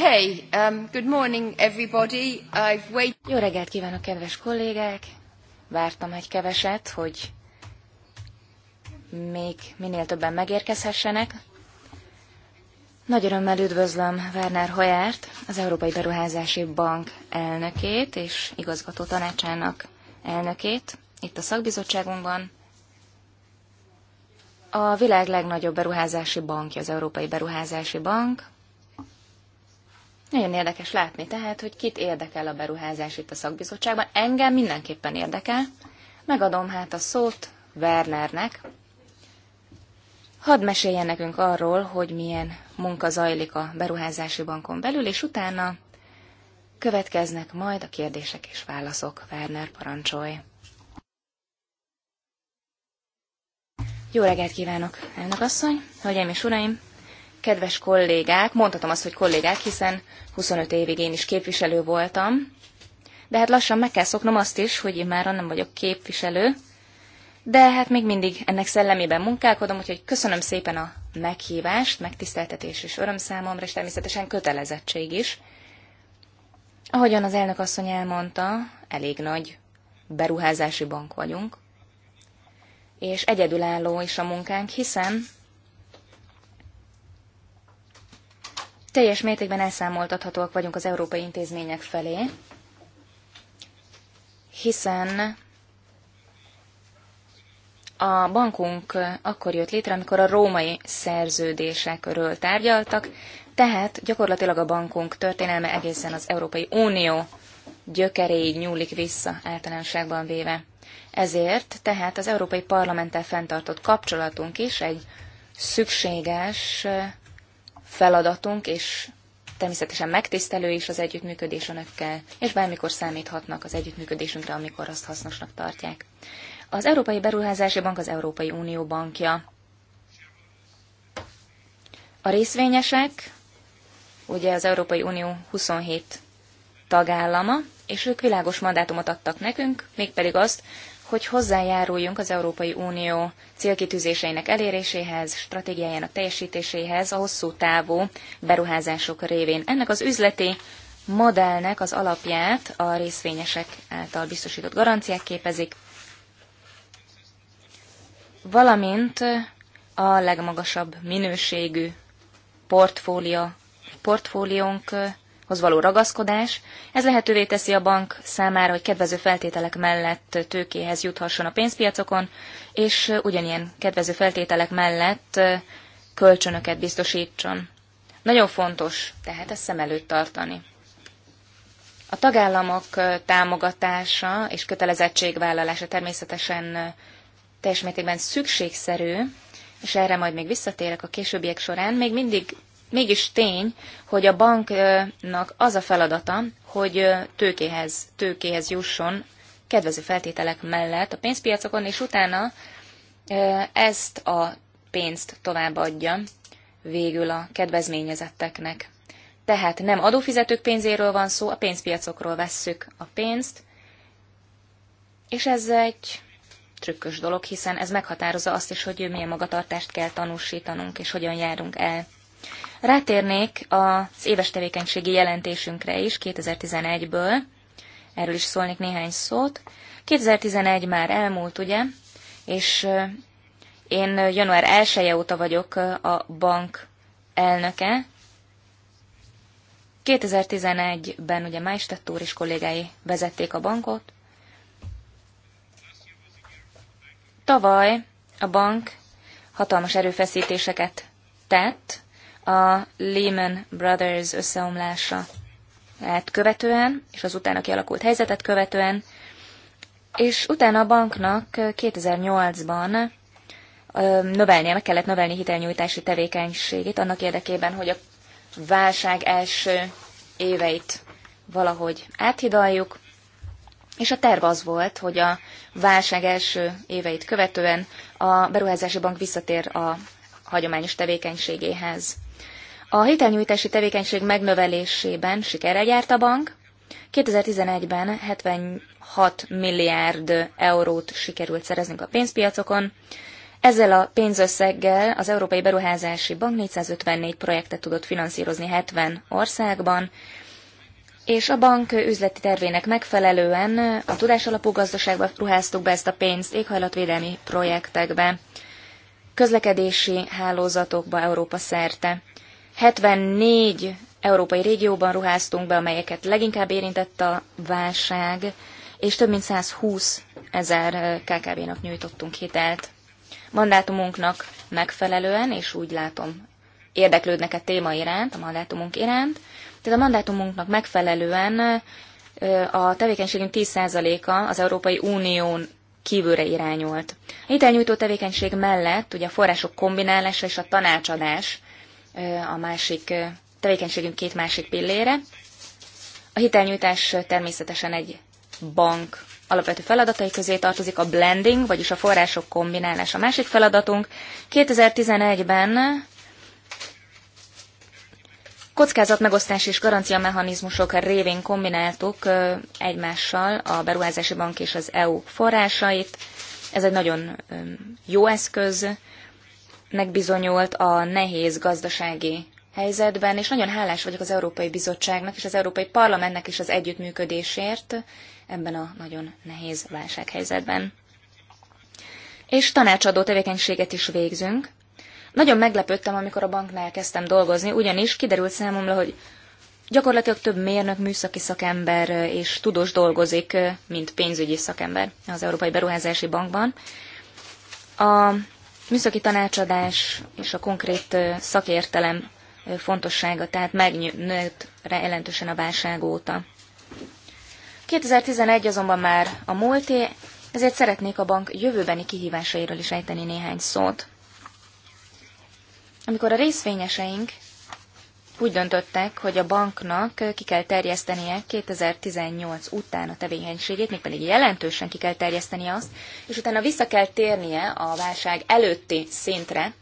Okay, um, good morning everybody. I've wait... Jó reggelt kívánok, kedves kollégák! Vártam egy keveset, hogy még minél többen megérkezhessenek. Nagy örömmel üdvözlöm Werner Hoyert, az Európai Beruházási Bank elnökét és igazgató tanácsának elnökét itt a szakbizottságunkban. A világ legnagyobb beruházási bankja az Európai Beruházási Bank, nagyon érdekes látni tehát, hogy kit érdekel a beruházás itt a szakbizottságban. Engem mindenképpen érdekel. Megadom hát a szót Wernernek. Hadd meséljen nekünk arról, hogy milyen munka zajlik a beruházási bankon belül, és utána következnek majd a kérdések és válaszok. Werner parancsolj! Jó reggelt kívánok, elnök asszony, hölgyeim és uraim! kedves kollégák, mondhatom azt, hogy kollégák, hiszen 25 évig én is képviselő voltam, de hát lassan meg kell szoknom azt is, hogy én már nem vagyok képviselő, de hát még mindig ennek szellemében munkálkodom, úgyhogy köszönöm szépen a meghívást, megtiszteltetés és öröm számomra, és természetesen kötelezettség is. Ahogyan az elnök asszony elmondta, elég nagy beruházási bank vagyunk, és egyedülálló is a munkánk, hiszen teljes mértékben elszámoltathatóak vagyunk az európai intézmények felé, hiszen a bankunk akkor jött létre, amikor a római szerződésekről tárgyaltak, tehát gyakorlatilag a bankunk történelme egészen az Európai Unió gyökeréig nyúlik vissza általánosságban véve. Ezért tehát az Európai Parlamenttel fenntartott kapcsolatunk is egy szükséges feladatunk, és természetesen megtisztelő is az együttműködés önökkel, és bármikor számíthatnak az együttműködésünkre, amikor azt hasznosnak tartják. Az Európai Beruházási Bank az Európai Unió bankja. A részvényesek, ugye az Európai Unió 27 tagállama, és ők világos mandátumot adtak nekünk, mégpedig azt, hogy hozzájáruljunk az Európai Unió célkitűzéseinek eléréséhez, stratégiájának teljesítéséhez a hosszú távú beruházások révén. Ennek az üzleti modellnek az alapját a részvényesek által biztosított garanciák képezik, valamint a legmagasabb minőségű portfólia, portfóliónk hoz való ragaszkodás. Ez lehetővé teszi a bank számára, hogy kedvező feltételek mellett tőkéhez juthasson a pénzpiacokon, és ugyanilyen kedvező feltételek mellett kölcsönöket biztosítson. Nagyon fontos tehát ezt szem előtt tartani. A tagállamok támogatása és kötelezettségvállalása természetesen teljes mértékben szükségszerű, és erre majd még visszatérek a későbbiek során, még mindig Mégis tény, hogy a banknak az a feladata, hogy tőkéhez, tőkéhez jusson kedvező feltételek mellett a pénzpiacokon, és utána ezt a pénzt továbbadja végül a kedvezményezetteknek. Tehát nem adófizetők pénzéről van szó, a pénzpiacokról vesszük a pénzt, és ez egy trükkös dolog, hiszen ez meghatározza azt is, hogy milyen magatartást kell tanúsítanunk, és hogyan járunk el. Rátérnék az éves tevékenységi jelentésünkre is 2011-ből, erről is szólnék néhány szót. 2011 már elmúlt, ugye, és én január 1 -e óta vagyok a bank elnöke. 2011-ben ugye Májstett úr és kollégái vezették a bankot. Tavaly a bank hatalmas erőfeszítéseket tett, a Lehman Brothers összeomlása lehet követően, és az utána kialakult helyzetet követően, és utána a banknak 2008-ban növelnie, meg kellett növelni hitelnyújtási tevékenységét annak érdekében, hogy a válság első éveit valahogy áthidaljuk, és a terv az volt, hogy a válság első éveit követően a beruházási bank visszatér a hagyományos tevékenységéhez. A hitelnyújtási tevékenység megnövelésében sikere járt a bank. 2011-ben 76 milliárd eurót sikerült szereznünk a pénzpiacokon. Ezzel a pénzösszeggel az Európai Beruházási Bank 454 projektet tudott finanszírozni 70 országban, és a bank üzleti tervének megfelelően a tudásalapú gazdaságba ruháztuk be ezt a pénzt éghajlatvédelmi projektekbe, közlekedési hálózatokba Európa szerte. 74 európai régióban ruháztunk be, amelyeket leginkább érintett a válság, és több mint 120 ezer KKV-nak nyújtottunk hitelt. Mandátumunknak megfelelően, és úgy látom, érdeklődnek a e téma iránt, a mandátumunk iránt, tehát a mandátumunknak megfelelően a tevékenységünk 10%-a az Európai Unión kívülre irányult. A hitelnyújtó tevékenység mellett ugye a források kombinálása és a tanácsadás a másik tevékenységünk két másik pillére. A hitelnyújtás természetesen egy bank alapvető feladatai közé tartozik a blending, vagyis a források kombinálása. A másik feladatunk 2011-ben kockázatmegosztás és garancia mechanizmusok révén kombináltuk egymással a Beruházási Bank és az EU forrásait. Ez egy nagyon jó eszköz, bizonyult a nehéz gazdasági helyzetben, és nagyon hálás vagyok az Európai Bizottságnak és az Európai Parlamentnek is az együttműködésért ebben a nagyon nehéz válsághelyzetben. És tanácsadó tevékenységet is végzünk. Nagyon meglepődtem, amikor a banknál kezdtem dolgozni, ugyanis kiderült számomra, hogy gyakorlatilag több mérnök, műszaki szakember és tudós dolgozik, mint pénzügyi szakember az Európai Beruházási Bankban. A műszaki tanácsadás és a konkrét szakértelem fontossága, tehát megnőtt jelentősen a válság óta. 2011 azonban már a múlté, ezért szeretnék a bank jövőbeni kihívásairól is ejteni néhány szót. Amikor a részvényeseink úgy döntöttek, hogy a banknak ki kell terjesztenie 2018 után a tevékenységét, mégpedig jelentősen ki kell terjesztenie azt, és utána vissza kell térnie a válság előtti szintre,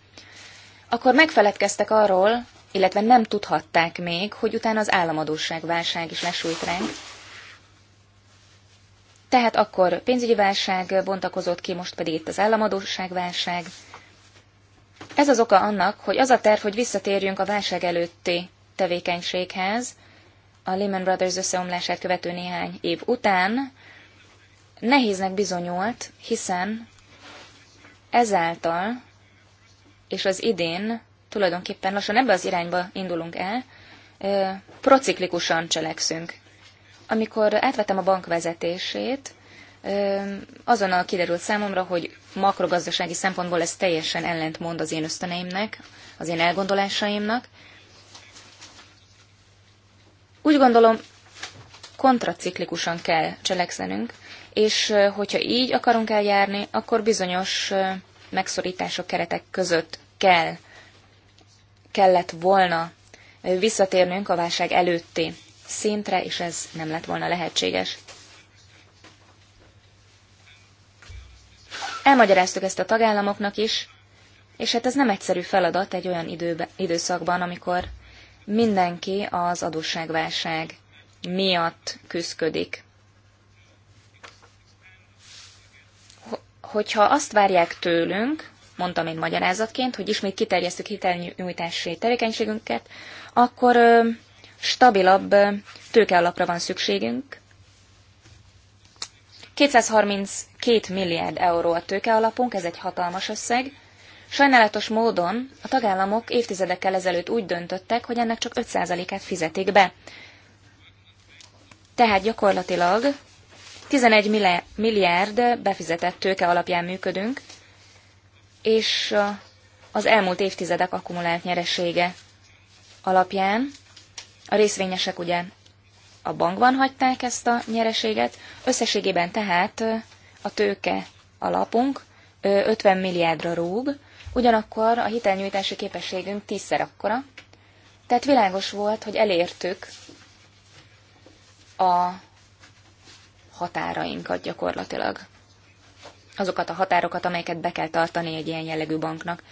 akkor megfeledkeztek arról, illetve nem tudhatták még, hogy utána az államadóság válság is lesújt ránk. Tehát akkor pénzügyi válság bontakozott ki, most pedig itt az államadóság válság, ez az oka annak, hogy az a terv, hogy visszatérjünk a válság előtti tevékenységhez, a Lehman Brothers összeomlását követő néhány év után, nehéznek bizonyult, hiszen ezáltal és az idén tulajdonképpen lassan ebbe az irányba indulunk el, prociklikusan cselekszünk. Amikor átvettem a bank vezetését, azonnal kiderült számomra, hogy makrogazdasági szempontból ez teljesen ellentmond az én ösztöneimnek, az én elgondolásaimnak. Úgy gondolom, kontraciklikusan kell cselekszenünk, és hogyha így akarunk eljárni, akkor bizonyos megszorítások keretek között kell, kellett volna visszatérnünk a válság előtti szintre, és ez nem lett volna lehetséges. Elmagyaráztuk ezt a tagállamoknak is, és hát ez nem egyszerű feladat egy olyan időbe, időszakban, amikor mindenki az adósságválság miatt küzdködik. Hogyha azt várják tőlünk, mondtam én magyarázatként, hogy ismét kiterjesztük hitelnyújtási tevékenységünket, akkor stabilabb tőkealapra van szükségünk, 232 milliárd euró a tőkealapunk, ez egy hatalmas összeg. Sajnálatos módon a tagállamok évtizedekkel ezelőtt úgy döntöttek, hogy ennek csak 5%-át fizetik be. Tehát gyakorlatilag 11 milliárd befizetett tőke alapján működünk, és az elmúlt évtizedek akkumulált nyeresége alapján a részvényesek ugye a bankban hagyták ezt a nyereséget, összességében tehát a tőke alapunk 50 milliárdra rúg, ugyanakkor a hitelnyújtási képességünk tízszer akkora, tehát világos volt, hogy elértük a határainkat gyakorlatilag. Azokat a határokat, amelyeket be kell tartani egy ilyen jellegű banknak.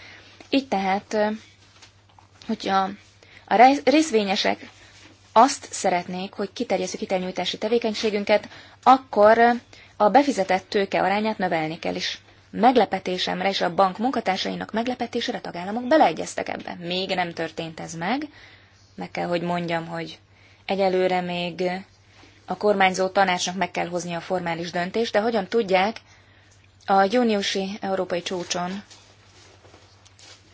Így tehát, hogyha a részvényesek azt szeretnék, hogy kiterjesszük hitelnyújtási tevékenységünket, akkor a befizetett tőke arányát növelni kell is. Meglepetésemre és a bank munkatársainak meglepetésére tagállamok beleegyeztek ebbe. Még nem történt ez meg. Meg kell, hogy mondjam, hogy egyelőre még a kormányzó tanácsnak meg kell hozni a formális döntést, de hogyan tudják, a júniusi európai csúcson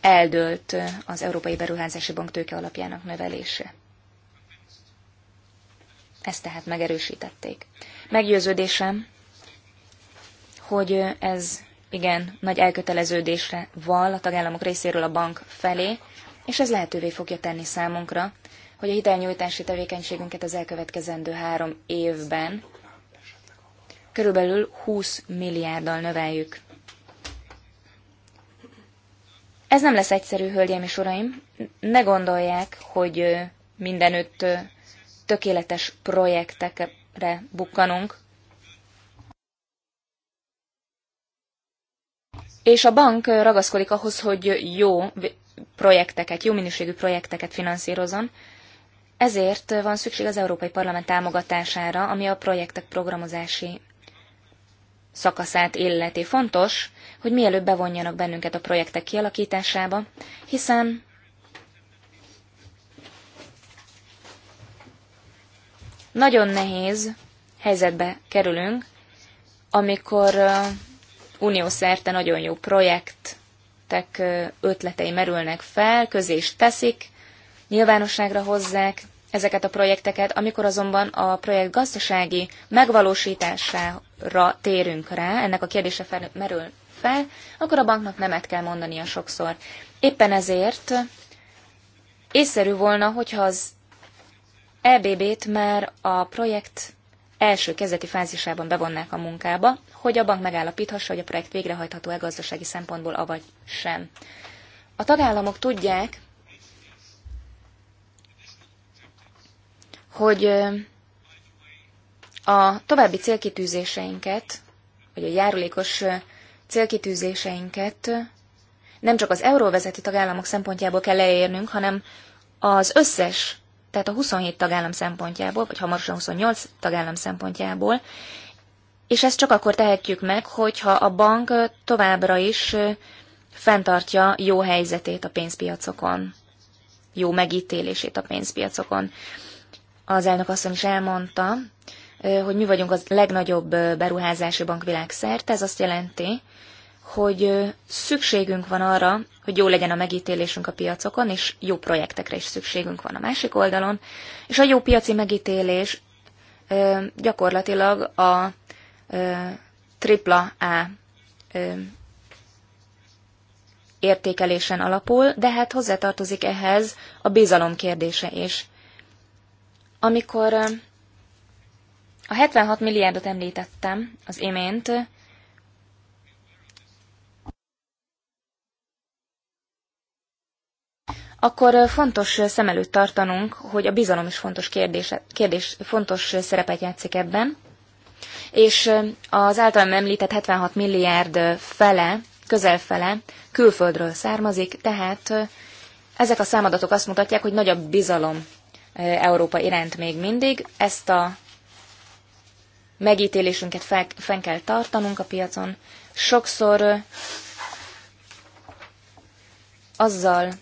eldőlt az Európai Beruházási Bank tőke alapjának növelése. Ezt tehát megerősítették. Meggyőződésem, hogy ez igen nagy elköteleződésre val a tagállamok részéről a bank felé, és ez lehetővé fogja tenni számunkra, hogy a hitelnyújtási tevékenységünket az elkövetkezendő három évben körülbelül 20 milliárddal növeljük. Ez nem lesz egyszerű, hölgyeim és uraim. Ne gondolják, hogy mindenütt tökéletes projektekre bukkanunk. És a bank ragaszkodik ahhoz, hogy jó projekteket, jó minőségű projekteket finanszírozon, ezért van szükség az Európai Parlament támogatására, ami a projektek programozási szakaszát illeti. Fontos, hogy mielőbb bevonjanak bennünket a projektek kialakításába, hiszen Nagyon nehéz helyzetbe kerülünk, amikor uniószerte nagyon jó projektek ötletei merülnek fel, közé is teszik, nyilvánosságra hozzák ezeket a projekteket, amikor azonban a projekt gazdasági megvalósítására térünk rá, ennek a kérdése fel, merül fel, akkor a banknak nemet kell mondania sokszor. Éppen ezért észszerű volna, hogyha az EBB-t már a projekt első kezdeti fázisában bevonnák a munkába, hogy a bank megállapíthassa, hogy a projekt végrehajtható-e gazdasági szempontból, avagy sem. A tagállamok tudják, hogy a további célkitűzéseinket, vagy a járulékos célkitűzéseinket nem csak az euróvezeti tagállamok szempontjából kell leérnünk, hanem az összes tehát a 27 tagállam szempontjából, vagy hamarosan 28 tagállam szempontjából, és ezt csak akkor tehetjük meg, hogyha a bank továbbra is fenntartja jó helyzetét a pénzpiacokon, jó megítélését a pénzpiacokon. Az elnök asszony is elmondta, hogy mi vagyunk a legnagyobb beruházási bank világszerte, ez azt jelenti, hogy szükségünk van arra, hogy jó legyen a megítélésünk a piacokon, és jó projektekre is szükségünk van a másik oldalon, és a jó piaci megítélés ö, gyakorlatilag a ö, tripla A ö, értékelésen alapul, de hát hozzátartozik ehhez a bizalom kérdése is. Amikor a 76 milliárdot említettem az imént, akkor fontos szem előtt tartanunk, hogy a bizalom is fontos kérdés, kérdés fontos szerepet játszik ebben, és az általam említett 76 milliárd fele, közel fele külföldről származik, tehát ezek a számadatok azt mutatják, hogy nagyobb bizalom Európa iránt még mindig. Ezt a megítélésünket fel, fenn kell tartanunk a piacon. Sokszor azzal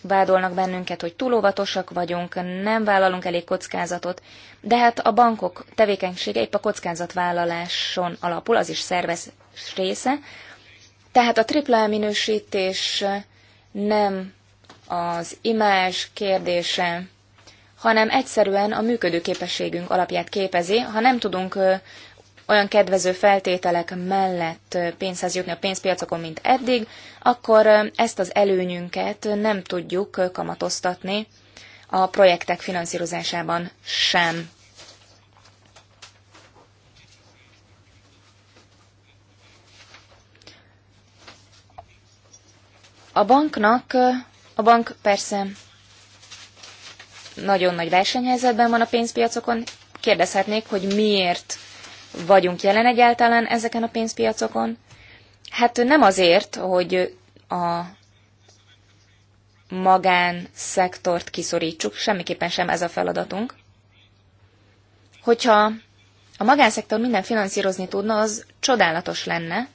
vádolnak bennünket, hogy túl óvatosak vagyunk, nem vállalunk elég kockázatot, de hát a bankok tevékenysége épp a kockázatvállaláson alapul, az is szervez része. Tehát a tripla minősítés nem az imázs kérdése, hanem egyszerűen a működőképességünk alapját képezi. Ha nem tudunk olyan kedvező feltételek mellett pénzhez jutni a pénzpiacokon, mint eddig, akkor ezt az előnyünket nem tudjuk kamatoztatni a projektek finanszírozásában sem. A banknak, a bank persze nagyon nagy versenyhelyzetben van a pénzpiacokon, kérdezhetnék, hogy miért vagyunk jelen egyáltalán ezeken a pénzpiacokon? Hát nem azért, hogy a magánszektort kiszorítsuk, semmiképpen sem ez a feladatunk. Hogyha a magánszektor minden finanszírozni tudna, az csodálatos lenne,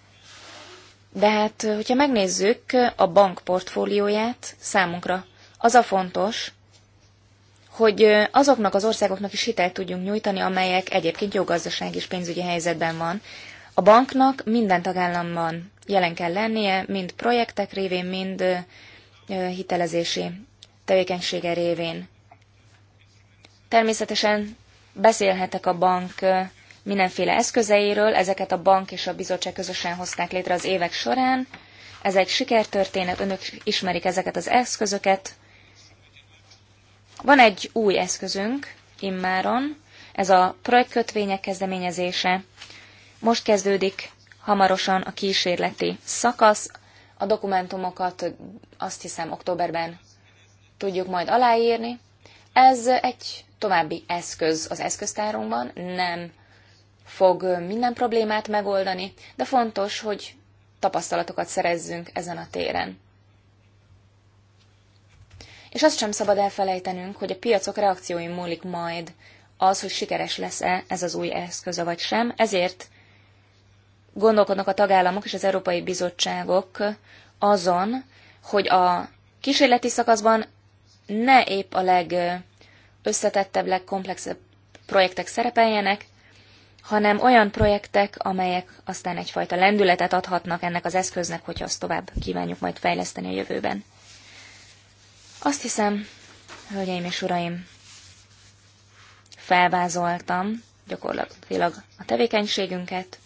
de hát, hogyha megnézzük a bank portfólióját, számunkra az a fontos, hogy azoknak az országoknak is hitelt tudjunk nyújtani, amelyek egyébként jó gazdaság és pénzügyi helyzetben van. A banknak minden tagállamban jelen kell lennie, mind projektek révén, mind hitelezési tevékenysége révén. Természetesen beszélhetek a bank mindenféle eszközeiről, ezeket a bank és a bizottság közösen hozták létre az évek során. Ez egy sikertörténet, önök ismerik ezeket az eszközöket, van egy új eszközünk immáron, ez a projektkötvények kezdeményezése. Most kezdődik hamarosan a kísérleti szakasz. A dokumentumokat azt hiszem októberben tudjuk majd aláírni. Ez egy további eszköz az eszköztárunkban, nem fog minden problémát megoldani, de fontos, hogy tapasztalatokat szerezzünk ezen a téren. És azt sem szabad elfelejtenünk, hogy a piacok reakciói múlik majd az, hogy sikeres lesz-e ez az új eszköz, vagy sem. Ezért gondolkodnak a tagállamok és az európai bizottságok azon, hogy a kísérleti szakaszban ne épp a legösszetettebb, legkomplexebb projektek szerepeljenek, hanem olyan projektek, amelyek aztán egyfajta lendületet adhatnak ennek az eszköznek, hogyha azt tovább kívánjuk majd fejleszteni a jövőben. Azt hiszem, hölgyeim és uraim, felvázoltam gyakorlatilag a tevékenységünket.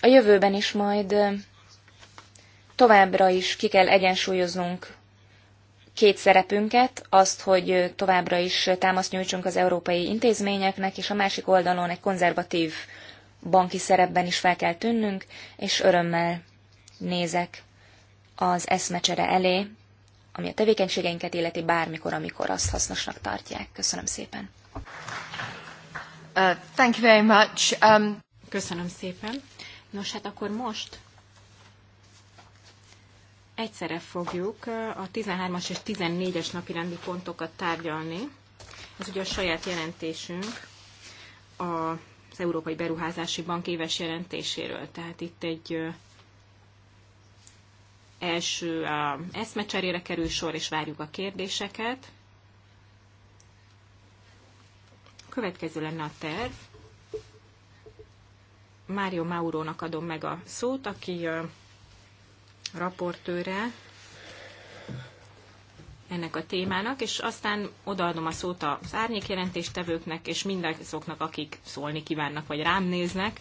A jövőben is majd továbbra is ki kell egyensúlyoznunk két szerepünket, azt, hogy továbbra is támaszt nyújtsunk az európai intézményeknek, és a másik oldalon egy konzervatív banki szerepben is fel kell tűnnünk, és örömmel nézek az eszmecsere elé, ami a tevékenységeinket illeti bármikor, amikor azt hasznosnak tartják. Köszönöm szépen. Uh, thank you very much. Um... Köszönöm szépen. Nos, hát akkor most egyszerre fogjuk uh, a 13-as és 14-es rendi pontokat tárgyalni. Ez ugye a saját jelentésünk az Európai Beruházási Bank éves jelentéséről. Tehát itt egy uh, első a eszmecserére kerül sor, és várjuk a kérdéseket. Következő lenne a terv. Mário Maurónak adom meg a szót, aki a raportőre ennek a témának, és aztán odaadom a szót az árnyékjelentéstevőknek, és mindazoknak, akik szólni kívánnak, vagy rám néznek.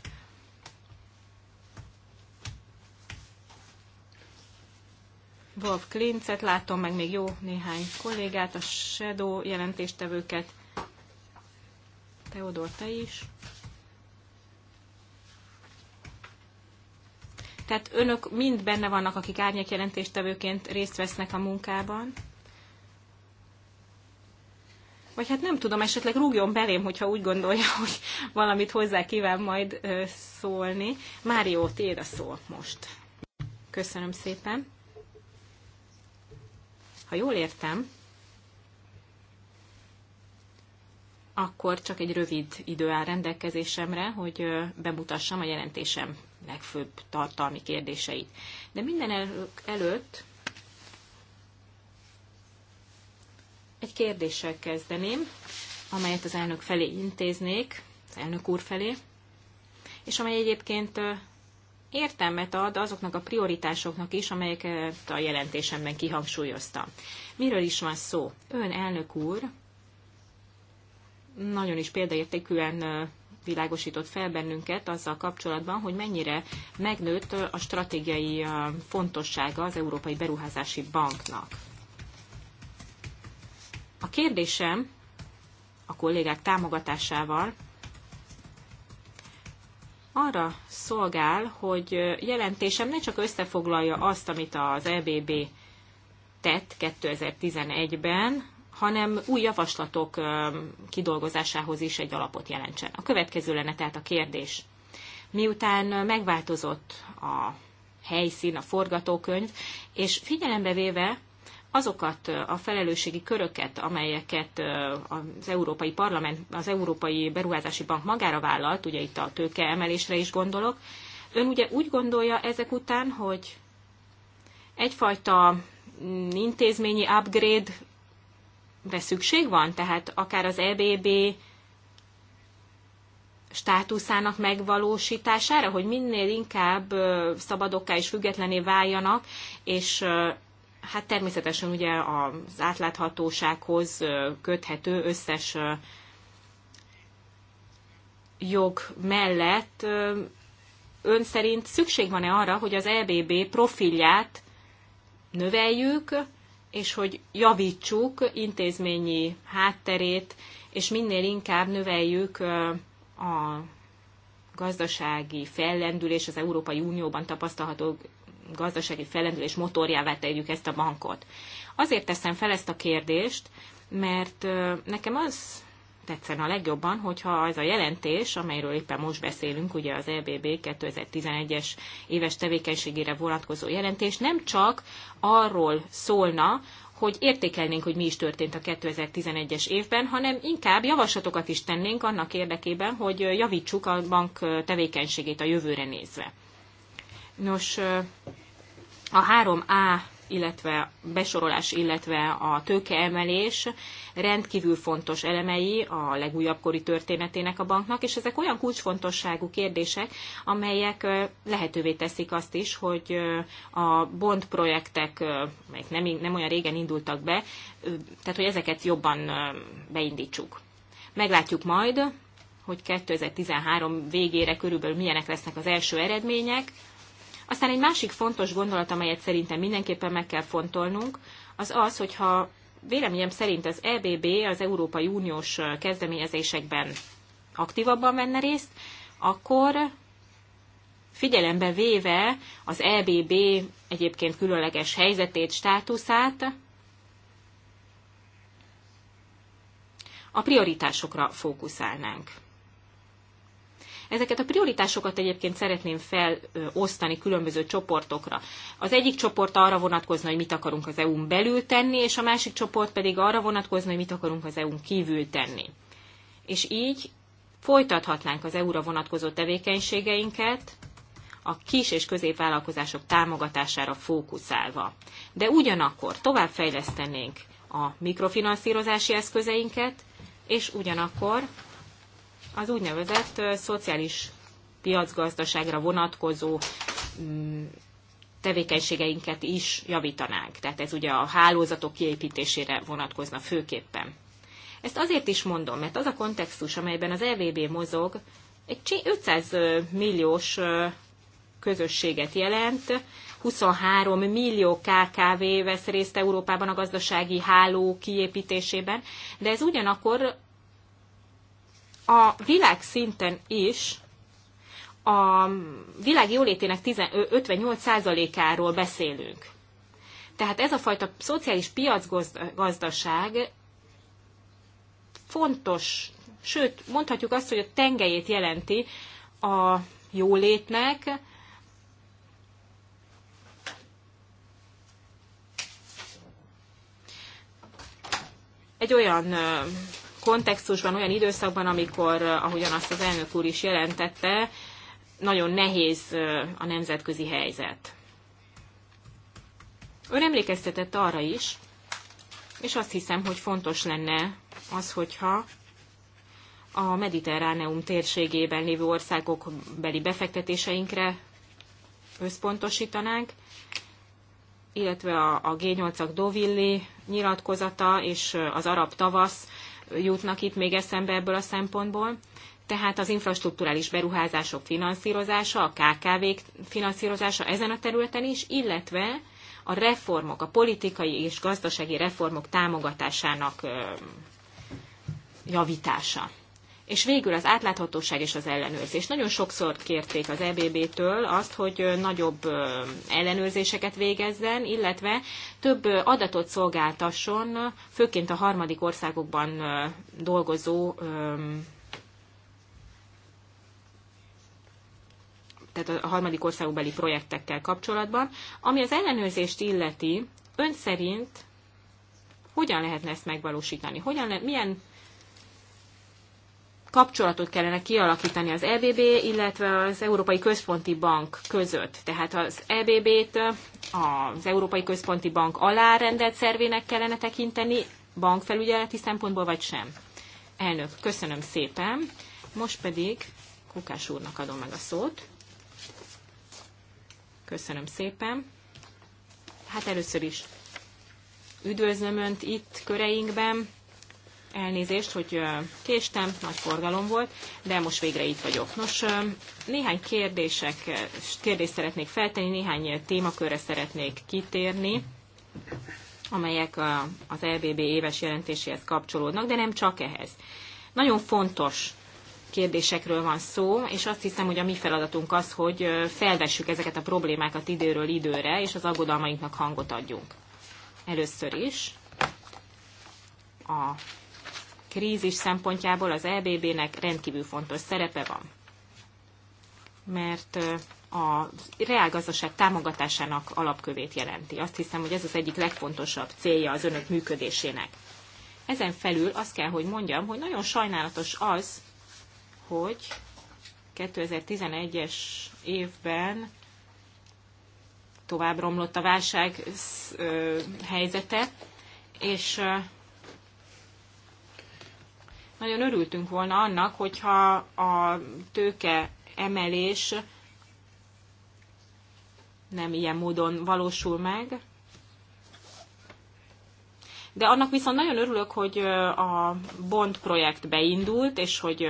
Wolf Klincet, látom meg még jó néhány kollégát, a Shadow jelentéstevőket, Teodor, te is. Tehát önök mind benne vannak, akik árnyék jelentéstevőként részt vesznek a munkában. Vagy hát nem tudom, esetleg rúgjon belém, hogyha úgy gondolja, hogy valamit hozzá kíván majd ö, szólni. Mário, tiéd a szó most. Köszönöm szépen. Ha jól értem, akkor csak egy rövid idő áll rendelkezésemre, hogy bemutassam a jelentésem legfőbb tartalmi kérdéseit. De minden el előtt egy kérdéssel kezdeném, amelyet az elnök felé intéznék, az elnök úr felé, és amely egyébként értelmet ad azoknak a prioritásoknak is, amelyeket a jelentésemben kihangsúlyozta. Miről is van szó? Ön elnök úr nagyon is példaértékűen világosított fel bennünket azzal kapcsolatban, hogy mennyire megnőtt a stratégiai fontossága az Európai Beruházási Banknak. A kérdésem a kollégák támogatásával arra szolgál, hogy jelentésem ne csak összefoglalja azt, amit az EBB tett 2011-ben, hanem új javaslatok kidolgozásához is egy alapot jelentsen. A következő lenne tehát a kérdés. Miután megváltozott a helyszín, a forgatókönyv, és figyelembe véve azokat a felelősségi köröket, amelyeket az Európai Parlament, az Európai Beruházási Bank magára vállalt, ugye itt a tőke emelésre is gondolok, ön ugye úgy gondolja ezek után, hogy egyfajta mm, intézményi upgrade be szükség van? Tehát akár az EBB státuszának megvalósítására, hogy minél inkább szabadokká és függetlené váljanak, és hát természetesen ugye az átláthatósághoz köthető összes jog mellett ön szerint szükség van-e arra, hogy az EBB profilját növeljük, és hogy javítsuk intézményi hátterét, és minél inkább növeljük a gazdasági fellendülés az Európai Unióban tapasztalható gazdasági fellendülés motorjává tegyük ezt a bankot. Azért teszem fel ezt a kérdést, mert nekem az tetszen a legjobban, hogyha az a jelentés, amelyről éppen most beszélünk, ugye az EBB 2011-es éves tevékenységére vonatkozó jelentés, nem csak arról szólna, hogy értékelnénk, hogy mi is történt a 2011-es évben, hanem inkább javaslatokat is tennénk annak érdekében, hogy javítsuk a bank tevékenységét a jövőre nézve. Nos, a 3A illetve besorolás, illetve a tőkeemelés rendkívül fontos elemei a legújabb kori történetének a banknak, és ezek olyan kulcsfontosságú kérdések, amelyek lehetővé teszik azt is, hogy a bond projektek, amelyek nem, nem olyan régen indultak be, tehát hogy ezeket jobban beindítsuk. Meglátjuk majd, hogy 2013 végére körülbelül milyenek lesznek az első eredmények, aztán egy másik fontos gondolat, amelyet szerintem mindenképpen meg kell fontolnunk, az az, hogyha véleményem szerint az EBB az Európai Uniós kezdeményezésekben aktívabban venne részt, akkor figyelembe véve az EBB egyébként különleges helyzetét, státuszát, a prioritásokra fókuszálnánk. Ezeket a prioritásokat egyébként szeretném felosztani különböző csoportokra. Az egyik csoport arra vonatkozna, hogy mit akarunk az EU-n belül tenni, és a másik csoport pedig arra vonatkozna, hogy mit akarunk az EU-n kívül tenni. És így folytathatnánk az EU-ra vonatkozó tevékenységeinket, a kis és középvállalkozások támogatására fókuszálva. De ugyanakkor továbbfejlesztenénk a mikrofinanszírozási eszközeinket, és ugyanakkor az úgynevezett szociális piacgazdaságra vonatkozó mm, tevékenységeinket is javítanánk. Tehát ez ugye a hálózatok kiépítésére vonatkozna főképpen. Ezt azért is mondom, mert az a kontextus, amelyben az EVB mozog, egy 500 milliós közösséget jelent, 23 millió KKV vesz részt Európában a gazdasági háló kiépítésében, de ez ugyanakkor a világszinten is a világ jólétének 58%-áról beszélünk. Tehát ez a fajta szociális piacgazdaság fontos, sőt, mondhatjuk azt, hogy a tengelyét jelenti a jólétnek, egy olyan kontextusban, olyan időszakban, amikor, eh, ahogyan azt az elnök úr is jelentette, nagyon nehéz eh, a nemzetközi helyzet. Ön emlékeztetett arra is, és azt hiszem, hogy fontos lenne az, hogyha a Mediterráneum térségében lévő országok beli befektetéseinkre összpontosítanánk, illetve a, G8-ak Dovilli nyilatkozata és eh, az arab tavasz jutnak itt még eszembe ebből a szempontból. Tehát az infrastruktúrális beruházások finanszírozása, a kkv finanszírozása ezen a területen is, illetve a reformok, a politikai és gazdasági reformok támogatásának javítása. És végül az átláthatóság és az ellenőrzés. Nagyon sokszor kérték az EBB-től azt, hogy nagyobb ellenőrzéseket végezzen, illetve több adatot szolgáltasson, főként a harmadik országokban dolgozó tehát a harmadik országokbeli projektekkel kapcsolatban. Ami az ellenőrzést illeti, ön szerint hogyan lehetne ezt megvalósítani? Hogyan le, milyen kapcsolatot kellene kialakítani az EBB, illetve az Európai Központi Bank között. Tehát az EBB-t az Európai Központi Bank alárendelt szervének kellene tekinteni, bankfelügyeleti szempontból vagy sem. Elnök, köszönöm szépen. Most pedig Kukás úrnak adom meg a szót. Köszönöm szépen. Hát először is üdvözlöm Önt itt köreinkben Elnézést, hogy késtem, nagy forgalom volt, de most végre itt vagyok. Nos, néhány kérdések, kérdést szeretnék feltenni, néhány témakörre szeretnék kitérni, amelyek az LBB éves jelentéséhez kapcsolódnak, de nem csak ehhez. Nagyon fontos kérdésekről van szó, és azt hiszem, hogy a mi feladatunk az, hogy felvessük ezeket a problémákat időről időre, és az aggodalmainknak hangot adjunk. Először is a krízis szempontjából az EBB-nek rendkívül fontos szerepe van. Mert a reálgazdaság támogatásának alapkövét jelenti. Azt hiszem, hogy ez az egyik legfontosabb célja az önök működésének. Ezen felül azt kell, hogy mondjam, hogy nagyon sajnálatos az, hogy 2011-es évben tovább romlott a válság helyzete, és nagyon örültünk volna annak, hogyha a tőke emelés nem ilyen módon valósul meg. De annak viszont nagyon örülök, hogy a Bond projekt beindult, és hogy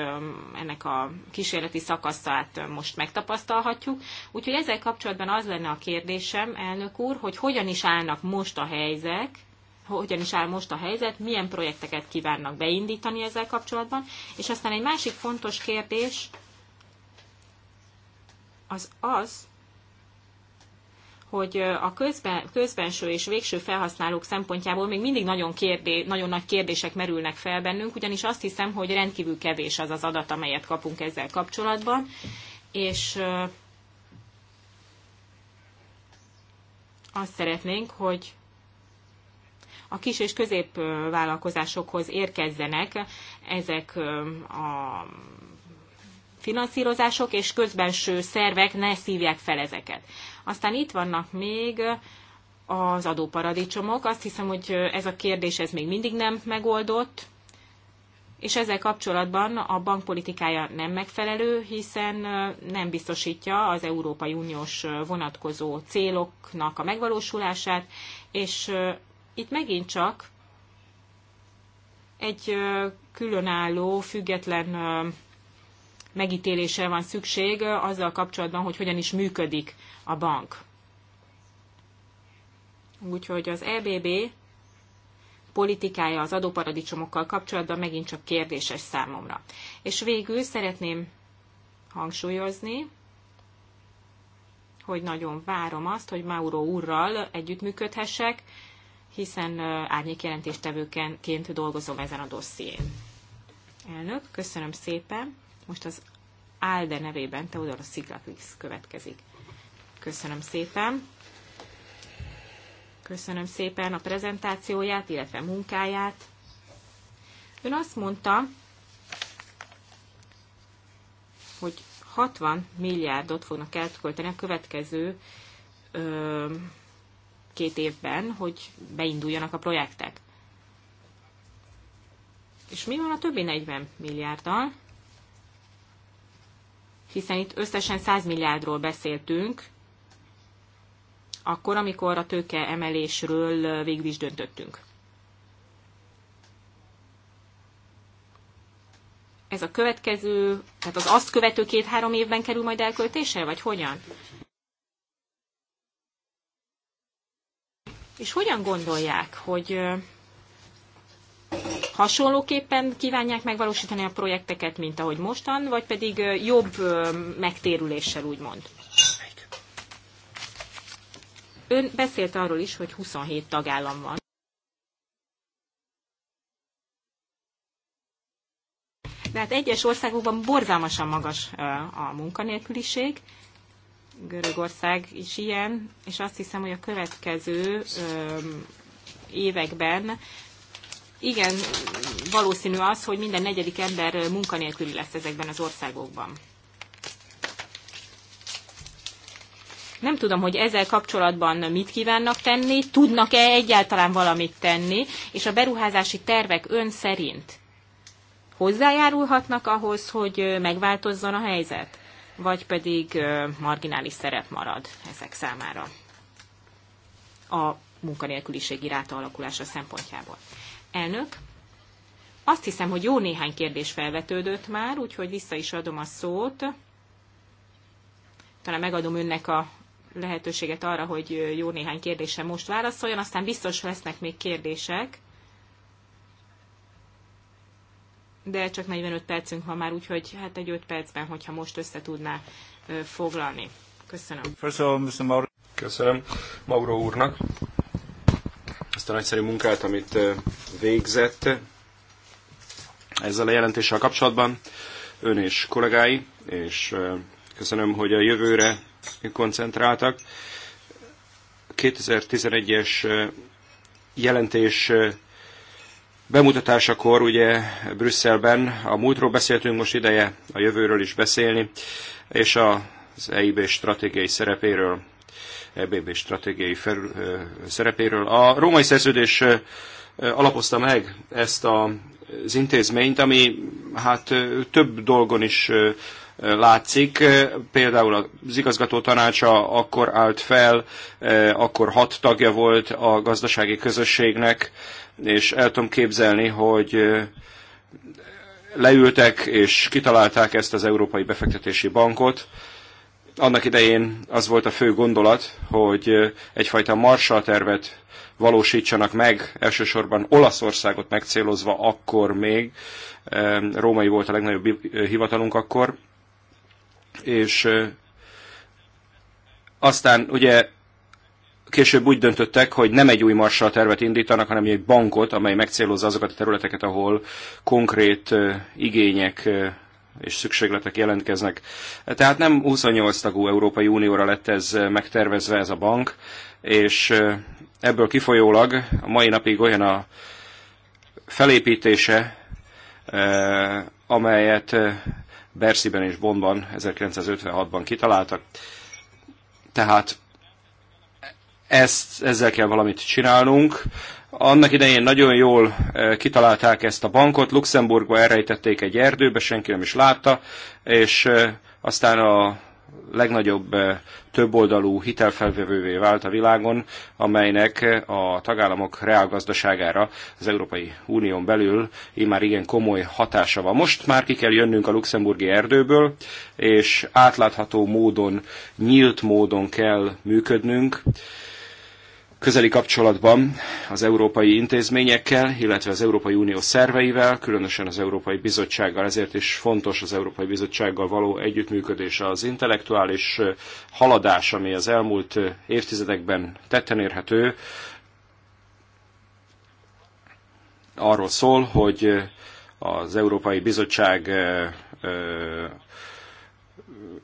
ennek a kísérleti szakaszát most megtapasztalhatjuk. Úgyhogy ezzel kapcsolatban az lenne a kérdésem, elnök úr, hogy hogyan is állnak most a helyzek, hogyan is áll most a helyzet, milyen projekteket kívánnak beindítani ezzel kapcsolatban. És aztán egy másik fontos kérdés az az, hogy a közben, közbenső és végső felhasználók szempontjából még mindig nagyon, kérdé, nagyon nagy kérdések merülnek fel bennünk, ugyanis azt hiszem, hogy rendkívül kevés az az adat, amelyet kapunk ezzel kapcsolatban, és azt szeretnénk, hogy a kis és középvállalkozásokhoz érkezzenek ezek a finanszírozások, és közbenső szervek ne szívják fel ezeket. Aztán itt vannak még az adóparadicsomok. Azt hiszem, hogy ez a kérdés ez még mindig nem megoldott, és ezzel kapcsolatban a bankpolitikája nem megfelelő, hiszen nem biztosítja az Európai Uniós vonatkozó céloknak a megvalósulását, és itt megint csak egy különálló, független megítélésre van szükség azzal kapcsolatban, hogy hogyan is működik a bank. Úgyhogy az EBB politikája az adóparadicsomokkal kapcsolatban megint csak kérdéses számomra. És végül szeretném hangsúlyozni, hogy nagyon várom azt, hogy Mauro úrral együttműködhessek, hiszen árnyékjelentéstevőként dolgozom ezen a dosszién. Elnök, köszönöm szépen. Most az ALDE nevében Teodor Sziglakix következik. Köszönöm szépen. Köszönöm szépen a prezentációját, illetve munkáját. Ön azt mondta, hogy 60 milliárdot fognak elkölteni a következő ö, egy-két évben, hogy beinduljanak a projektek. És mi van a többi 40 milliárddal? Hiszen itt összesen 100 milliárdról beszéltünk, akkor, amikor a tőke emelésről végül is döntöttünk. ez a következő, tehát az azt követő két-három évben kerül majd elköltésre, vagy hogyan? És hogyan gondolják, hogy hasonlóképpen kívánják megvalósítani a projekteket, mint ahogy mostan, vagy pedig jobb megtérüléssel, úgymond? Ön beszélt arról is, hogy 27 tagállam van. Tehát egyes országokban borzalmasan magas a munkanélküliség, Görögország is ilyen, és azt hiszem, hogy a következő években igen, valószínű az, hogy minden negyedik ember munkanélküli lesz ezekben az országokban. Nem tudom, hogy ezzel kapcsolatban mit kívánnak tenni, tudnak-e egyáltalán valamit tenni, és a beruházási tervek ön szerint hozzájárulhatnak ahhoz, hogy megváltozzon a helyzet? vagy pedig marginális szerep marad ezek számára a munkanélküliségi ráta alakulása szempontjából. Elnök, azt hiszem, hogy jó néhány kérdés felvetődött már, úgyhogy vissza is adom a szót. Talán megadom önnek a lehetőséget arra, hogy jó néhány kérdése most válaszoljon, aztán biztos lesznek még kérdések. de csak 45 percünk van már, úgyhogy hát egy 5 percben, hogyha most össze tudná foglalni. Köszönöm. Köszönöm Mauro úrnak ezt a nagyszerű munkát, amit végzett ezzel a jelentéssel kapcsolatban, ön és kollégái, és köszönöm, hogy a jövőre koncentráltak. 2011-es jelentés bemutatásakor ugye Brüsszelben a múltról beszéltünk, most ideje a jövőről is beszélni, és az EIB stratégiai szerepéről, EBB stratégiai felül, szerepéről. A római szerződés alapozta meg ezt a, az intézményt, ami hát több dolgon is látszik. Például az igazgató tanácsa akkor állt fel, akkor hat tagja volt a gazdasági közösségnek, és el tudom képzelni, hogy leültek és kitalálták ezt az Európai Befektetési Bankot. Annak idején az volt a fő gondolat, hogy egyfajta Marshall tervet valósítsanak meg, elsősorban Olaszországot megcélozva akkor még, római volt a legnagyobb hivatalunk akkor, és aztán ugye később úgy döntöttek, hogy nem egy új marsal tervet indítanak, hanem egy bankot, amely megcélozza azokat a területeket, ahol konkrét igények és szükségletek jelentkeznek. Tehát nem 28 tagú Európai Unióra lett ez megtervezve ez a bank, és ebből kifolyólag a mai napig olyan a felépítése, amelyet Bersziben és Bonban 1956-ban kitaláltak. Tehát ezt, ezzel kell valamit csinálnunk. Annak idején nagyon jól e, kitalálták ezt a bankot, Luxemburgba elrejtették egy erdőbe, senki nem is látta, és e, aztán a legnagyobb e, többoldalú hitelfelvevővé vált a világon, amelynek a tagállamok reálgazdaságára az Európai Unión belül immár igen komoly hatása van. Most már ki kell jönnünk a luxemburgi erdőből, és átlátható módon, nyílt módon kell működnünk, közeli kapcsolatban az európai intézményekkel, illetve az Európai Unió szerveivel, különösen az Európai Bizottsággal. Ezért is fontos az Európai Bizottsággal való együttműködés, az intellektuális haladás, ami az elmúlt évtizedekben tetten érhető, arról szól, hogy az Európai Bizottság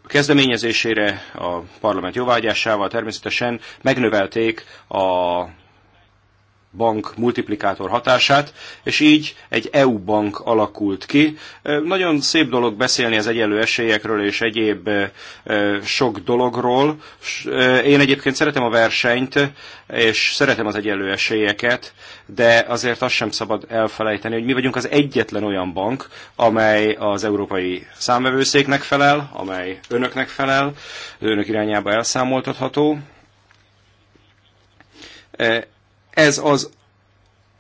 kezdeményezésére, a parlament jóvágyásával természetesen megnövelték a bank multiplikátor hatását, és így egy EU bank alakult ki. Nagyon szép dolog beszélni az egyenlő esélyekről és egyéb sok dologról. Én egyébként szeretem a versenyt, és szeretem az egyenlő esélyeket, de azért azt sem szabad elfelejteni, hogy mi vagyunk az egyetlen olyan bank, amely az európai számvevőszéknek felel, amely önöknek felel, önök irányába elszámoltatható, ez az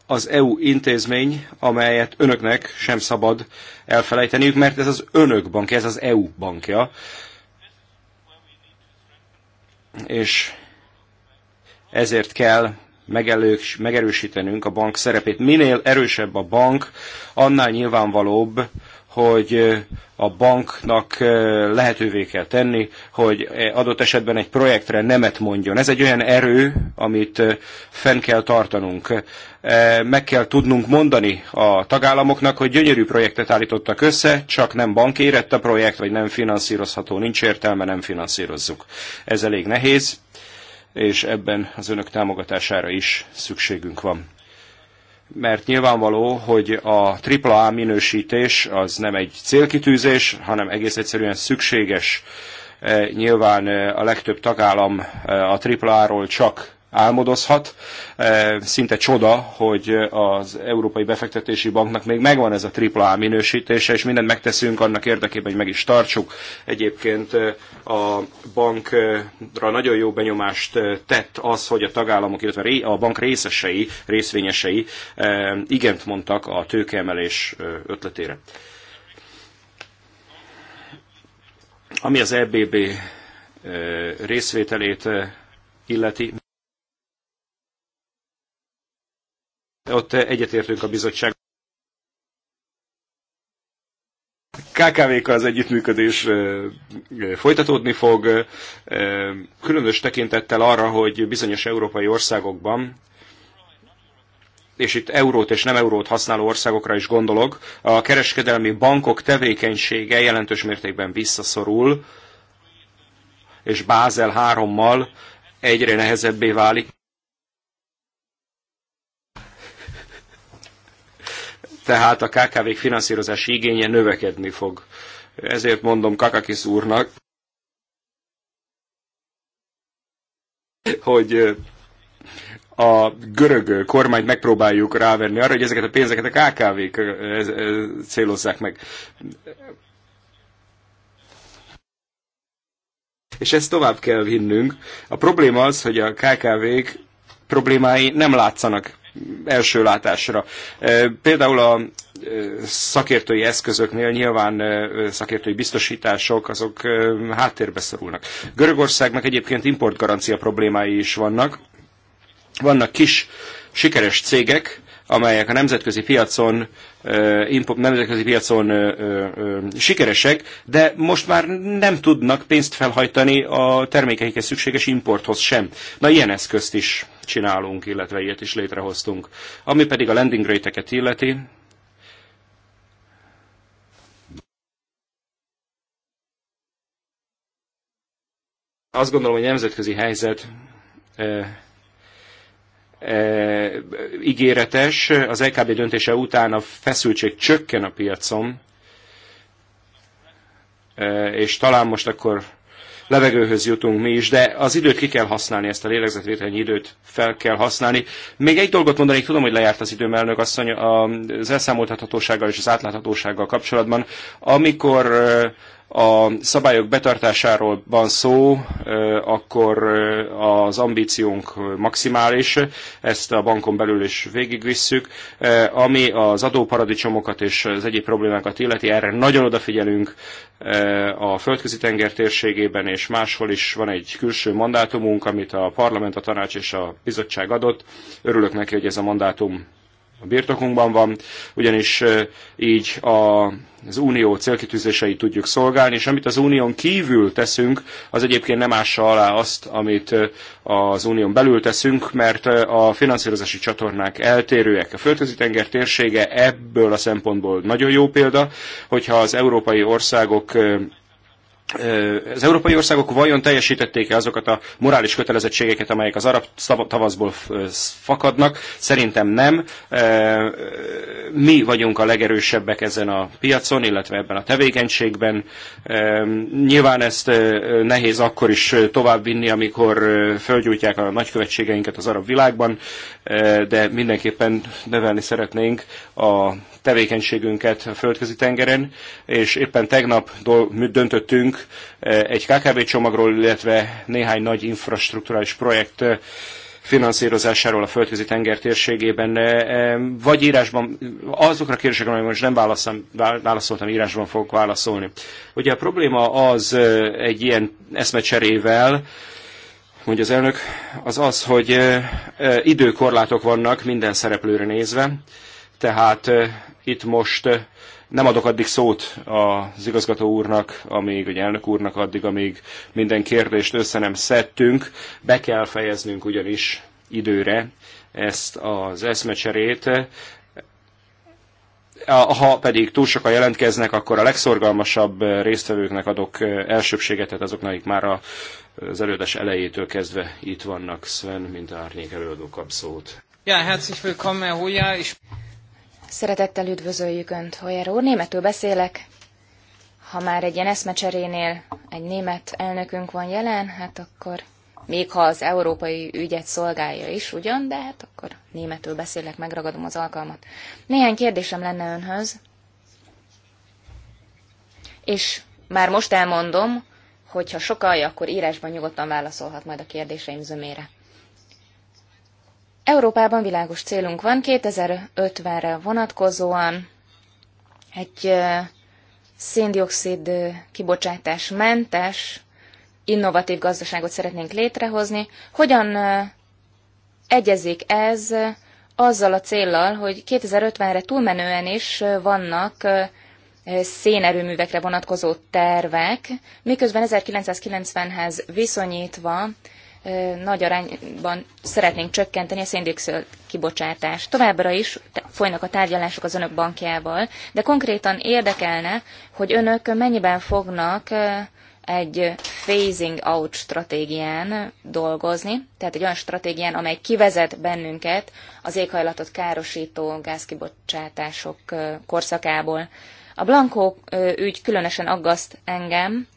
az EU intézmény, amelyet önöknek sem szabad elfelejteniük, mert ez az önök bankja, ez az EU bankja. És ezért kell megerősítenünk a bank szerepét. Minél erősebb a bank, annál nyilvánvalóbb hogy a banknak lehetővé kell tenni, hogy adott esetben egy projektre nemet mondjon. Ez egy olyan erő, amit fenn kell tartanunk. Meg kell tudnunk mondani a tagállamoknak, hogy gyönyörű projektet állítottak össze, csak nem bankérett a projekt, vagy nem finanszírozható, nincs értelme, nem finanszírozzuk. Ez elég nehéz, és ebben az önök támogatására is szükségünk van mert nyilvánvaló, hogy a AAA minősítés az nem egy célkitűzés, hanem egész egyszerűen szükséges. E, nyilván e, a legtöbb tagállam e, a AAA-ról csak álmodozhat. E, szinte csoda, hogy az Európai Befektetési Banknak még megvan ez a AAA minősítése, és mindent megteszünk annak érdekében, hogy meg is tartsuk. Egyébként e, a bankra nagyon jó benyomást e, tett az, hogy a tagállamok, illetve a bank részesei, részvényesei igent mondtak a tőkeemelés ötletére. Ami az EBB részvételét illeti. ott egyetértünk a bizottság. kkv az együttműködés folytatódni fog, különös tekintettel arra, hogy bizonyos európai országokban, és itt eurót és nem eurót használó országokra is gondolok, a kereskedelmi bankok tevékenysége jelentős mértékben visszaszorul, és Bázel 3-mal egyre nehezebbé válik. tehát a KKV-k finanszírozási igénye növekedni fog. Ezért mondom Kakakis úrnak, hogy a görög kormányt megpróbáljuk rávenni arra, hogy ezeket a pénzeket a KKV-k célozzák meg. És ezt tovább kell vinnünk. A probléma az, hogy a KKV-k problémái nem látszanak első látásra. Például a szakértői eszközöknél nyilván szakértői biztosítások azok háttérbe szorulnak. Görögországnak egyébként importgarancia problémái is vannak. Vannak kis sikeres cégek, amelyek a nemzetközi piacon, nemzetközi piacon sikeresek, de most már nem tudnak pénzt felhajtani a termékeikhez szükséges importhoz sem. Na ilyen eszközt is csinálunk, illetve ilyet is létrehoztunk. Ami pedig a landing rate-eket illeti, azt gondolom, hogy a nemzetközi helyzet E, ígéretes. Az LKB döntése után a feszültség csökken a piacon, e, és talán most akkor levegőhöz jutunk mi is, de az időt ki kell használni, ezt a lélegzetvételnyi időt fel kell használni. Még egy dolgot mondanék, tudom, hogy lejárt az időm, elnök asszony, az elszámoltathatósággal és az átláthatósággal kapcsolatban. Amikor a szabályok betartásáról van szó, akkor az ambíciónk maximális, ezt a bankon belül is végigvisszük. Ami az adóparadicsomokat és az egyéb problémákat illeti, erre nagyon odafigyelünk a földközi tenger térségében, és máshol is van egy külső mandátumunk, amit a parlament, a tanács és a bizottság adott. Örülök neki, hogy ez a mandátum a birtokunkban van, ugyanis így a az unió célkitűzéseit tudjuk szolgálni, és amit az unión kívül teszünk, az egyébként nem ássa alá azt, amit az unión belül teszünk, mert a finanszírozási csatornák eltérőek. A földközi tenger térsége ebből a szempontból nagyon jó példa, hogyha az európai országok az európai országok vajon teljesítették-e azokat a morális kötelezettségeket, amelyek az arab tavaszból fakadnak? Szerintem nem. Mi vagyunk a legerősebbek ezen a piacon, illetve ebben a tevékenységben. Nyilván ezt nehéz akkor is továbbvinni, amikor fölgyújtják a nagykövetségeinket az arab világban, de mindenképpen növelni szeretnénk a tevékenységünket a földközi tengeren, és éppen tegnap döntöttünk eh, egy KKB csomagról, illetve néhány nagy infrastruktúrális projekt eh, finanszírozásáról a földközi tenger térségében. Eh, vagy írásban, azokra a kérdésekre, amelyek most nem válaszom, válaszoltam, írásban fogok válaszolni. Ugye a probléma az egy ilyen eszmecserével, mondja az elnök, az az, hogy időkorlátok vannak minden szereplőre nézve, tehát itt most eh, nem adok addig szót az igazgató úrnak, amíg, vagy elnök úrnak addig, amíg minden kérdést össze nem szedtünk. Be kell fejeznünk ugyanis időre ezt az eszmecserét. Ha pedig túl sokan jelentkeznek, akkor a legszorgalmasabb résztvevőknek adok eh, elsőbséget, tehát azoknak, akik már az előadás elejétől kezdve itt vannak. Sven, mint árnyék előadó kap szót. Ja, herzlich willkommen, Herr Hoyer. Szeretettel üdvözöljük Önt, Hoyer úr. Németül beszélek. Ha már egy ilyen eszmecserénél egy német elnökünk van jelen, hát akkor még ha az európai ügyet szolgálja is ugyan, de hát akkor németül beszélek, megragadom az alkalmat. Néhány kérdésem lenne Önhöz. És már most elmondom, hogy ha sokalja, akkor írásban nyugodtan válaszolhat majd a kérdéseim zömére. Európában világos célunk van, 2050-re vonatkozóan egy széndiokszid kibocsátás mentes, innovatív gazdaságot szeretnénk létrehozni. Hogyan egyezik ez azzal a céllal, hogy 2050-re túlmenően is vannak szénerőművekre vonatkozó tervek, miközben 1990-hez viszonyítva nagy arányban szeretnénk csökkenteni a széndiokszid kibocsátást. Továbbra is folynak a tárgyalások az önök bankjával, de konkrétan érdekelne, hogy önök mennyiben fognak egy phasing out stratégián dolgozni, tehát egy olyan stratégián, amely kivezet bennünket az éghajlatot károsító gázkibocsátások korszakából. A Blanco ügy különösen aggaszt engem,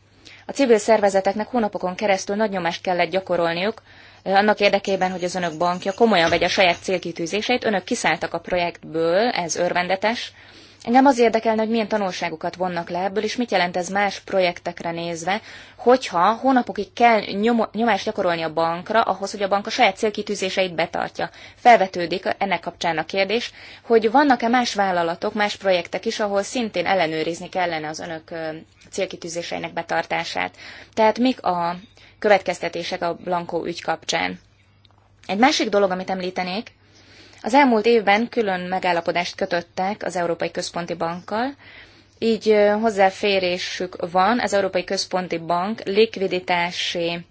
a civil szervezeteknek hónapokon keresztül nagy nyomást kellett gyakorolniuk, annak érdekében, hogy az önök bankja komolyan vegye a saját célkitűzéseit, önök kiszálltak a projektből, ez örvendetes. Engem az érdekelne, hogy milyen tanulságokat vonnak le ebből, és mit jelent ez más projektekre nézve, hogyha hónapokig kell nyom- nyomást gyakorolni a bankra, ahhoz, hogy a bank a saját célkitűzéseit betartja. Felvetődik ennek kapcsán a kérdés, hogy vannak-e más vállalatok, más projektek is, ahol szintén ellenőrizni kellene az önök célkitűzéseinek betartását. Tehát mik a következtetések a Blankó ügy kapcsán? Egy másik dolog, amit említenék, az elmúlt évben külön megállapodást kötöttek az Európai Központi Bankkal, így hozzáférésük van az Európai Központi Bank likviditási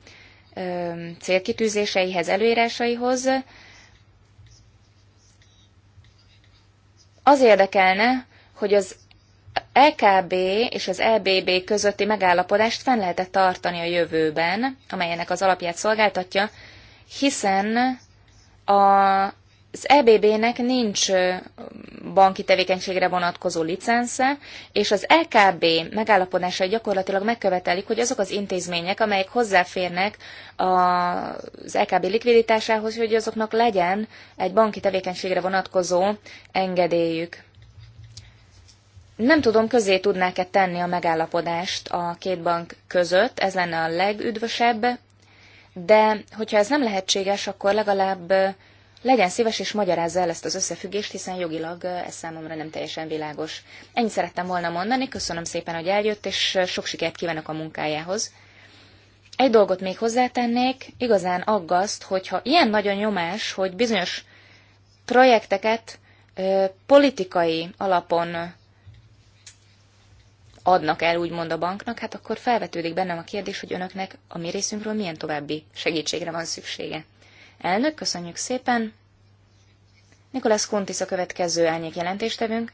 célkitűzéseihez, előírásaihoz. Az érdekelne, hogy az LKB e és az EBB közötti megállapodást fenn lehetett tartani a jövőben, amelyenek az alapját szolgáltatja, hiszen a, az EBB-nek nincs banki tevékenységre vonatkozó licensze, és az LKB e megállapodásai gyakorlatilag megkövetelik, hogy azok az intézmények, amelyek hozzáférnek az LKB e likviditásához, hogy azoknak legyen egy banki tevékenységre vonatkozó engedélyük. Nem tudom, közé tudnák-e tenni a megállapodást a két bank között, ez lenne a legüdvösebb, de hogyha ez nem lehetséges, akkor legalább legyen szíves és magyarázza el ezt az összefüggést, hiszen jogilag ez számomra nem teljesen világos. Ennyit szerettem volna mondani, köszönöm szépen, hogy eljött, és sok sikert kívánok a munkájához. Egy dolgot még hozzátennék, igazán aggaszt, hogyha ilyen nagyon nyomás, hogy bizonyos projekteket politikai alapon adnak el úgymond a banknak, hát akkor felvetődik bennem a kérdés, hogy önöknek a mi részünkről milyen további segítségre van szüksége. Elnök, köszönjük szépen! Nikolász Kuntis a következő elnyék jelentéstevünk.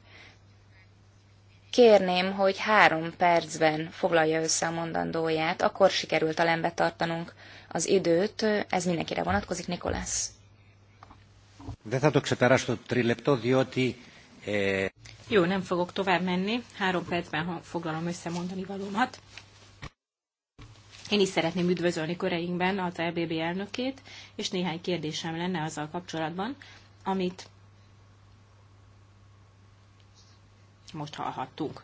Kérném, hogy három percben foglalja össze a mondandóját, akkor sikerült talán betartanunk az időt. Ez mindenkire vonatkozik, Nikolász. Jó, nem fogok tovább menni. Három percben foglalom összemondani valómat. Én is szeretném üdvözölni koreinkben az LBB e elnökét, és néhány kérdésem lenne azzal kapcsolatban, amit most hallhattunk.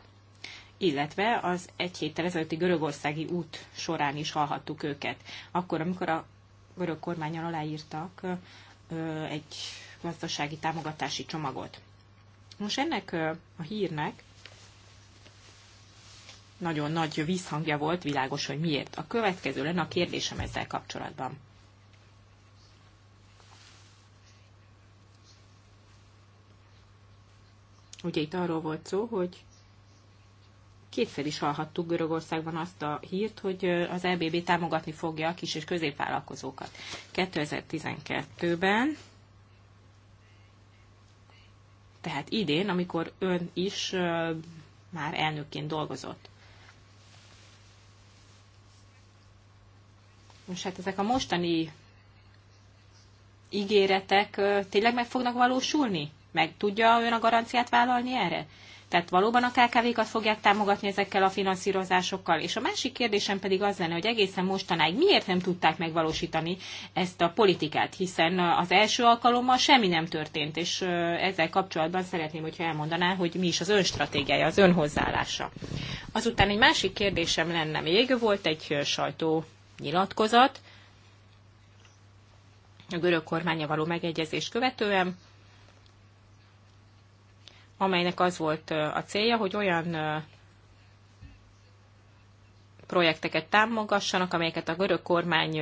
Illetve az egy héttel ezelőtti görögországi út során is hallhattuk őket. Akkor, amikor a görög kormányon aláírtak egy gazdasági támogatási csomagot. Most ennek a hírnek nagyon nagy visszhangja volt, világos, hogy miért. A következő lenne a kérdésem ezzel kapcsolatban. Ugye itt arról volt szó, hogy kétszer is hallhattuk Görögországban azt a hírt, hogy az EBB támogatni fogja a kis és középvállalkozókat. 2012-ben tehát idén, amikor ön is már elnökként dolgozott. Most hát ezek a mostani ígéretek tényleg meg fognak valósulni? Meg tudja ön a garanciát vállalni erre? Tehát valóban a KKV-kat fogják támogatni ezekkel a finanszírozásokkal. És a másik kérdésem pedig az lenne, hogy egészen mostanáig miért nem tudták megvalósítani ezt a politikát, hiszen az első alkalommal semmi nem történt, és ezzel kapcsolatban szeretném, hogyha elmondaná, hogy mi is az ön stratégiája, az ön hozzáállása. Azután egy másik kérdésem lenne még, volt egy sajtó nyilatkozat, a görög kormánya való megegyezést követően, amelynek az volt a célja, hogy olyan projekteket támogassanak, amelyeket a görög kormány,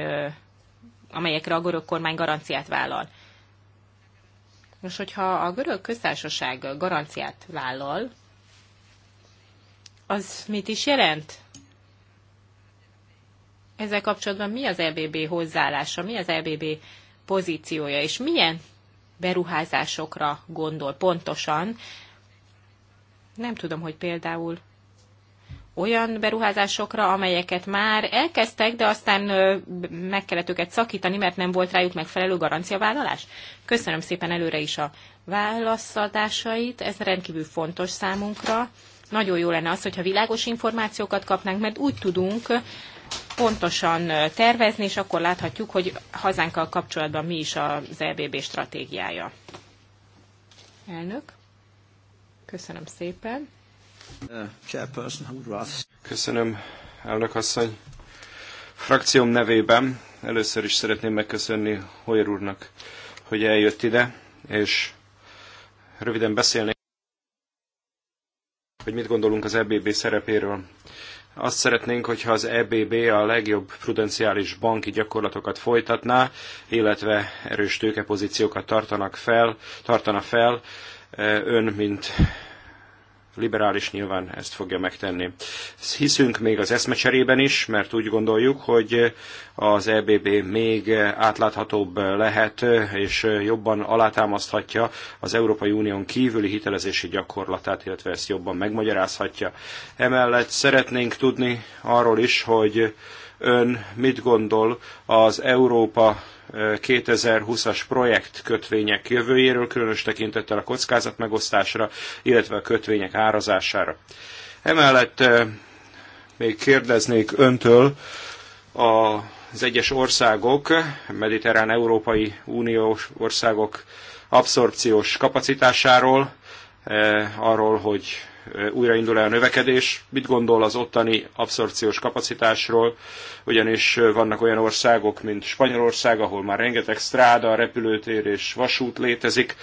amelyekre a görög kormány garanciát vállal. Most, hogyha a görög köztársaság garanciát vállal, az mit is jelent? Ezzel kapcsolatban mi az EBB hozzáállása, mi az EBB pozíciója, és milyen beruházásokra gondol pontosan. Nem tudom, hogy például olyan beruházásokra, amelyeket már elkezdtek, de aztán meg kellett őket szakítani, mert nem volt rájuk megfelelő garanciavállalás. Köszönöm szépen előre is a válaszadásait, ez rendkívül fontos számunkra. Nagyon jó lenne az, hogyha világos információkat kapnánk, mert úgy tudunk pontosan tervezni, és akkor láthatjuk, hogy hazánkkal kapcsolatban mi is az EBB stratégiája. Elnök, köszönöm szépen. Uh, köszönöm, elnök asszony. Frakcióm nevében először is szeretném megköszönni Hoyer úrnak, hogy eljött ide, és röviden beszélni, hogy mit gondolunk az EBB szerepéről azt szeretnénk, hogyha az EBB a legjobb prudenciális banki gyakorlatokat folytatná, illetve erős tőkepozíciókat tartanak fel, tartana fel. Ön, mint liberális nyilván ezt fogja megtenni. Hiszünk még az eszmecserében is, mert úgy gondoljuk, hogy az EBB még átláthatóbb lehet, és jobban alátámaszthatja az Európai Unión kívüli hitelezési gyakorlatát, illetve ezt jobban megmagyarázhatja. Emellett szeretnénk tudni arról is, hogy Ön mit gondol az Európa 2020-as projekt kötvények jövőjéről, különös tekintettel a kockázat megosztásra, illetve a kötvények árazására? Emellett még kérdeznék öntől a az egyes országok, mediterrán európai uniós országok abszorpciós kapacitásáról, arról, hogy újraindul-e a növekedés, mit gondol az ottani abszorpciós kapacitásról, ugyanis vannak olyan országok, mint Spanyolország, ahol már rengeteg stráda, repülőtér és vasút létezik,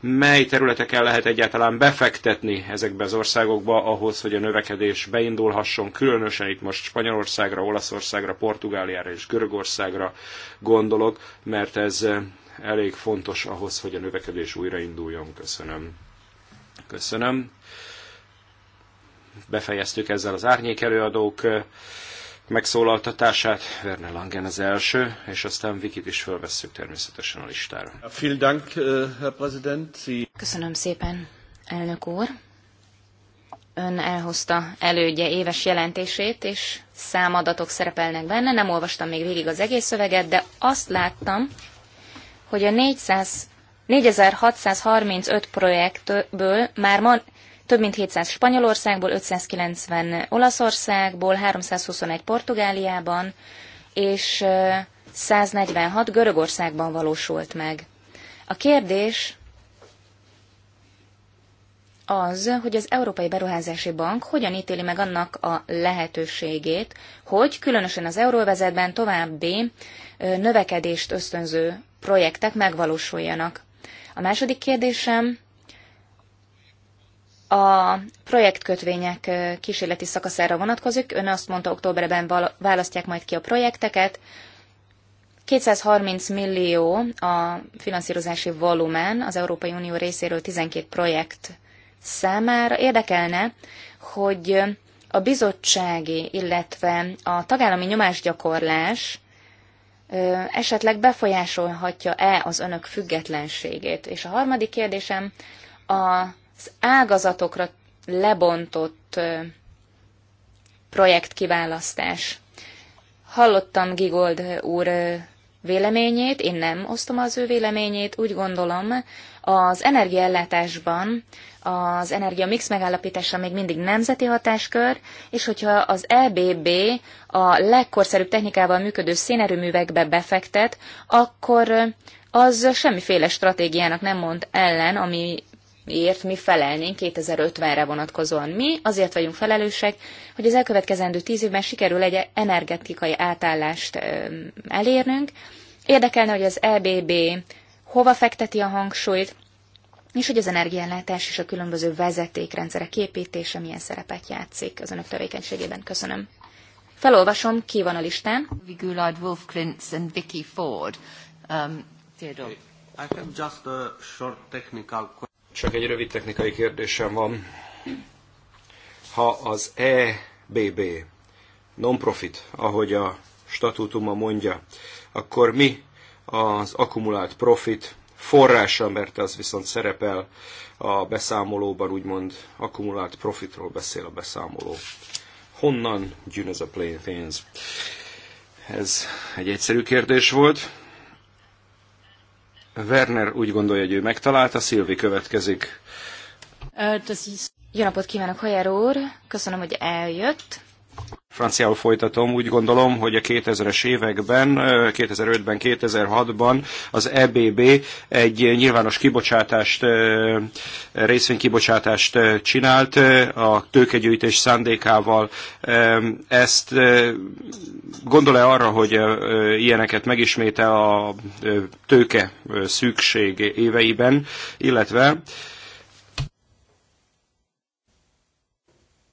mely területeken lehet egyáltalán befektetni ezekbe az országokba ahhoz, hogy a növekedés beindulhasson, különösen itt most Spanyolországra, Olaszországra, Portugáliára és Görögországra gondolok, mert ez eh, elég fontos ahhoz, hogy a növekedés újrainduljon. Köszönöm. Köszönöm befejeztük ezzel az árnyék előadók megszólaltatását. Werner Langen az első, és aztán Vikit is fölvesszük természetesen a listára. Köszönöm szépen, elnök úr. Ön elhozta elődje éves jelentését, és számadatok szerepelnek benne. Nem olvastam még végig az egész szöveget, de azt láttam, hogy a 400, 4635 projektből már ma több mint 700 Spanyolországból, 590 Olaszországból, 321 Portugáliában, és 146 Görögországban valósult meg. A kérdés az, hogy az Európai Beruházási Bank hogyan ítéli meg annak a lehetőségét, hogy különösen az euróvezetben további növekedést ösztönző projektek megvalósuljanak. A második kérdésem a projektkötvények kísérleti szakaszára vonatkozik. Ön azt mondta, októberben választják majd ki a projekteket. 230 millió a finanszírozási volumen az Európai Unió részéről 12 projekt számára. Érdekelne, hogy a bizottsági, illetve a tagállami nyomásgyakorlás esetleg befolyásolhatja-e az önök függetlenségét. És a harmadik kérdésem a az ágazatokra lebontott projektkiválasztás. Hallottam Gigold úr véleményét, én nem osztom az ő véleményét, úgy gondolom, az energiaellátásban az energia mix megállapítása még mindig nemzeti hatáskör, és hogyha az EBB a legkorszerűbb technikával működő szénerőművekbe befektet, akkor az semmiféle stratégiának nem mond ellen, ami miért mi felelnénk 2050-re vonatkozóan. Mi azért vagyunk felelősek, hogy az elkövetkezendő tíz évben sikerül egy energetikai átállást elérnünk. Érdekelne, hogy az EBB hova fekteti a hangsúlyt, és hogy az energiállátás és a különböző vezetékrendszerek képítése milyen szerepet játszik az önök tevékenységében. Köszönöm. Felolvasom, ki van a listán. Vigulard, Wolf Klintz and Vicky Ford. Um, Theodore. I have just a short technical question. Csak egy rövid technikai kérdésem van. Ha az EBB non-profit, ahogy a statútuma mondja, akkor mi az akkumulált profit forrása, mert az viszont szerepel a beszámolóban, úgymond akkumulált profitról beszél a beszámoló. Honnan jön ez a pénz? Ez egy egyszerű kérdés volt. Werner úgy gondolja, hogy ő megtalálta, Szilvi következik. Jó napot kívánok, Hajer úr! Köszönöm, hogy eljött franciául folytatom, úgy gondolom, hogy a 2000-es években, 2005-ben, 2006-ban az EBB egy nyilvános kibocsátást, részvénykibocsátást csinált a tőkegyűjtés szándékával. Ezt gondol-e arra, hogy ilyeneket megismétel a tőke szükség éveiben, illetve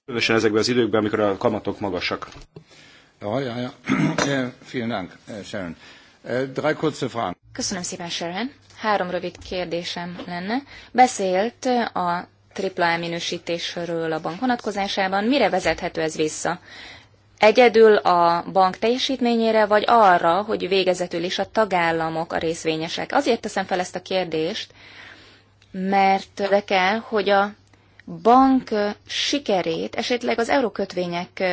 Különösen ezekben az időkben, amikor a kamatok magasak. Ja, ja, ja. Vielen Dank, eh, Sharon. Eh, drei kurze Fragen. Köszönöm szépen, Sharon. Három rövid kérdésem lenne. Beszélt eh, a tripla e minősítésről a bank vonatkozásában. Mire vezethető ez vissza? Egyedül a bank teljesítményére, vagy arra, hogy végezetül is a tagállamok a részvényesek? Azért teszem fel ezt a kérdést, mert de kell, hogy a bank sikerét esetleg az eurókötvények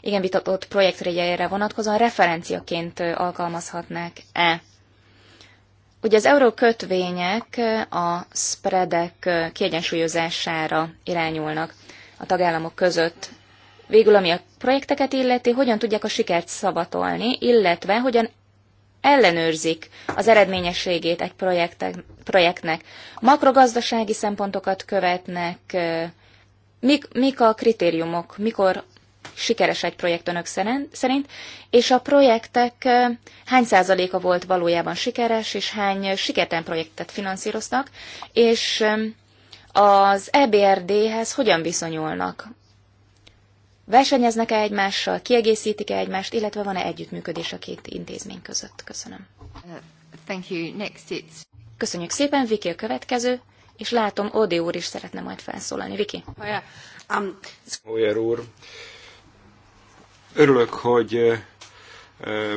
igen vitatott projektjére vonatkozóan referenciaként alkalmazhatnák-e? Ugye az eurókötvények a spreadek kiegyensúlyozására irányulnak a tagállamok között. Végül, ami a projekteket illeti, hogyan tudják a sikert szavatolni, illetve hogyan ellenőrzik az eredményességét egy projektnek. Makrogazdasági szempontokat követnek, mik, mik a kritériumok, mikor sikeres egy projekt önök szerint, és a projektek hány százaléka volt valójában sikeres, és hány sikertelen projektet finanszíroztak, és az EBRD-hez hogyan viszonyulnak Versenyeznek-e egymással, kiegészítik-e egymást, illetve van-e együttműködés a két intézmény között? Köszönöm. Thank you. Next it's... Köszönjük szépen, Viki a következő, és látom, Odi úr is szeretne majd felszólalni. Viki. Oh, um... úr, örülök, hogy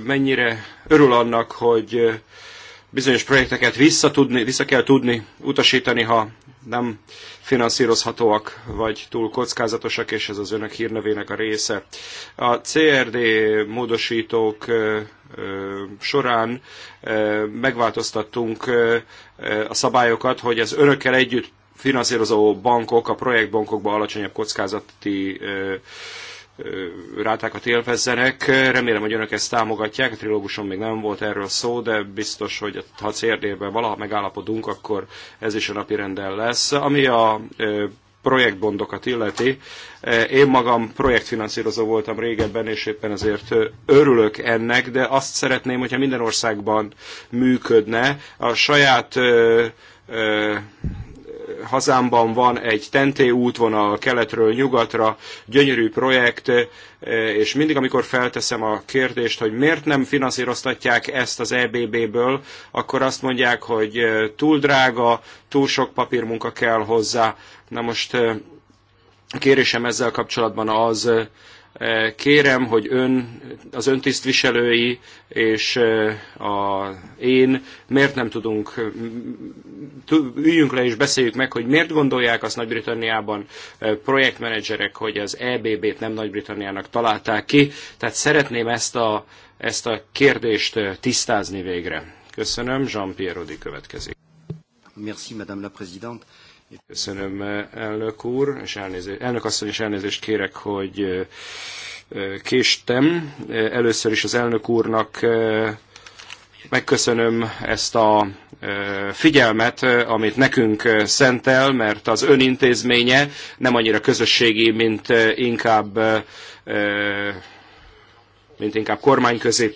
mennyire örül annak, hogy bizonyos projekteket vissza, tudni, vissza kell tudni utasítani, ha nem finanszírozhatóak, vagy túl kockázatosak, és ez az önök hírnevének a része. A CRD módosítók során megváltoztattunk a szabályokat, hogy az önökkel együtt finanszírozó bankok a projektbankokba alacsonyabb kockázati rátákat élvezzenek. Remélem, hogy önök ezt támogatják. A trilóguson még nem volt erről szó, de biztos, hogy ha CRD-ben valaha megállapodunk, akkor ez is a napi renden lesz. Ami a projektbondokat illeti. Én magam projektfinanszírozó voltam régebben, és éppen ezért örülök ennek, de azt szeretném, hogyha minden országban működne. A saját hazámban van egy tenté útvonal keletről nyugatra, gyönyörű projekt, e, és mindig, amikor felteszem a kérdést, hogy miért nem finanszíroztatják ezt az EBB-ből, akkor azt mondják, hogy e, túl drága, túl sok papírmunka kell hozzá. Na most e, a kérésem ezzel kapcsolatban az, Kérem, hogy ön, az öntisztviselői és a én miért nem tudunk, üljünk le és beszéljük meg, hogy miért gondolják azt Nagy-Britanniában projektmenedzserek, hogy az EBB-t nem Nagy-Britanniának találták ki. Tehát szeretném ezt a, ezt a kérdést tisztázni végre. Köszönöm, Jean-Pierre Rodi következik. Merci, Madame la Présidente. Köszönöm, elnök úr, és elnézést, elnök asszony, és elnézést kérek, hogy késtem. Először is az elnök úrnak megköszönöm ezt a figyelmet, amit nekünk szentel, mert az ön intézménye nem annyira közösségi, mint inkább, mint inkább kormányközi.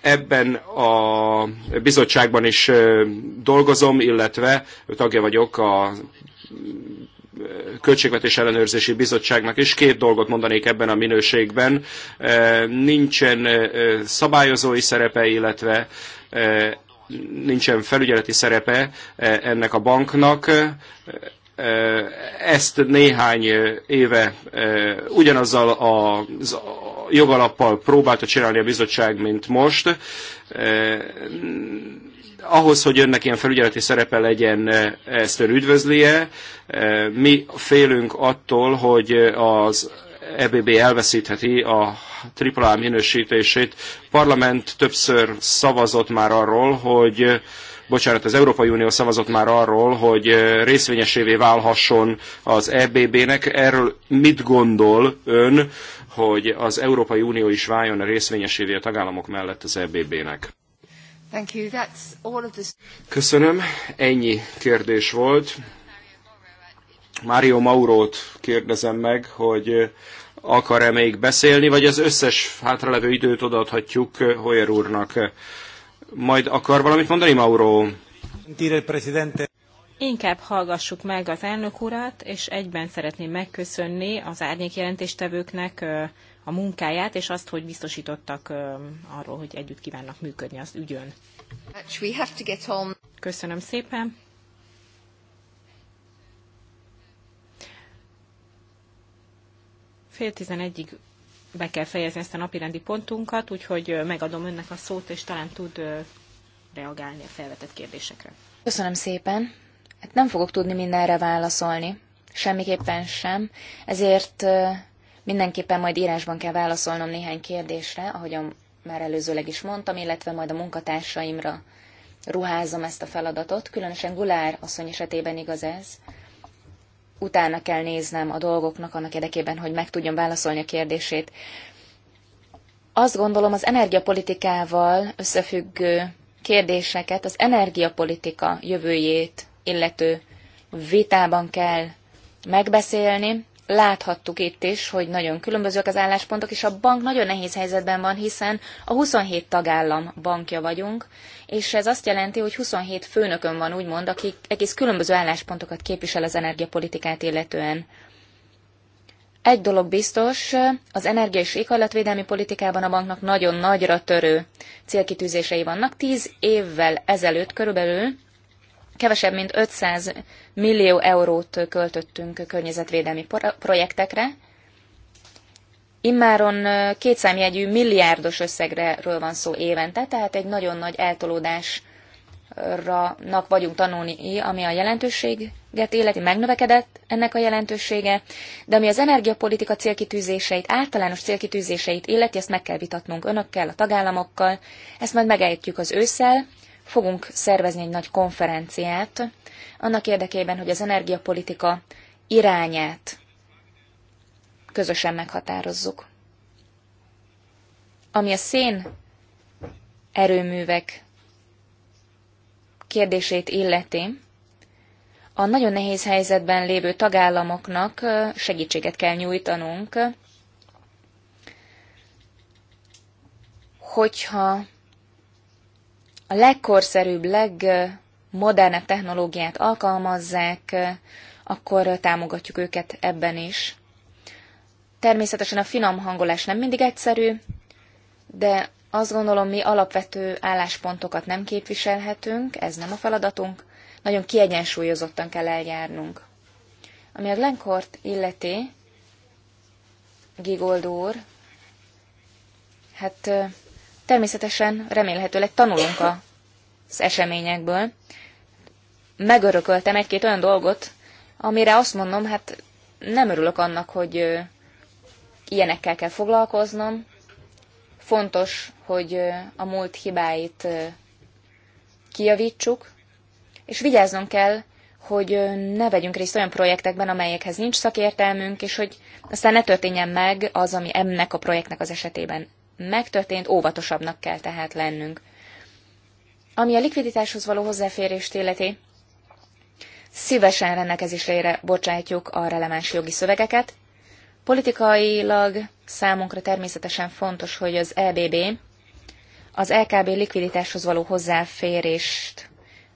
Ebben a bizottságban is dolgozom, illetve tagja vagyok a Költségvetés Ellenőrzési Bizottságnak, és két dolgot mondanék ebben a minőségben. Nincsen szabályozói szerepe, illetve nincsen felügyeleti szerepe ennek a banknak. Ezt néhány éve ugyanazzal az jogalappal próbálta csinálni a bizottság, mint most, e, ahhoz, hogy önnek ilyen felügyeleti szerepe legyen, e, ezt ön üdvözlie. E, mi félünk attól, hogy az EBB elveszítheti a AAA minősítését. Parlament többször szavazott már arról, hogy bocsánat, az Európai Unió szavazott már arról, hogy részvényesévé válhasson az EBB-nek. Erről mit gondol ön? hogy az Európai Unió is váljon a részvényesévé a tagállamok mellett az EBB-nek. Köszönöm, ennyi kérdés volt. Mário Maurót kérdezem meg, hogy akar-e még beszélni, vagy az összes hátralevő időt odaadhatjuk Hoyer úrnak. Majd akar valamit mondani, Mauro? Inkább hallgassuk meg az elnök urat, és egyben szeretném megköszönni az árnyék jelentéstevőknek a munkáját, és azt, hogy biztosítottak arról, hogy együtt kívánnak működni az ügyön. Köszönöm szépen. Fél tizenegyig be kell fejezni ezt a napirendi pontunkat, úgyhogy megadom önnek a szót, és talán tud reagálni a felvetett kérdésekre. Köszönöm szépen. Hát nem fogok tudni mindenre válaszolni. Semmiképpen sem. Ezért mindenképpen majd írásban kell válaszolnom néhány kérdésre, ahogyan már előzőleg is mondtam, illetve majd a munkatársaimra ruházom ezt a feladatot. Különösen Gulár asszony esetében igaz ez. Utána kell néznem a dolgoknak annak érdekében, hogy meg tudjam válaszolni a kérdését. Azt gondolom, az energiapolitikával összefüggő kérdéseket, az energiapolitika jövőjét illető vitában kell megbeszélni. Láthattuk itt is, hogy nagyon különbözőek az álláspontok, és a bank nagyon nehéz helyzetben van, hiszen a 27 tagállam bankja vagyunk, és ez azt jelenti, hogy 27 főnökön van, úgymond, akik egész különböző álláspontokat képvisel az energiapolitikát illetően. Egy dolog biztos, az energia és éghajlatvédelmi politikában a banknak nagyon nagyra törő célkitűzései vannak. Tíz évvel ezelőtt körülbelül kevesebb mint 500 millió eurót költöttünk környezetvédelmi projektekre. Immáron kétszámjegyű milliárdos összegről van szó évente, tehát egy nagyon nagy eltolódásnak vagyunk tanulni, ami a jelentőséget életi megnövekedett ennek a jelentősége, de ami az energiapolitika célkitűzéseit, általános célkitűzéseit illeti, ezt meg kell vitatnunk önökkel, a tagállamokkal, ezt majd megejtjük az ősszel, fogunk szervezni egy nagy konferenciát, annak érdekében, hogy az energiapolitika irányát közösen meghatározzuk. Ami a szén erőművek kérdését illeti, a nagyon nehéz helyzetben lévő tagállamoknak segítséget kell nyújtanunk, hogyha a legkorszerűbb, legmodernebb technológiát alkalmazzák, akkor támogatjuk őket ebben is. Természetesen a finom hangolás nem mindig egyszerű, de azt gondolom, mi alapvető álláspontokat nem képviselhetünk, ez nem a feladatunk, nagyon kiegyensúlyozottan kell eljárnunk. Ami a Glencourt illeti, Gigold úr, hát Természetesen remélhetőleg tanulunk az eseményekből. Megörököltem egy-két olyan dolgot, amire azt mondom, hát nem örülök annak, hogy ilyenekkel kell foglalkoznom. Fontos, hogy a múlt hibáit kijavítsuk, és vigyáznom kell, hogy ne vegyünk részt olyan projektekben, amelyekhez nincs szakértelmünk, és hogy aztán ne történjen meg az, ami ennek a projektnek az esetében megtörtént, óvatosabbnak kell tehát lennünk. Ami a likviditáshoz való hozzáférést illeti, szívesen rendelkezésre bocsátjuk a releváns jogi szövegeket. Politikailag számunkra természetesen fontos, hogy az EBB az LKB likviditáshoz való hozzáférést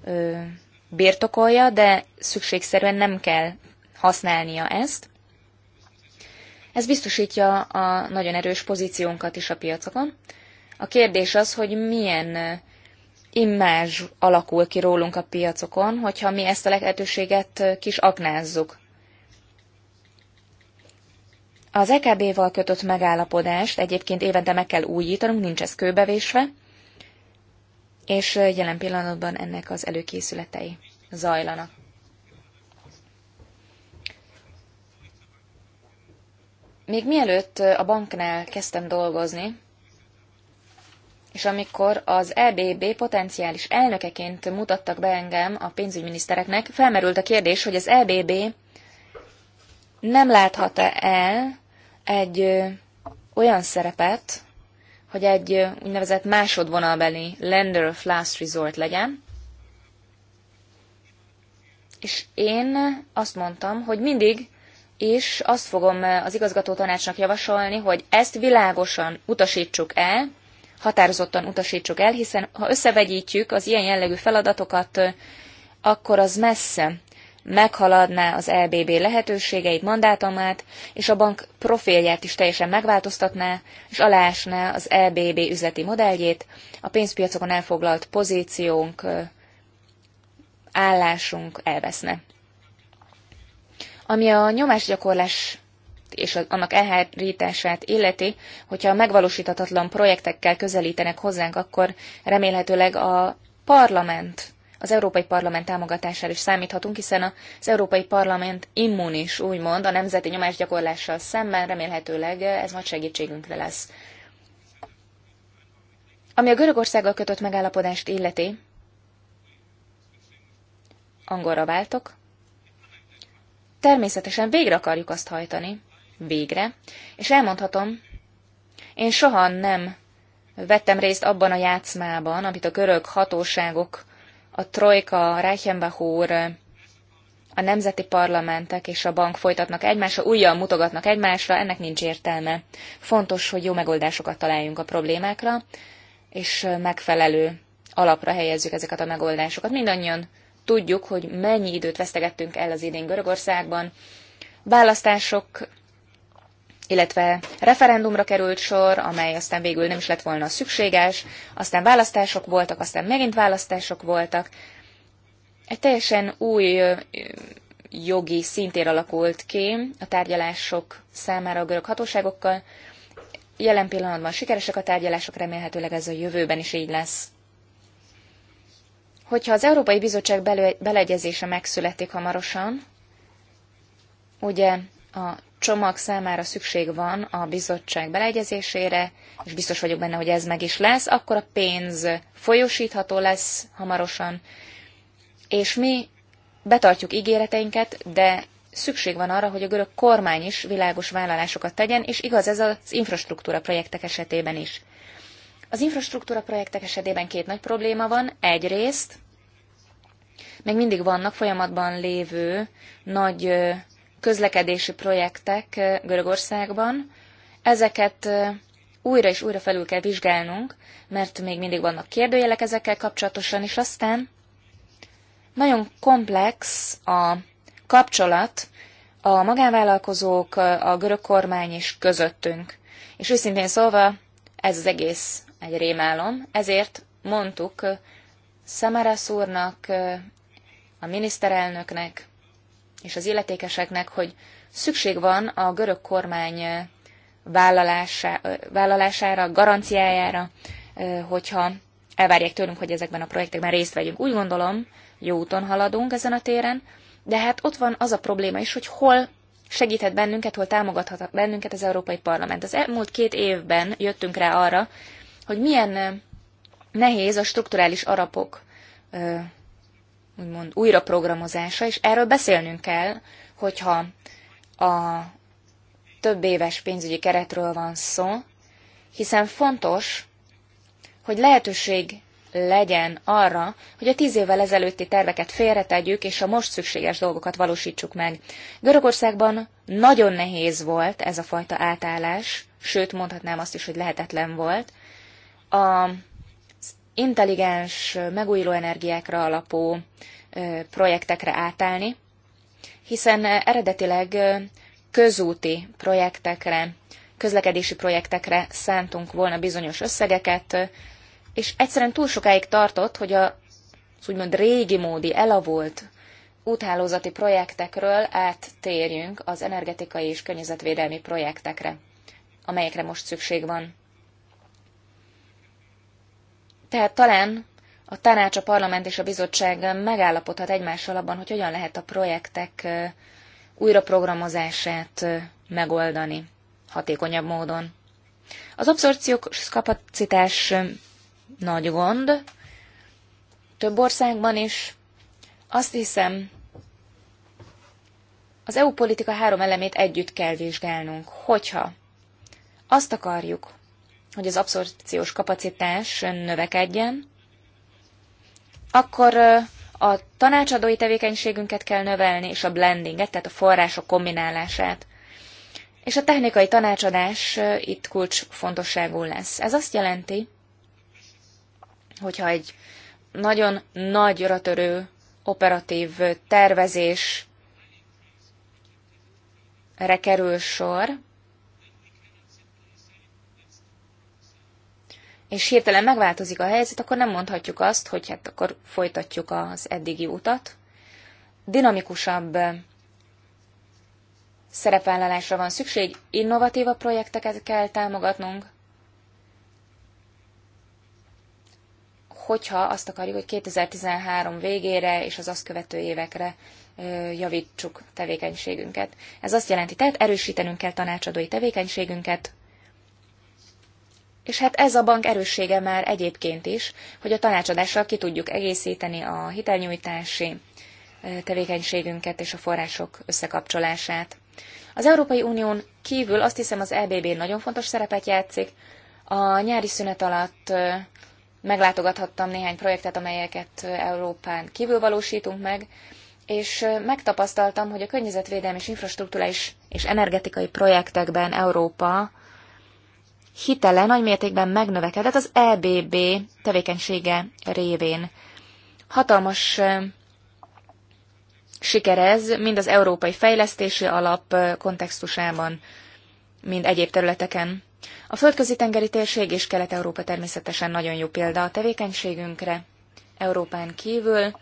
ö, birtokolja, de szükségszerűen nem kell használnia ezt. Ez biztosítja a nagyon erős pozíciónkat is a piacokon. A kérdés az, hogy milyen imázs alakul ki rólunk a piacokon, hogyha mi ezt a lehetőséget kis aknázzuk. Az EKB-val kötött megállapodást egyébként évente meg kell újítanunk, nincs ez kőbevésve, és jelen pillanatban ennek az előkészületei zajlanak. Még mielőtt a banknál kezdtem dolgozni, és amikor az EBB potenciális elnökeként mutattak be engem a pénzügyminisztereknek, felmerült a kérdés, hogy az EBB nem láthat-e el egy olyan szerepet, hogy egy úgynevezett másodvonalbeli lender of last resort legyen. És én azt mondtam, hogy mindig és azt fogom az igazgató tanácsnak javasolni, hogy ezt világosan utasítsuk el, határozottan utasítsuk el, hiszen ha összevegyítjük az ilyen jellegű feladatokat, akkor az messze meghaladná az LBB lehetőségeit, mandátumát, és a bank profilját is teljesen megváltoztatná, és alásná az LBB üzleti modelljét, a pénzpiacokon elfoglalt pozíciónk, állásunk elveszne. Ami a nyomásgyakorlás és annak elhárítását illeti, hogyha megvalósíthatatlan projektekkel közelítenek hozzánk, akkor remélhetőleg a parlament, az Európai Parlament támogatására is számíthatunk, hiszen az Európai Parlament immunis, úgymond, a nemzeti nyomásgyakorlással szemben remélhetőleg ez nagy segítségünkre lesz. Ami a Görögországgal kötött megállapodást illeti, angolra váltok, Természetesen végre akarjuk azt hajtani. Végre. És elmondhatom, én soha nem vettem részt abban a játszmában, amit a görög hatóságok, a Trojka, Reichenbach úr, a nemzeti parlamentek és a bank folytatnak egymásra, újjal mutogatnak egymásra, ennek nincs értelme. Fontos, hogy jó megoldásokat találjunk a problémákra, és megfelelő alapra helyezzük ezeket a megoldásokat. Mindannyian tudjuk, hogy mennyi időt vesztegettünk el az idén Görögországban. Választások, illetve referendumra került sor, amely aztán végül nem is lett volna szükséges, aztán választások voltak, aztán megint választások voltak. Egy teljesen új jogi szintér alakult ki a tárgyalások számára a görög hatóságokkal. Jelen pillanatban sikeresek a tárgyalások, remélhetőleg ez a jövőben is így lesz hogyha az Európai Bizottság beleegyezése megszületik hamarosan, ugye a csomag számára szükség van a bizottság beleegyezésére, és biztos vagyok benne, hogy ez meg is lesz, akkor a pénz folyosítható lesz hamarosan, és mi betartjuk ígéreteinket, de szükség van arra, hogy a görög kormány is világos vállalásokat tegyen, és igaz ez az infrastruktúra projektek esetében is. Az infrastruktúra projektek esetében két nagy probléma van. Egyrészt még mindig vannak folyamatban lévő nagy közlekedési projektek Görögországban. Ezeket újra és újra felül kell vizsgálnunk, mert még mindig vannak kérdőjelek ezekkel kapcsolatosan, és aztán nagyon komplex a kapcsolat a magánvállalkozók, a görög kormány és közöttünk. És őszintén szólva, ez az egész egy rémálom, ezért mondtuk Samaras úrnak, a miniszterelnöknek és az illetékeseknek, hogy szükség van a görög kormány vállalása, vállalására, garanciájára, hogyha elvárják tőlünk, hogy ezekben a projektekben részt vegyünk. Úgy gondolom, jó úton haladunk ezen a téren, de hát ott van az a probléma is, hogy hol segíthet bennünket, hol támogathat bennünket az Európai Parlament. Az elmúlt két évben jöttünk rá arra, hogy milyen nehéz a strukturális arapok úgymond újraprogramozása, és erről beszélnünk kell, hogyha a több éves pénzügyi keretről van szó, hiszen fontos, hogy lehetőség legyen arra, hogy a tíz évvel ezelőtti terveket félretegyük, és a most szükséges dolgokat valósítsuk meg. Görögországban nagyon nehéz volt ez a fajta átállás, sőt mondhatnám azt is, hogy lehetetlen volt, a intelligens, megújuló energiákra alapú projektekre átállni, hiszen eredetileg közúti projektekre, közlekedési projektekre szántunk volna bizonyos összegeket, és egyszerűen túl sokáig tartott, hogy a az úgymond régi módi, elavult úthálózati projektekről áttérjünk az energetikai és környezetvédelmi projektekre, amelyekre most szükség van. Tehát talán a tanács, a parlament és a bizottság megállapodhat egymással abban, hogy hogyan lehet a projektek újraprogramozását megoldani hatékonyabb módon. Az abszorpciós kapacitás nagy gond, több országban is. Azt hiszem, az EU politika három elemét együtt kell vizsgálnunk, hogyha azt akarjuk, hogy az abszorpciós kapacitás növekedjen, akkor a tanácsadói tevékenységünket kell növelni, és a blendinget, tehát a források kombinálását. És a technikai tanácsadás itt kulcsfontosságú lesz. Ez azt jelenti, hogyha egy nagyon nagy törő operatív tervezésre kerül sor, és hirtelen megváltozik a helyzet, akkor nem mondhatjuk azt, hogy hát akkor folytatjuk az eddigi utat. Dinamikusabb eh, szerepvállalásra van szükség, innovatívabb projekteket kell támogatnunk, hogyha azt akarjuk, hogy 2013 végére és az azt követő évekre eh, javítsuk tevékenységünket. Ez azt jelenti, tehát erősítenünk kell tanácsadói tevékenységünket, és hát ez a bank erőssége már egyébként is, hogy a tanácsadással ki tudjuk egészíteni a hitelnyújtási tevékenységünket és a források összekapcsolását. Az Európai Unión kívül azt hiszem az EBB nagyon fontos szerepet játszik. A nyári szünet alatt meglátogathattam néhány projektet, amelyeket Európán kívül valósítunk meg, és megtapasztaltam, hogy a környezetvédelmi és infrastruktúrális és energetikai projektekben Európa hitele mértékben megnövekedett az EBB tevékenysége révén. Hatalmas sikerez mind az Európai Fejlesztési Alap kontextusában, mind egyéb területeken. A földközi tengeri térség és Kelet-Európa természetesen nagyon jó példa a tevékenységünkre. Európán kívül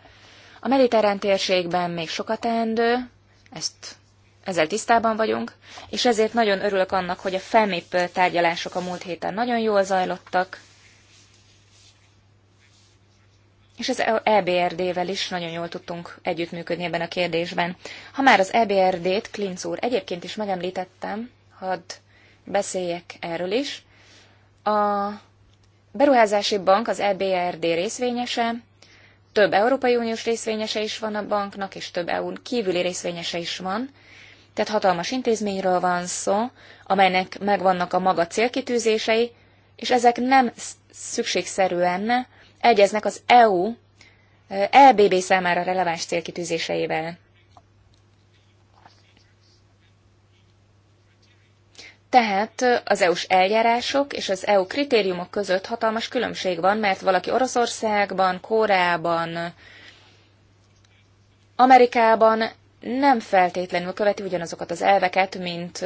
a mediterrán térségben még sokat teendő, ezt ezzel tisztában vagyunk, és ezért nagyon örülök annak, hogy a FEMIP tárgyalások a múlt héten nagyon jól zajlottak, és az EBRD-vel is nagyon jól tudtunk együttműködni ebben a kérdésben. Ha már az EBRD-t, Klinc úr, egyébként is megemlítettem, hadd beszéljek erről is. A beruházási bank az EBRD részvényese, több Európai Uniós részvényese is van a banknak, és több EU-n kívüli részvényese is van. Tehát hatalmas intézményről van szó, amelynek megvannak a maga célkitűzései, és ezek nem szükségszerűen egyeznek az EU LBB e számára releváns célkitűzéseivel. Tehát az EU-s eljárások és az EU kritériumok között hatalmas különbség van, mert valaki Oroszországban, Koreában, Amerikában nem feltétlenül követi ugyanazokat az elveket, mint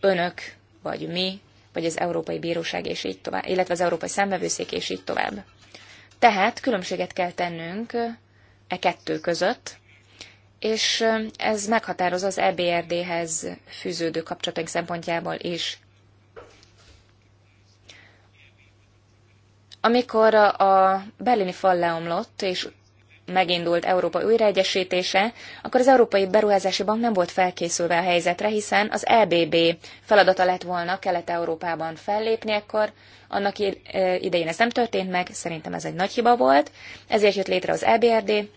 önök, vagy mi, vagy az Európai Bíróság, és így tovább, illetve az Európai Számbevőszék, és így tovább. Tehát különbséget kell tennünk e kettő között, és ez meghatároz az EBRD-hez fűződő kapcsolataink szempontjából is. Amikor a berlini fal leomlott, és megindult Európa újraegyesítése, akkor az Európai Beruházási Bank nem volt felkészülve a helyzetre, hiszen az EBB feladata lett volna Kelet-Európában fellépni, akkor annak idején ez nem történt meg, szerintem ez egy nagy hiba volt, ezért jött létre az EBRD,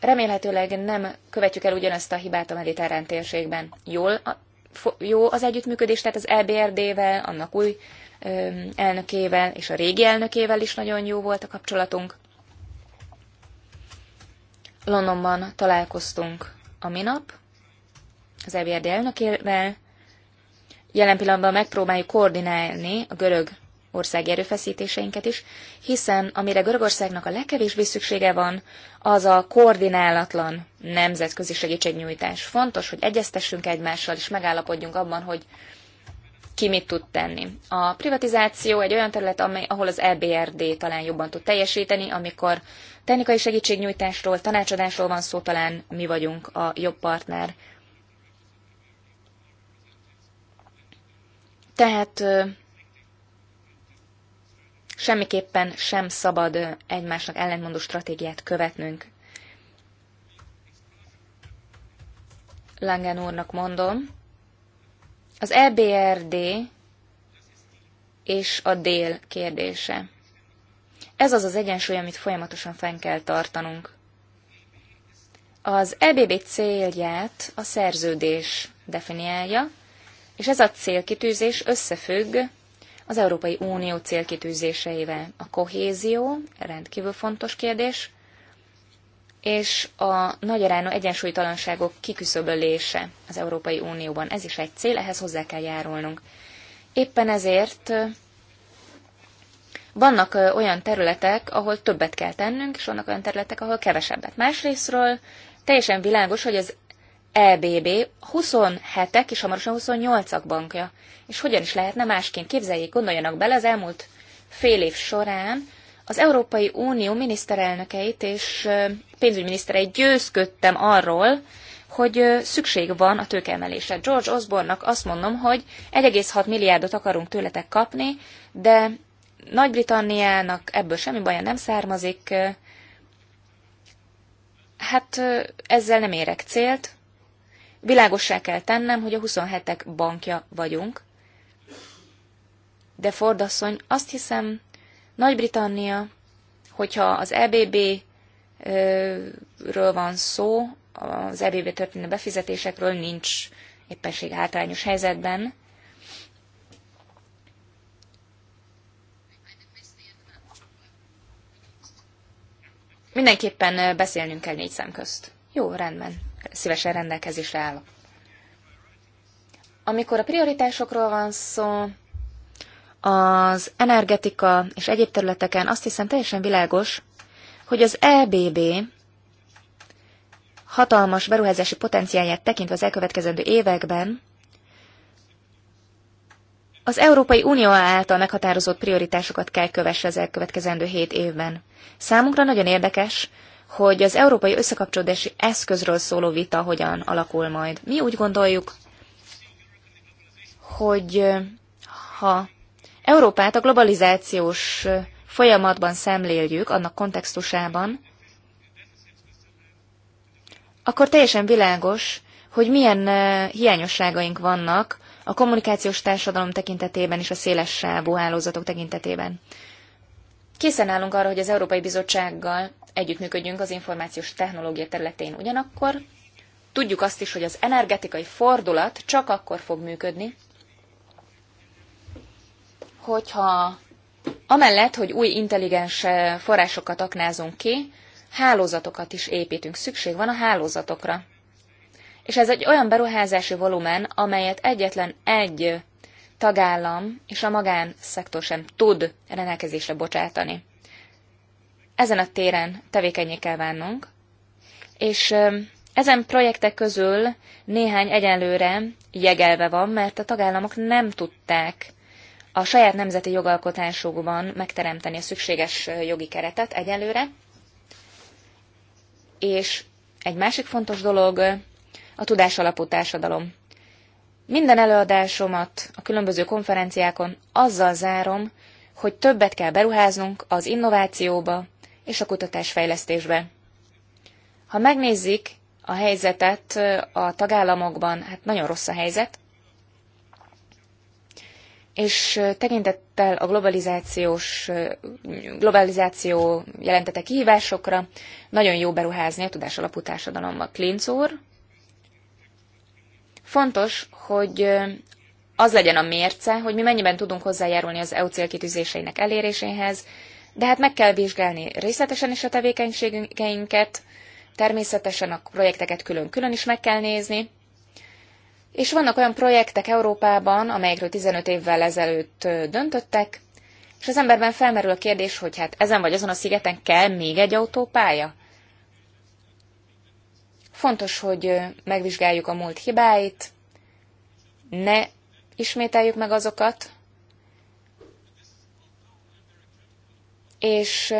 Remélhetőleg nem követjük el ugyanazt a hibát a mediterrán térségben. Jól, jó az együttműködés, tehát az EBRD-vel, annak új elnökével és a régi elnökével is nagyon jó volt a kapcsolatunk. Londonban találkoztunk a minap, az EBRD elnökével. Jelen pillanatban megpróbáljuk koordinálni a görög ország erőfeszítéseinket is, hiszen amire Görögországnak a legkevésbé szüksége van, az a koordinálatlan nemzetközi segítségnyújtás. Fontos, hogy egyeztessünk egymással, és megállapodjunk abban, hogy ki mit tud tenni. A privatizáció egy olyan terület, amely, ahol az EBRD talán jobban tud teljesíteni, amikor technikai segítségnyújtásról, tanácsadásról van szó, talán mi vagyunk a jobb partner. Tehát semmiképpen sem szabad egymásnak ellentmondó stratégiát követnünk. Langen úrnak mondom, az EBRD és a dél kérdése. Ez az az egyensúly, amit folyamatosan fenn kell tartanunk. Az EBB célját a szerződés definiálja, és ez a célkitűzés összefügg az Európai Unió célkitűzéseivel. A kohézió rendkívül fontos kérdés, és a nagyarányú egyensúlytalanságok kiküszöbölése az Európai Unióban. Ez is egy cél, ehhez hozzá kell járulnunk. Éppen ezért vannak olyan területek, ahol többet kell tennünk, és vannak olyan területek, ahol kevesebbet. Másrésztről teljesen világos, hogy az EBB 27-ek és hamarosan 28-ak bankja. És hogyan is lehetne másként? Képzeljék, gondoljanak bele, az elmúlt fél év során az Európai Unió miniszterelnökeit és pénzügyminisztereit győzködtem arról, hogy szükség van a tőkeemelésre. George Osborne-nak azt mondom, hogy 1,6 milliárdot akarunk tőletek kapni, de Nagy-Britanniának ebből semmi baja nem származik. Hát ezzel nem érek célt. Világossá kell tennem, hogy a 27-ek bankja vagyunk. De Ford asszony, azt hiszem, nagy-Britannia, hogyha az EBB-ről van szó, az EBB történő befizetésekről nincs éppenség hátrányos helyzetben, Mindenképpen beszélnünk kell négy szem közt. Jó, rendben. Szívesen rendelkezésre állok. Amikor a prioritásokról van szó, az energetika és egyéb területeken azt hiszem teljesen világos, hogy az EBB hatalmas beruházási potenciáját tekintve az elkövetkezendő években az Európai Unió által meghatározott prioritásokat kell kövesse az elkövetkezendő hét évben. Számunkra nagyon érdekes, hogy az európai összekapcsolódási eszközről szóló vita hogyan alakul majd. Mi úgy gondoljuk, hogy ha Európát a globalizációs folyamatban szemléljük, annak kontextusában, akkor teljesen világos, hogy milyen hiányosságaink vannak a kommunikációs társadalom tekintetében és a széles sávú hálózatok tekintetében. Készen állunk arra, hogy az Európai Bizottsággal együttműködjünk az információs technológia területén. Ugyanakkor tudjuk azt is, hogy az energetikai fordulat csak akkor fog működni, hogyha amellett, hogy új intelligens eh, forrásokat aknázunk ki, hálózatokat is építünk. Szükség van a hálózatokra. És ez egy olyan beruházási volumen, amelyet egyetlen egy tagállam és a magánszektor sem tud rendelkezésre bocsátani. Ezen a téren tevékenyé kell válnunk, és eh, ezen projektek közül néhány egyenlőre jegelve van, mert a tagállamok nem tudták a saját nemzeti jogalkotásokban megteremteni a szükséges jogi keretet egyelőre. És egy másik fontos dolog a tudás alapú társadalom. Minden előadásomat a különböző konferenciákon azzal zárom, hogy többet kell beruháznunk az innovációba és a kutatásfejlesztésbe. Ha megnézzük a helyzetet a tagállamokban, hát nagyon rossz a helyzet, és tekintettel a globalizációs, globalizáció jelentette kihívásokra, nagyon jó beruházni a tudás alapú társadalomba. Klinc úr, fontos, hogy az legyen a mérce, hogy mi mennyiben tudunk hozzájárulni az EU célkitűzéseinek eléréséhez, de hát meg kell vizsgálni részletesen is a tevékenységeinket, természetesen a projekteket külön-külön is meg kell nézni, és vannak olyan projektek Európában, amelyekről 15 évvel ezelőtt döntöttek, és az emberben felmerül a kérdés, hogy hát ezen vagy azon a szigeten kell még egy autópálya? Fontos, hogy megvizsgáljuk a múlt hibáit, ne ismételjük meg azokat, és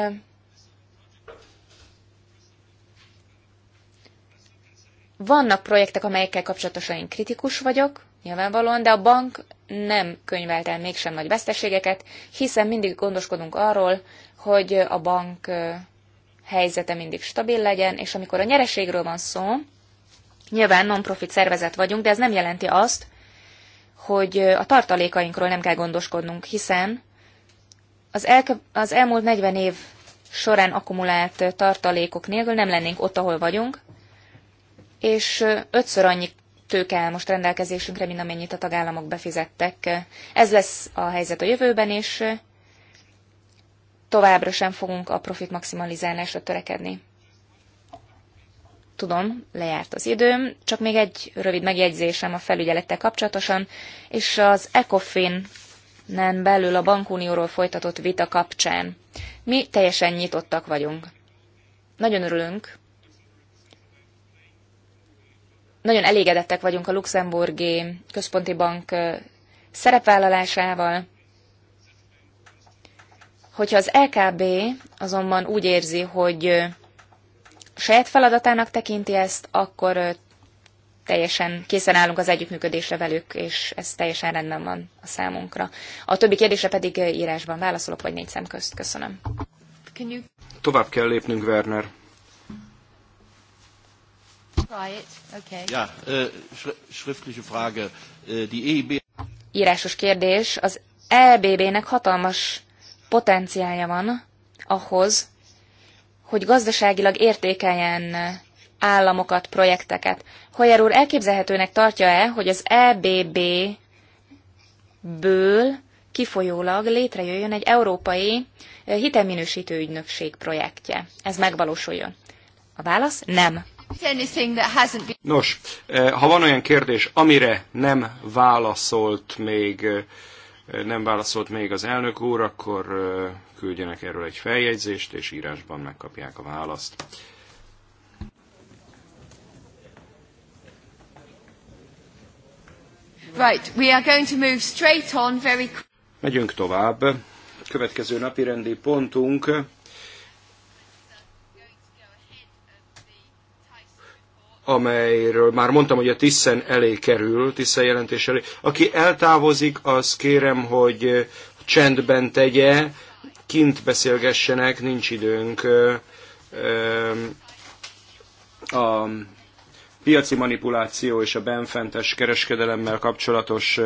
Vannak projektek, amelyekkel kapcsolatosan én kritikus vagyok, nyilvánvalóan, de a bank nem könyvelt el mégsem nagy veszteségeket, hiszen mindig gondoskodunk arról, hogy a bank helyzete mindig stabil legyen, és amikor a nyereségről van szó, nyilván non-profit szervezet vagyunk, de ez nem jelenti azt, hogy a tartalékainkról nem kell gondoskodnunk, hiszen az, el, az elmúlt 40 év során akkumulált tartalékok nélkül nem lennénk ott, ahol vagyunk, és ötször annyi tőke áll most rendelkezésünkre, mint amennyit a tagállamok befizettek. Ez lesz a helyzet a jövőben, és továbbra sem fogunk a profit maximalizálásra törekedni. Tudom, lejárt az időm, csak még egy rövid megjegyzésem a felügyelettel kapcsolatosan, és az ECOFIN nem belül a bankunióról folytatott vita kapcsán. Mi teljesen nyitottak vagyunk. Nagyon örülünk, nagyon elégedettek vagyunk a luxemburgi központi bank szerepvállalásával. Hogyha az LKB azonban úgy érzi, hogy saját feladatának tekinti ezt, akkor teljesen készen állunk az együttműködésre velük, és ez teljesen rendben van a számunkra. A többi kérdésre pedig írásban válaszolok, vagy négy szem közt. Köszönöm. Tovább kell lépnünk, Werner. Äh, äh, e Írásos kérdés. Az EBB-nek hatalmas potenciálja van ahhoz, hogy gazdaságilag értékeljen államokat, projekteket. Hoyer úr elképzelhetőnek tartja-e, hogy az EBB-ből kifolyólag létrejöjjön egy európai eh, hitelminősítő ügynökség projektje? Ez megvalósuljon. A válasz nem. Nos, eh, ha van olyan kérdés, amire nem válaszolt még, eh, nem válaszolt még az elnök úr, akkor eh, küldjenek erről egy feljegyzést, és írásban megkapják a választ. Right, we are going to move straight on very... Megyünk tovább. Következő napi rendi pontunk amelyről már mondtam, hogy a Tiszen elé kerül, Tiszen jelentés elé. Aki eltávozik, az kérem, hogy csendben tegye, kint beszélgessenek, nincs időnk. A piaci manipuláció és a benfentes kereskedelemmel kapcsolatos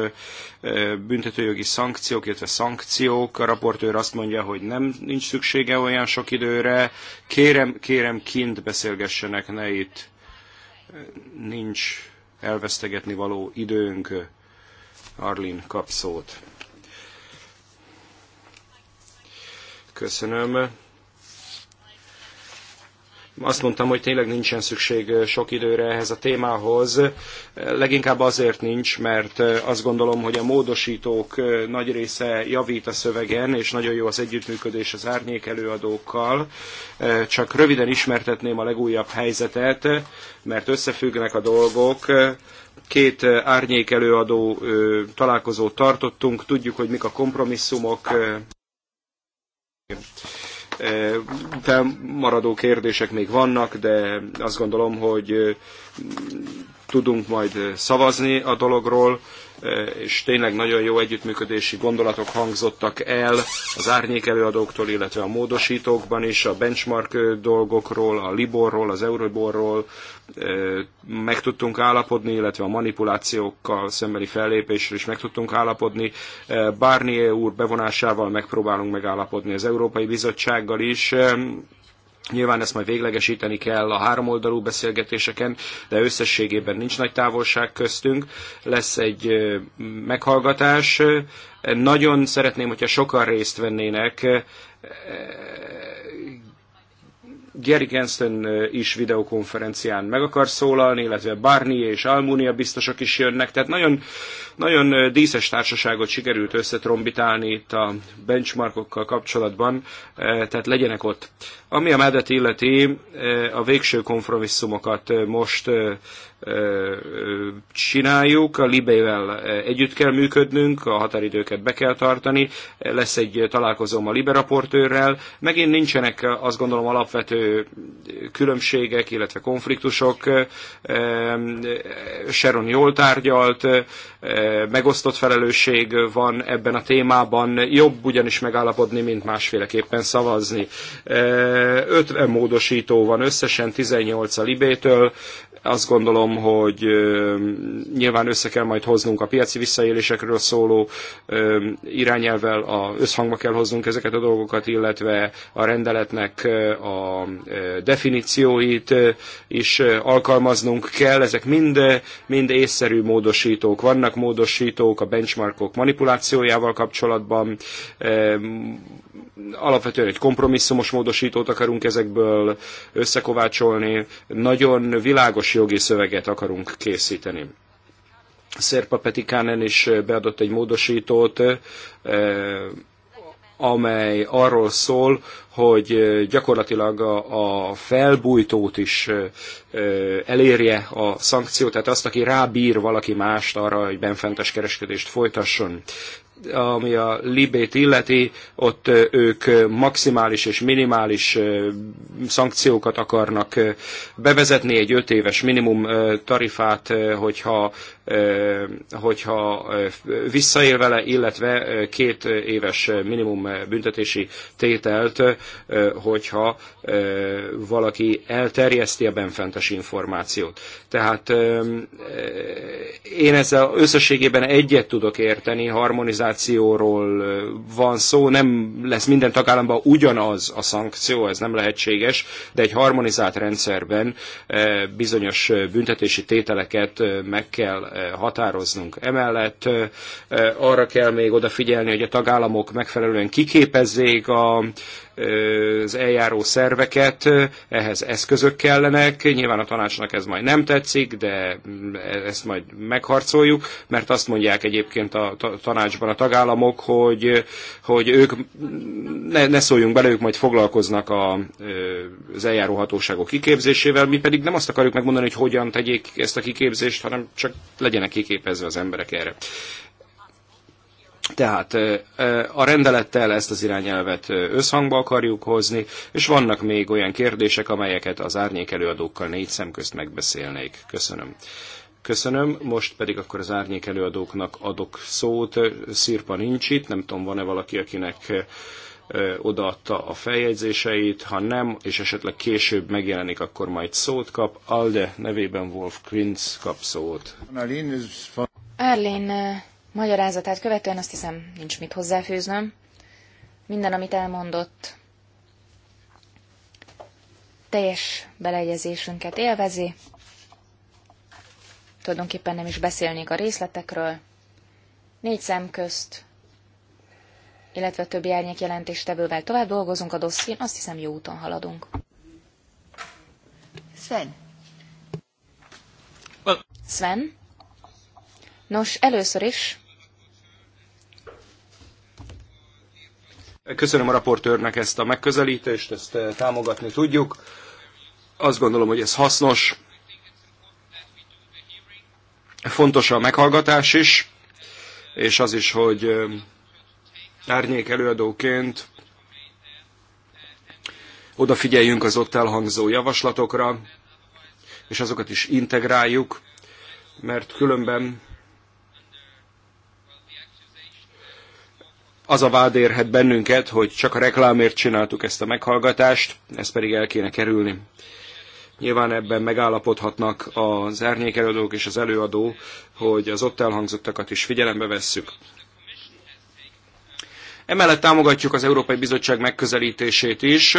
büntetőjogi szankciók, illetve szankciók. A raportőr azt mondja, hogy nem nincs szüksége olyan sok időre. Kérem, kérem kint beszélgessenek, ne itt nincs elvesztegetni való időnk. Arlin kap szót. Köszönöm. Azt mondtam, hogy tényleg nincsen szükség sok időre ehhez a témához. Leginkább azért nincs, mert azt gondolom, hogy a módosítók nagy része javít a szövegen, és nagyon jó az együttműködés az árnyék előadókkal. Csak röviden ismertetném a legújabb helyzetet, mert összefüggnek a dolgok két árnyék előadó találkozót tartottunk, tudjuk, hogy mik a kompromisszumok. Felmaradó kérdések még vannak, de azt gondolom, hogy tudunk majd szavazni a dologról. Eh, és tényleg nagyon jó együttműködési gondolatok hangzottak el az árnyék előadóktól, illetve a módosítókban is, a benchmark eh, dolgokról, a Liborról, az Euriborról eh, meg tudtunk állapodni, illetve a manipulációkkal szembeni fellépésről is meg tudtunk állapodni. Barnier úr bevonásával megpróbálunk megállapodni az Európai Bizottsággal is, Nyilván ezt majd véglegesíteni kell a háromoldalú beszélgetéseken, de összességében nincs nagy távolság köztünk. Lesz egy meghallgatás. Nagyon szeretném, hogyha sokan részt vennének, Gary Gensten is videokonferencián meg akar szólalni, illetve Barnier és Almunia biztosok is jönnek, tehát nagyon, nagyon díszes társaságot sikerült összetrombitálni itt a benchmarkokkal kapcsolatban, tehát legyenek ott. Ami a medet illeti, a végső kompromisszumokat most csináljuk, a Libével együtt kell működnünk, a határidőket be kell tartani, lesz egy találkozóm a Libe raportőrrel, megint nincsenek azt gondolom alapvető különbségek, illetve konfliktusok, Sharon jól tárgyalt, megosztott felelősség van ebben a témában, jobb ugyanis megállapodni, mint másféleképpen szavazni. 50 módosító van összesen, 18 a Libétől, azt gondolom, hogy nyilván össze kell majd hoznunk a piaci visszaélésekről szóló irányelvel, a, összhangba kell hoznunk ezeket a dolgokat, illetve a rendeletnek a definícióit is alkalmaznunk kell. Ezek mind, mind észszerű módosítók. Vannak módosítók a benchmarkok manipulációjával kapcsolatban, alapvetően egy kompromisszumos módosítót akarunk ezekből összekovácsolni, nagyon világos jogi szöveget akarunk készíteni. Szerpa Petikánen is beadott egy módosítót, eh, amely arról szól, hogy gyakorlatilag a, a felbújtót is eh, elérje a szankciót, tehát azt, aki rábír valaki mást arra, hogy benfentes kereskedést folytasson ami a libét illeti, ott ők maximális és minimális szankciókat akarnak bevezetni, egy öt éves minimum tarifát, hogyha, hogyha visszaél vele, illetve két éves minimum büntetési tételt, hogyha valaki elterjeszti a benfentes információt. Tehát én ezzel összességében egyet tudok érteni, harmonizálni migrációról van szó, nem lesz minden tagállamban ugyanaz a szankció, ez nem lehetséges, de egy harmonizált rendszerben bizonyos büntetési tételeket meg kell határoznunk. Emellett arra kell még odafigyelni, hogy a tagállamok megfelelően kiképezzék a az eljáró szerveket, ehhez eszközök kellenek. Nyilván a tanácsnak ez majd nem tetszik, de ezt majd megharcoljuk, mert azt mondják egyébként a tanácsban a tagállamok, hogy, hogy ők ne, ne szóljunk bele, ők majd foglalkoznak a, az eljáró hatóságok kiképzésével, mi pedig nem azt akarjuk megmondani, hogy hogyan tegyék ezt a kiképzést, hanem csak legyenek kiképezve az emberek erre. Tehát a rendelettel ezt az irányelvet összhangba akarjuk hozni, és vannak még olyan kérdések, amelyeket az árnyék előadókkal négy szem közt megbeszélnék. Köszönöm. Köszönöm, most pedig akkor az árnyék előadóknak adok szót. Szirpa nincs itt, nem tudom, van-e valaki, akinek odaadta a feljegyzéseit, ha nem, és esetleg később megjelenik, akkor majd szót kap. Alde nevében Wolf Quinz kap szót. Erlén magyarázatát követően azt hiszem nincs mit hozzáfőznöm. Minden, amit elmondott, teljes beleegyezésünket élvezi. Tulajdonképpen nem is beszélnék a részletekről. Négy szem közt, illetve többi árnyék jelentéstevővel tovább dolgozunk a dosszín, azt hiszem jó úton haladunk. Sven. Sven? Nos, először is Köszönöm a raportőrnek ezt a megközelítést, ezt eh, támogatni tudjuk. Azt gondolom, hogy ez hasznos. Fontos a meghallgatás is, és az is, hogy eh, árnyék előadóként odafigyeljünk az ott elhangzó javaslatokra, és azokat is integráljuk, mert különben az a vád érhet bennünket, hogy csak a reklámért csináltuk ezt a meghallgatást, ezt pedig el kéne kerülni. Nyilván ebben megállapodhatnak az árnyékelődők és az előadó, hogy az ott elhangzottakat is figyelembe vesszük. Emellett támogatjuk az Európai Bizottság megközelítését is,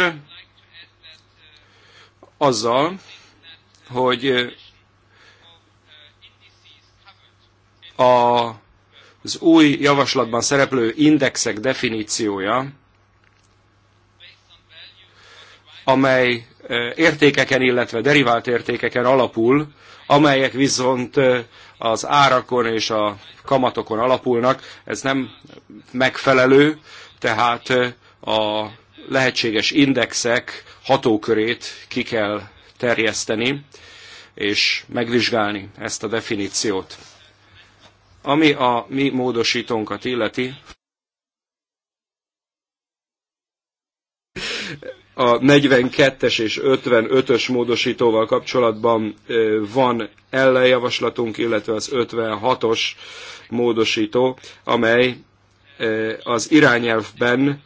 azzal, hogy a az új javaslatban szereplő indexek definíciója, amely értékeken, illetve derivált értékeken alapul, amelyek viszont az árakon és a kamatokon alapulnak, ez nem megfelelő, tehát a lehetséges indexek hatókörét ki kell terjeszteni, és megvizsgálni ezt a definíciót. Ami a mi módosítónkat illeti, a 42-es és 55-ös módosítóval kapcsolatban van ellenjavaslatunk, illetve az 56-os módosító, amely az irányelvben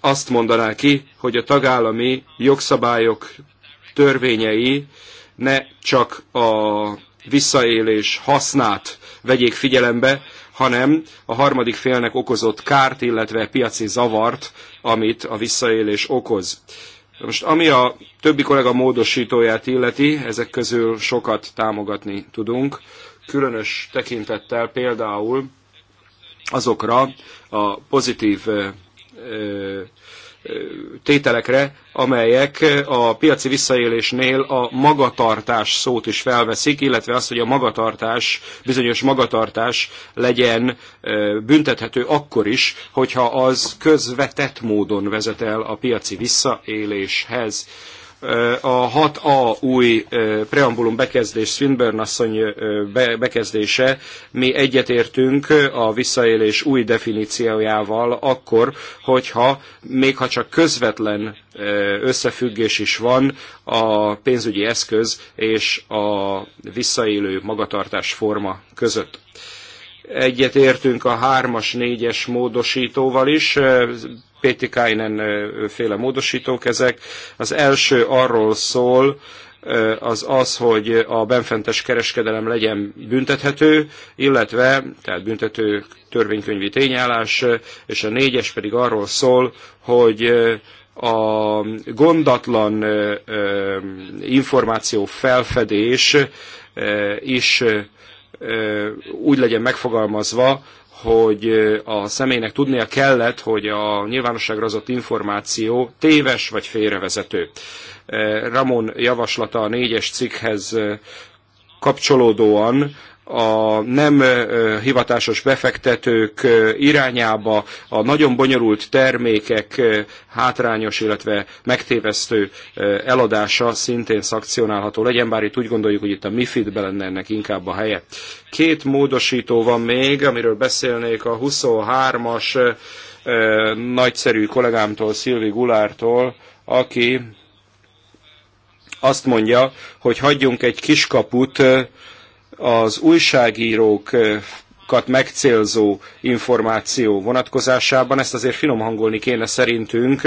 azt mondaná ki, hogy a tagállami jogszabályok törvényei ne csak a visszaélés hasznát vegyék figyelembe, hanem a harmadik félnek okozott kárt, illetve piaci zavart, amit a visszaélés okoz. Most ami a többi kollega módosítóját illeti, ezek közül sokat támogatni tudunk, különös tekintettel például azokra a pozitív tételekre, amelyek a piaci visszaélésnél a magatartás szót is felveszik, illetve azt, hogy a magatartás, bizonyos magatartás legyen büntethető akkor is, hogyha az közvetett módon vezet el a piaci visszaéléshez a 6A új preambulum bekezdés, Swinburne asszony bekezdése, mi egyetértünk a visszaélés új definíciójával akkor, hogyha még ha csak közvetlen összefüggés is van a pénzügyi eszköz és a visszaélő magatartás forma között egyetértünk a 3-as, 4-es módosítóval is, Pétikáinen féle módosítók ezek. Az első arról szól, az az, hogy a benfentes kereskedelem legyen büntethető, illetve, tehát büntető törvénykönyvi tényállás, és a négyes pedig arról szól, hogy a gondatlan információ felfedés is úgy legyen megfogalmazva, hogy a személynek tudnia kellett, hogy a nyilvánosságra azott információ téves vagy félrevezető. Ramon javaslata a négyes cikkhez kapcsolódóan a nem hivatásos befektetők irányába a nagyon bonyolult termékek hátrányos, illetve megtévesztő eladása szintén szakcionálható legyen, bár itt úgy gondoljuk, hogy itt a MIFID-be lenne ennek inkább a helye. Két módosító van még, amiről beszélnék a 23-as nagyszerű kollégámtól, Szilvi Gulártól, aki azt mondja, hogy hagyjunk egy kiskaput az újságírókat megcélzó információ vonatkozásában, ezt azért finom hangolni kéne szerintünk,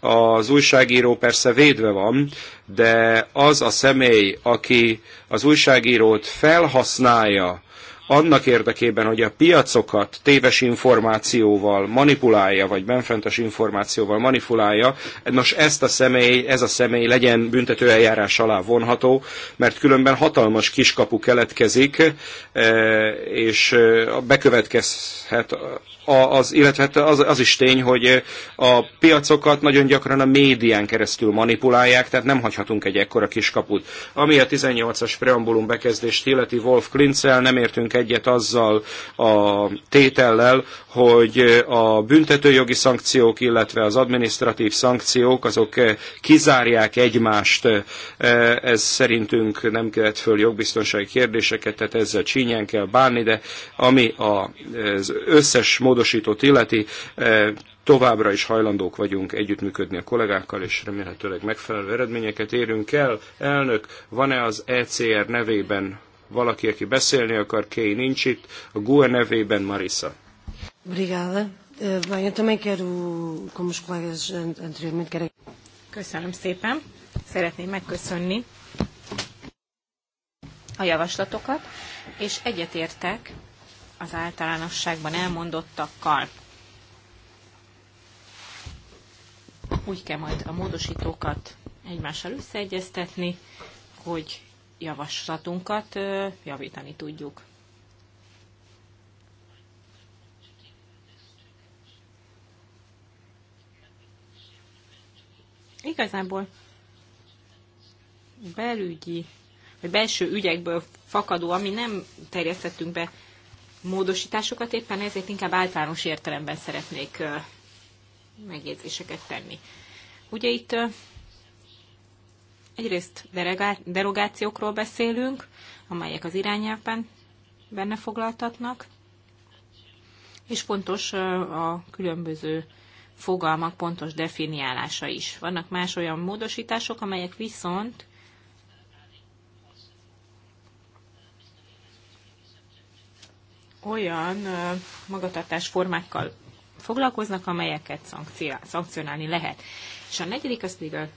az újságíró persze védve van, de az a személy, aki az újságírót felhasználja annak érdekében, hogy a piacokat téves információval manipulálja, vagy benfentes információval manipulálja, nos ezt a személy, ez a személy legyen büntetőeljárás eljárás alá vonható, mert különben hatalmas kiskapu keletkezik, e, és e, bekövetkezhet az, illetve hát az, az is tény, hogy a piacokat nagyon gyakran a médián keresztül manipulálják, tehát nem hagyhatunk egy ekkora kiskaput. Ami a 18-as preambulum bekezdést illeti Wolf Klinzel, nem értünk egyet azzal a tétellel, hogy a büntetőjogi szankciók, illetve az adminisztratív szankciók, azok kizárják egymást. Ez szerintünk nem kellett föl jogbiztonsági kérdéseket, tehát ezzel csínyen kell bánni, de ami az összes módosítót illeti, továbbra is hajlandók vagyunk együttműködni a kollégákkal, és remélhetőleg megfelelő eredményeket érünk el. Elnök, van-e az ECR nevében valaki, aki beszélni akar, Kay nincs itt, a GUE nevében Marisa. Obrigada. Eh, bem, eu também quero, como os colegas anteriormente, quero... Köszönöm szépen. Szeretném megköszönni a javaslatokat, és egyetértek az általánosságban elmondottakkal. Úgy kell majd a módosítókat egymással összeegyeztetni, hogy javaslatunkat javítani tudjuk. Igazából belügyi, vagy belső ügyekből fakadó, ami nem terjesztettünk be módosításokat, éppen ezért inkább általános értelemben szeretnék megjegyzéseket tenni. Ugye itt Egyrészt derogációkról beszélünk, amelyek az irányelvben benne foglaltatnak, és pontos a különböző fogalmak pontos definiálása is. Vannak más olyan módosítások, amelyek viszont olyan magatartás formákkal foglalkoznak, amelyeket szankcionálni lehet. És a negyedik az pedig a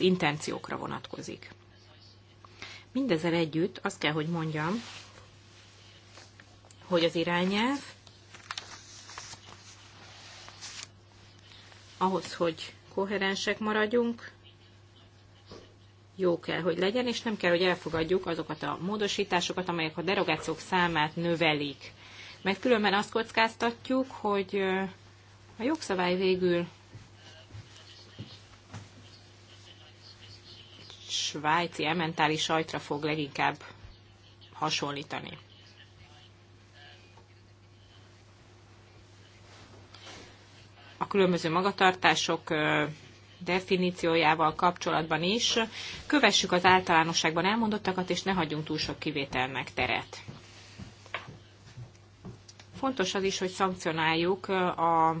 az intenciókra vonatkozik. Mindezzel együtt azt kell, hogy mondjam, hogy az irányelv ahhoz, hogy koherensek maradjunk, jó kell, hogy legyen, és nem kell, hogy elfogadjuk azokat a módosításokat, amelyek a derogációk számát növelik. Mert különben azt kockáztatjuk, hogy a jogszabály végül svájci ementáli sajtra fog leginkább hasonlítani. A különböző magatartások definíciójával kapcsolatban is kövessük az általánosságban elmondottakat, és ne hagyjunk túl sok kivételnek teret. Fontos az is, hogy szankcionáljuk a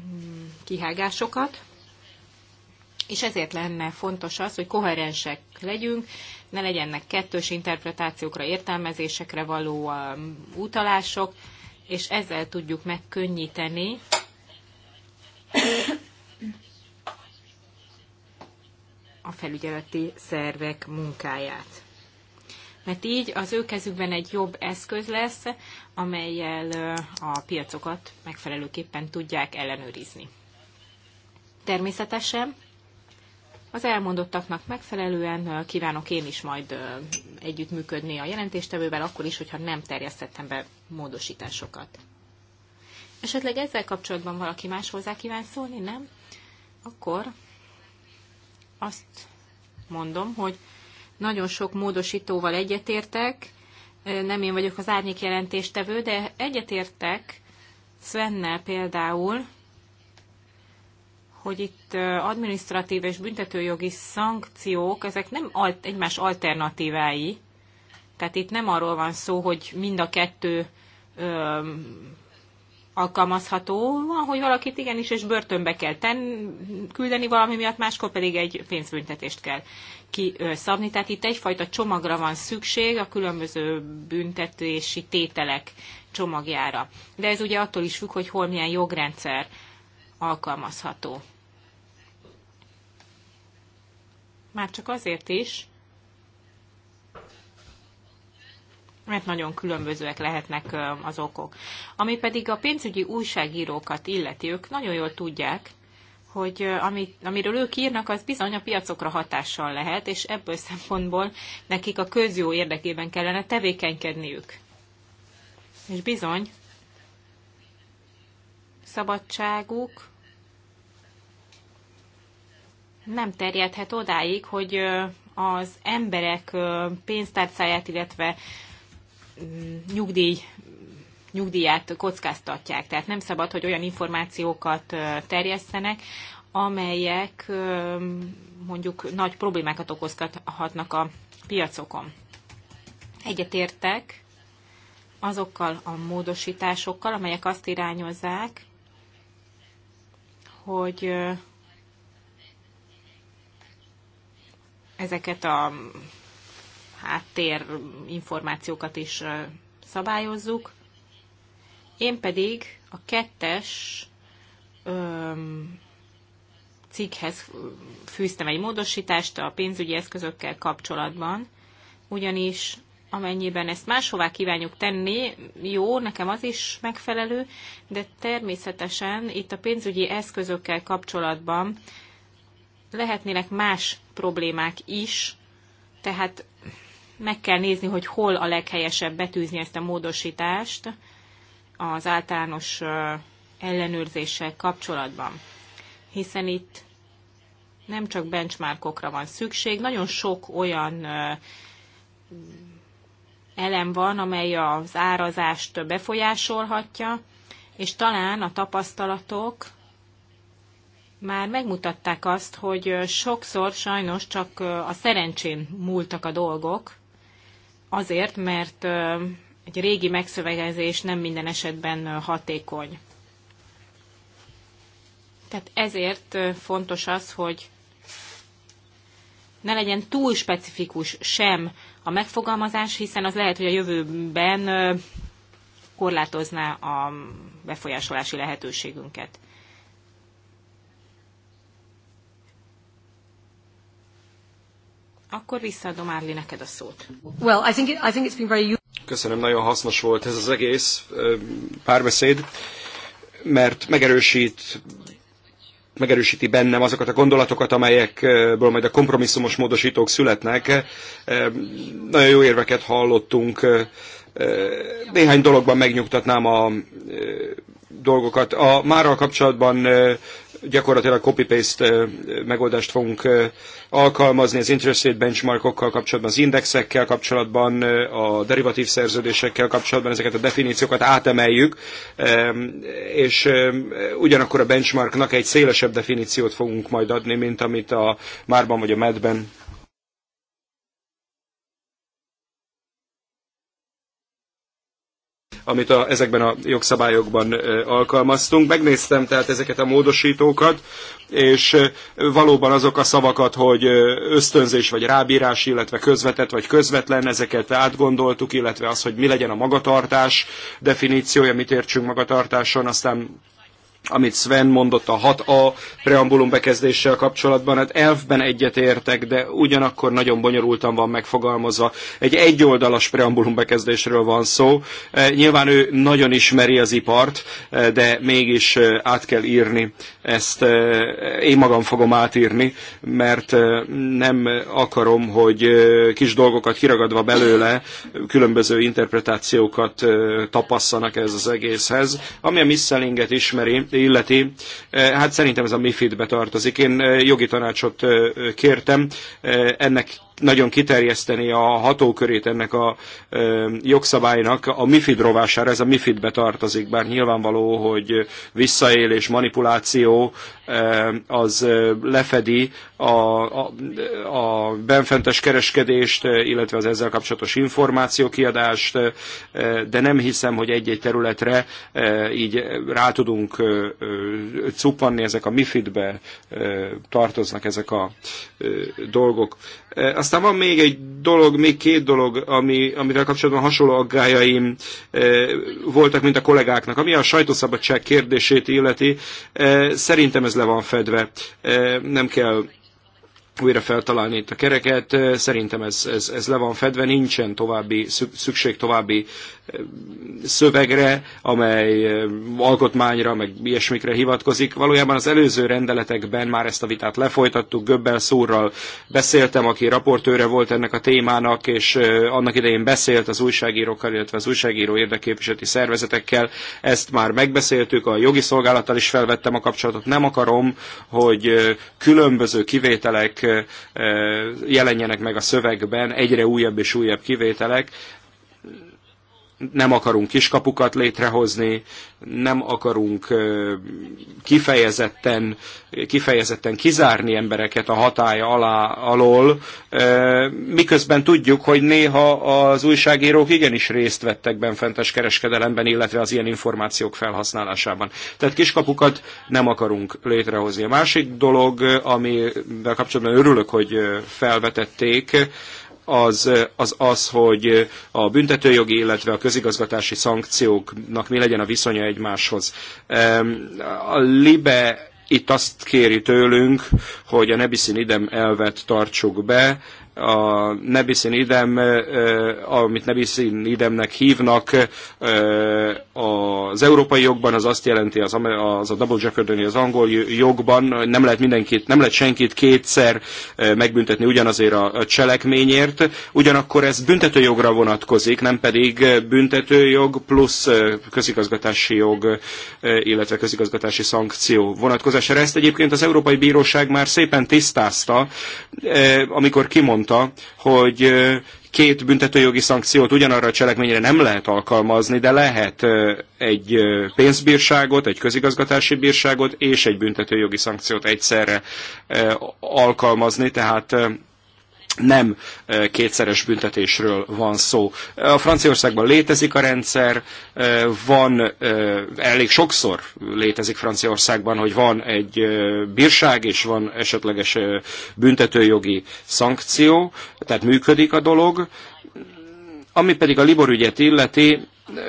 mm, kihágásokat, és ezért lenne fontos az, hogy koherensek legyünk, ne legyenek kettős interpretációkra, értelmezésekre való um, utalások, és ezzel tudjuk megkönnyíteni a felügyeleti szervek munkáját. Mert így az ő kezükben egy jobb eszköz lesz, amelyel uh, a piacokat megfelelőképpen tudják ellenőrizni. Természetesen az elmondottaknak megfelelően kívánok én is majd együttműködni a jelentéstevővel, akkor is, hogyha nem terjesztettem be módosításokat. Esetleg ezzel kapcsolatban valaki más hozzá kíván szólni, nem? Akkor azt mondom, hogy nagyon sok módosítóval egyetértek, nem én vagyok az árnyék jelentéstevő, de egyetértek Svennel például, hogy itt administratív és büntetőjogi szankciók, ezek nem egymás alternatívái. Tehát itt nem arról van szó, hogy mind a kettő ö, alkalmazható, van, hogy valakit igenis és börtönbe kell ten, küldeni valami miatt, máskor pedig egy pénzbüntetést kell kiszabni. Tehát itt egyfajta csomagra van szükség a különböző büntetési tételek csomagjára. De ez ugye attól is függ, hogy hol milyen jogrendszer alkalmazható. Már csak azért is, mert nagyon különbözőek lehetnek az okok. Ami pedig a pénzügyi újságírókat illeti, ők nagyon jól tudják, hogy ami, amiről ők írnak, az bizony a piacokra hatással lehet, és ebből szempontból nekik a közjó érdekében kellene tevékenykedniük. És bizony, szabadságuk nem terjedhet odáig, hogy az emberek pénztárcáját, illetve mm, nyugdíj, nyugdíját kockáztatják. Tehát nem szabad, hogy olyan információkat terjesztenek, amelyek mondjuk nagy problémákat okozhatnak a piacokon. Egyetértek azokkal a módosításokkal, amelyek azt irányozzák, hogy ezeket a háttér információkat is szabályozzuk. Én pedig a kettes öm, cikkhez fűztem egy módosítást a pénzügyi eszközökkel kapcsolatban, ugyanis amennyiben ezt máshová kívánjuk tenni, jó, nekem az is megfelelő, de természetesen itt a pénzügyi eszközökkel kapcsolatban lehetnének más problémák is, tehát meg kell nézni, hogy hol a leghelyesebb betűzni ezt a módosítást az általános ellenőrzéssel kapcsolatban. Hiszen itt nem csak benchmarkokra van szükség, nagyon sok olyan elem van, amely az árazást befolyásolhatja, és talán a tapasztalatok már megmutatták azt, hogy sokszor sajnos csak a szerencsén múltak a dolgok, azért, mert egy régi megszövegezés nem minden esetben hatékony. Tehát ezért fontos az, hogy ne legyen túl specifikus sem a megfogalmazás, hiszen az lehet, hogy a jövőben korlátozná a befolyásolási lehetőségünket. Akkor visszaadom Árli neked a szót. Well, I think it, I think it's been very... Köszönöm, nagyon hasznos volt ez az egész párbeszéd, mert megerősít megerősíti bennem azokat a gondolatokat, amelyekből majd a kompromisszumos módosítók születnek. Nagyon jó érveket hallottunk. Néhány dologban megnyugtatnám a dolgokat. A mára kapcsolatban gyakorlatilag copy-paste megoldást fogunk alkalmazni az interest rate benchmarkokkal kapcsolatban, az indexekkel kapcsolatban, a derivatív szerződésekkel kapcsolatban ezeket a definíciókat átemeljük, és ugyanakkor a benchmarknak egy szélesebb definíciót fogunk majd adni, mint amit a márban vagy a medben amit a, ezekben a jogszabályokban alkalmaztunk. Megnéztem tehát ezeket a módosítókat, és valóban azok a szavakat, hogy ösztönzés vagy rábírás, illetve közvetett vagy közvetlen, ezeket átgondoltuk, illetve az, hogy mi legyen a magatartás definíciója, mit értsünk magatartáson, aztán amit Sven mondott a 6A preambulum bekezdéssel kapcsolatban, hát elfben egyetértek, de ugyanakkor nagyon bonyolultan van megfogalmazva. Egy egyoldalas preambulum bekezdésről van szó. E, nyilván ő nagyon ismeri az ipart, e, de mégis e, át kell írni. Ezt én magam fogom átírni, mert nem akarom, hogy kis dolgokat kiragadva belőle különböző interpretációkat tapasszanak ez az egészhez. Ami a Misszelinget ismeri, illeti, eh, hát szerintem ez a MIFID-be tartozik. Én eh, jogi tanácsot eh, kértem, ennek nagyon kiterjeszteni a hatókörét ennek a jogszabálynak a MIFID rovására, ez a MIFID-be tartozik, bár nyilvánvaló, hogy visszaélés, manipuláció az lefedi a, a, a benfentes kereskedést, illetve az ezzel kapcsolatos információkiadást, de nem hiszem, hogy egy-egy területre így rá tudunk cuppanni, ezek a MIFID-be tartoznak ezek a dolgok. Aztán van még egy dolog, még két dolog, ami, amivel kapcsolatban hasonló aggájaim voltak, mint a kollégáknak. Ami a sajtószabadság kérdését illeti, szerintem ez le van fedve. Nem kell újra feltalálni itt a kereket. Szerintem ez, ez, ez le van fedve, nincsen további szükség további szövegre, amely eh, alkotmányra, meg ilyesmikre hivatkozik. Valójában az előző rendeletekben már ezt a vitát lefolytattuk, Göbbel szúrral beszéltem, aki raportőre volt ennek a témának, és eh, annak idején beszélt az újságírókkal, illetve az újságíró érdekképviseleti szervezetekkel. Ezt már megbeszéltük, a jogi szolgálattal is felvettem a kapcsolatot. Nem akarom, hogy eh, különböző kivételek jelenjenek meg a szövegben, egyre újabb és újabb kivételek nem akarunk kiskapukat létrehozni, nem akarunk kifejezetten, kifejezetten kizárni embereket a hatája alá, alól, miközben tudjuk, hogy néha az újságírók igenis részt vettek benfentes kereskedelemben, illetve az ilyen információk felhasználásában. Tehát kiskapukat nem akarunk létrehozni. A másik dolog, amivel kapcsolatban örülök, hogy felvetették, az, az az, hogy a büntetőjogi, illetve a közigazgatási szankcióknak mi legyen a viszonya egymáshoz. A LIBE itt azt kéri tőlünk, hogy a nebiszin idem elvet tartsuk be, a Nebiszin Idem, amit Nebiszin Idemnek hívnak az európai jogban, az azt jelenti, az, az a double jeopardy az angol jogban, nem lehet, mindenkit, nem lehet senkit kétszer megbüntetni ugyanazért a cselekményért, ugyanakkor ez büntetőjogra vonatkozik, nem pedig büntetőjog plusz közigazgatási jog, illetve közigazgatási szankció vonatkozására. Ezt egyébként az Európai Bíróság már szépen tisztázta, amikor kimondta, mondta, hogy két büntetőjogi szankciót ugyanarra a cselekményre nem lehet alkalmazni, de lehet egy pénzbírságot, egy közigazgatási bírságot és egy büntetőjogi szankciót egyszerre alkalmazni, tehát nem kétszeres büntetésről van szó. A Franciaországban létezik a rendszer, van, elég sokszor létezik Franciaországban, hogy van egy bírság és van esetleges büntetőjogi szankció, tehát működik a dolog. Ami pedig a Libor ügyet illeti,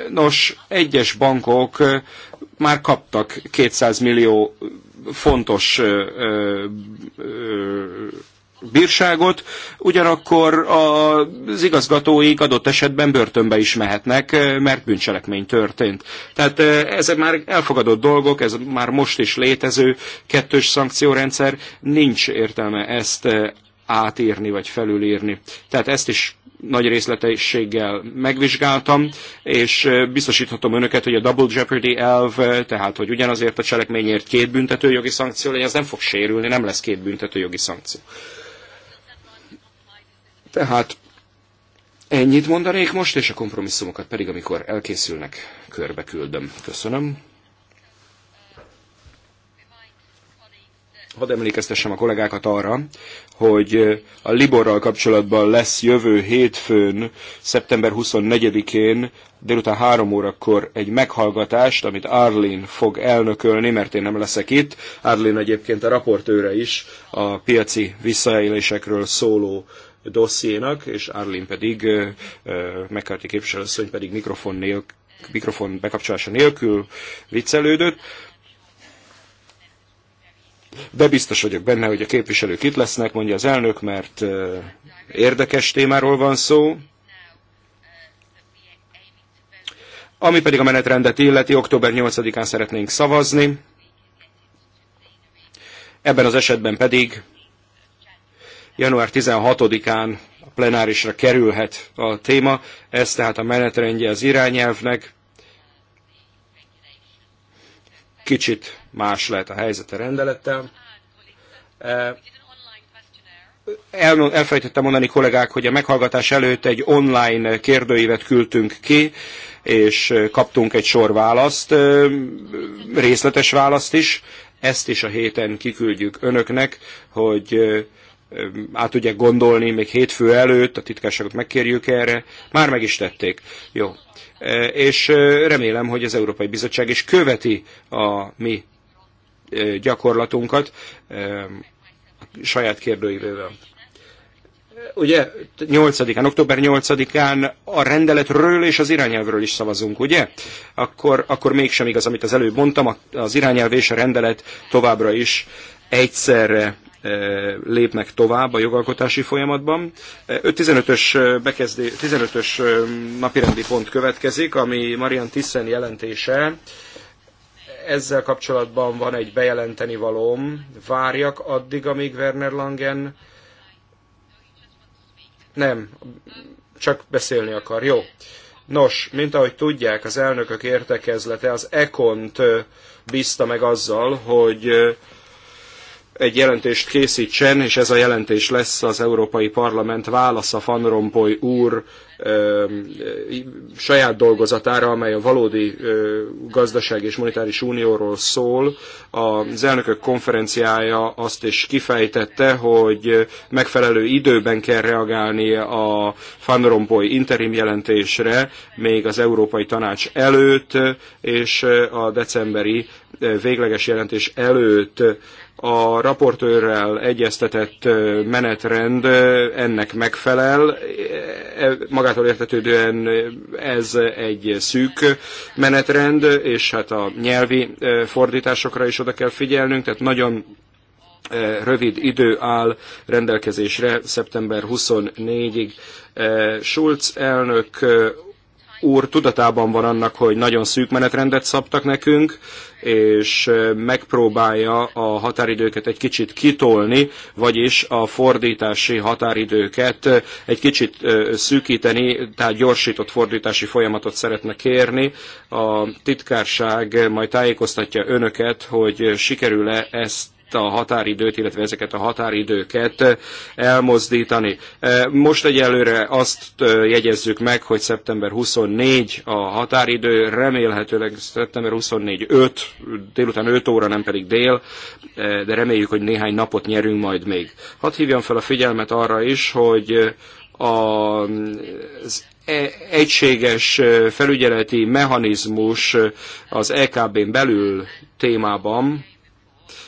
nos, egyes bankok már kaptak 200 millió fontos bírságot, ugyanakkor az igazgatóik adott esetben börtönbe is mehetnek, eh, mert bűncselekmény történt. Tehát eh, ezek már elfogadott dolgok, ez már most is létező kettős szankciórendszer, nincs értelme ezt eh, átírni vagy felülírni. Tehát ezt is nagy részletességgel megvizsgáltam, és biztosíthatom önöket, hogy a double jeopardy elv, tehát hogy ugyanazért a cselekményért két büntetőjogi szankció legyen, ez nem fog sérülni, nem lesz két büntetőjogi szankció. Tehát ennyit mondanék most, és a kompromisszumokat pedig, amikor elkészülnek, körbe küldöm. Köszönöm. hadd emlékeztessem a kollégákat arra, hogy a Liborral kapcsolatban lesz jövő hétfőn, szeptember 24-én délután 3 órakor egy meghallgatást, amit Arlin fog elnökölni, mert én nem leszek itt. Arlin egyébként a raportőre is a piaci visszaélésekről szóló dossziénak, és Arlin pedig, McCarthy képviselőasszony pedig mikrofon, nélkül, mikrofon bekapcsolása nélkül viccelődött. De biztos vagyok benne, hogy a képviselők itt lesznek, mondja az elnök, mert érdekes témáról van szó. Ami pedig a menetrendet illeti, október 8-án szeretnénk szavazni. Ebben az esetben pedig január 16-án a plenárisra kerülhet a téma. Ez tehát a menetrendje az irányelvnek. Kicsit más lehet a helyzet a rendelettel. E, el, elfelejtettem mondani kollégák, hogy a meghallgatás előtt egy online kérdőívet küldtünk ki, és kaptunk egy sor választ, e, részletes választ is. Ezt is a héten kiküldjük önöknek, hogy e, át tudják gondolni még hétfő előtt, a titkárságot megkérjük erre, már meg is tették. Jó. És remélem, hogy az Európai Bizottság is követi a mi gyakorlatunkat a saját kérdőjével. Ugye 8-án, október 8-án a rendeletről és az irányelvről is szavazunk, ugye? Akkor, akkor mégsem igaz, amit az előbb mondtam, az irányelv és a rendelet továbbra is egyszerre lépnek tovább a jogalkotási folyamatban. 15-ös, bekezdé, 15-ös napirendi pont következik, ami Marian Tiszen jelentése. Ezzel kapcsolatban van egy bejelenteni valóm. Várjak addig, amíg Werner Langen... Nem, csak beszélni akar. Jó. Nos, mint ahogy tudják, az elnökök értekezlete az Ekont bízta meg azzal, hogy egy jelentést készítsen, és ez a jelentés lesz az Európai Parlament válasza Van Rompuy úr ö, saját dolgozatára, amely a valódi ö, gazdaság és monetáris unióról szól. Az elnökök konferenciája azt is kifejtette, hogy megfelelő időben kell reagálni a Van Rompuy interim jelentésre, még az Európai Tanács előtt, és a decemberi végleges jelentés előtt a raportőrrel egyeztetett menetrend ennek megfelel. E, magától értetődően ez egy szűk menetrend, és hát a nyelvi fordításokra is oda kell figyelnünk, tehát nagyon rövid idő áll rendelkezésre szeptember 24-ig. Schulz elnök úr tudatában van annak, hogy nagyon szűk menetrendet szabtak nekünk, és megpróbálja a határidőket egy kicsit kitolni, vagyis a fordítási határidőket egy kicsit szűkíteni, tehát gyorsított fordítási folyamatot szeretne kérni. A titkárság majd tájékoztatja önöket, hogy sikerül-e ezt a határidőt, illetve ezeket a határidőket eh, elmozdítani. Eh, most egyelőre azt eh, jegyezzük meg, hogy szeptember 24 a határidő, remélhetőleg szeptember 24 5, délután 5 óra, nem pedig dél, de reméljük, hogy néhány napot nyerünk majd még. Hadd hívjam fel a figyelmet arra is, hogy a, az e, egységes felügyeleti mechanizmus az EKB-n belül témában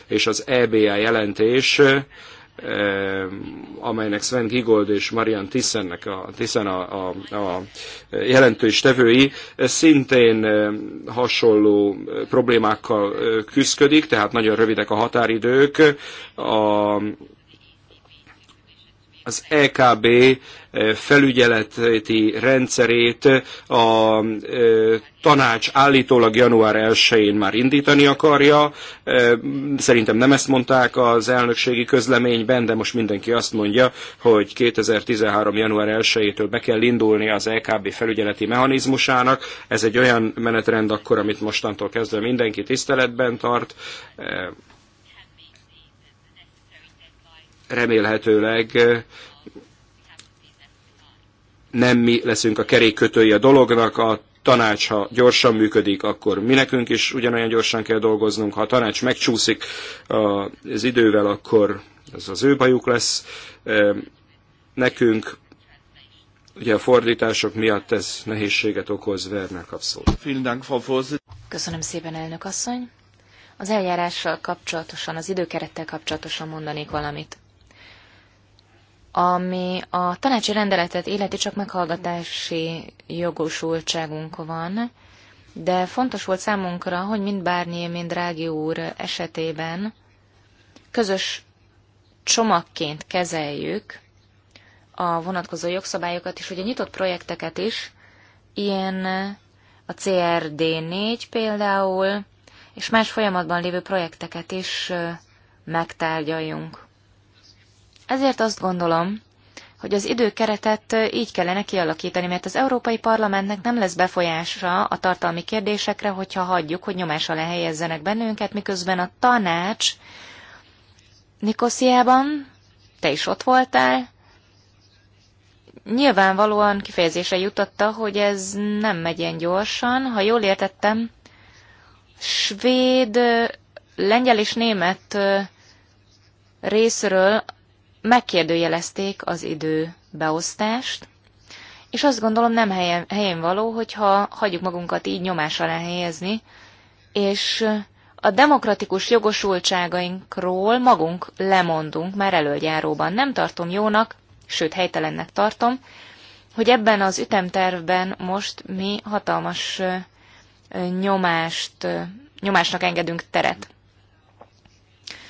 és az EBA jelentés, amelynek Sven Gigold és Marian Tissennek a, Tissen a, a, a jelentős tevői, szintén hasonló problémákkal küzdik, tehát nagyon rövidek a határidők, a az EKB eh, felügyeleti rendszerét a eh, tanács állítólag január 1-én már indítani akarja. Eh, szerintem nem ezt mondták az elnökségi közleményben, de most mindenki azt mondja, hogy 2013. január 1-től be kell indulni az EKB felügyeleti mechanizmusának. Ez egy olyan menetrend akkor, amit mostantól kezdve mindenki tiszteletben tart remélhetőleg nem mi leszünk a kerékkötői a dolognak, a tanács, ha gyorsan működik, akkor mi nekünk is ugyanolyan gyorsan kell dolgoznunk, ha a tanács megcsúszik az idővel, akkor ez az ő bajuk lesz. Nekünk ugye a fordítások miatt ez nehézséget okoz, Werner kapszót. Köszönöm szépen, elnök asszony. Az eljárással kapcsolatosan, az időkerettel kapcsolatosan mondanék valamit ami a tanácsi rendeletet életi csak meghallgatási jogosultságunk van, de fontos volt számunkra, hogy mind bárnyi, mind Drági úr esetében közös csomagként kezeljük a vonatkozó jogszabályokat, és ugye nyitott projekteket is, ilyen a CRD 4 például, és más folyamatban lévő projekteket is megtárgyaljunk. Ezért azt gondolom, hogy az időkeretet így kellene kialakítani, mert az Európai Parlamentnek nem lesz befolyása a tartalmi kérdésekre, hogyha hagyjuk, hogy nyomás alá helyezzenek bennünket, miközben a tanács Nikosziában, te is ott voltál, nyilvánvalóan kifejezése jutotta, hogy ez nem megy ilyen gyorsan. Ha jól értettem, svéd, lengyel és német részről megkérdőjelezték az idő beosztást, és azt gondolom nem helyen, helyen való, hogyha hagyjuk magunkat így nyomás alá helyezni, és a demokratikus jogosultságainkról magunk lemondunk már előjáróban. Nem tartom jónak, sőt helytelennek tartom, hogy ebben az ütemtervben most mi hatalmas nyomást, nyomásnak engedünk teret.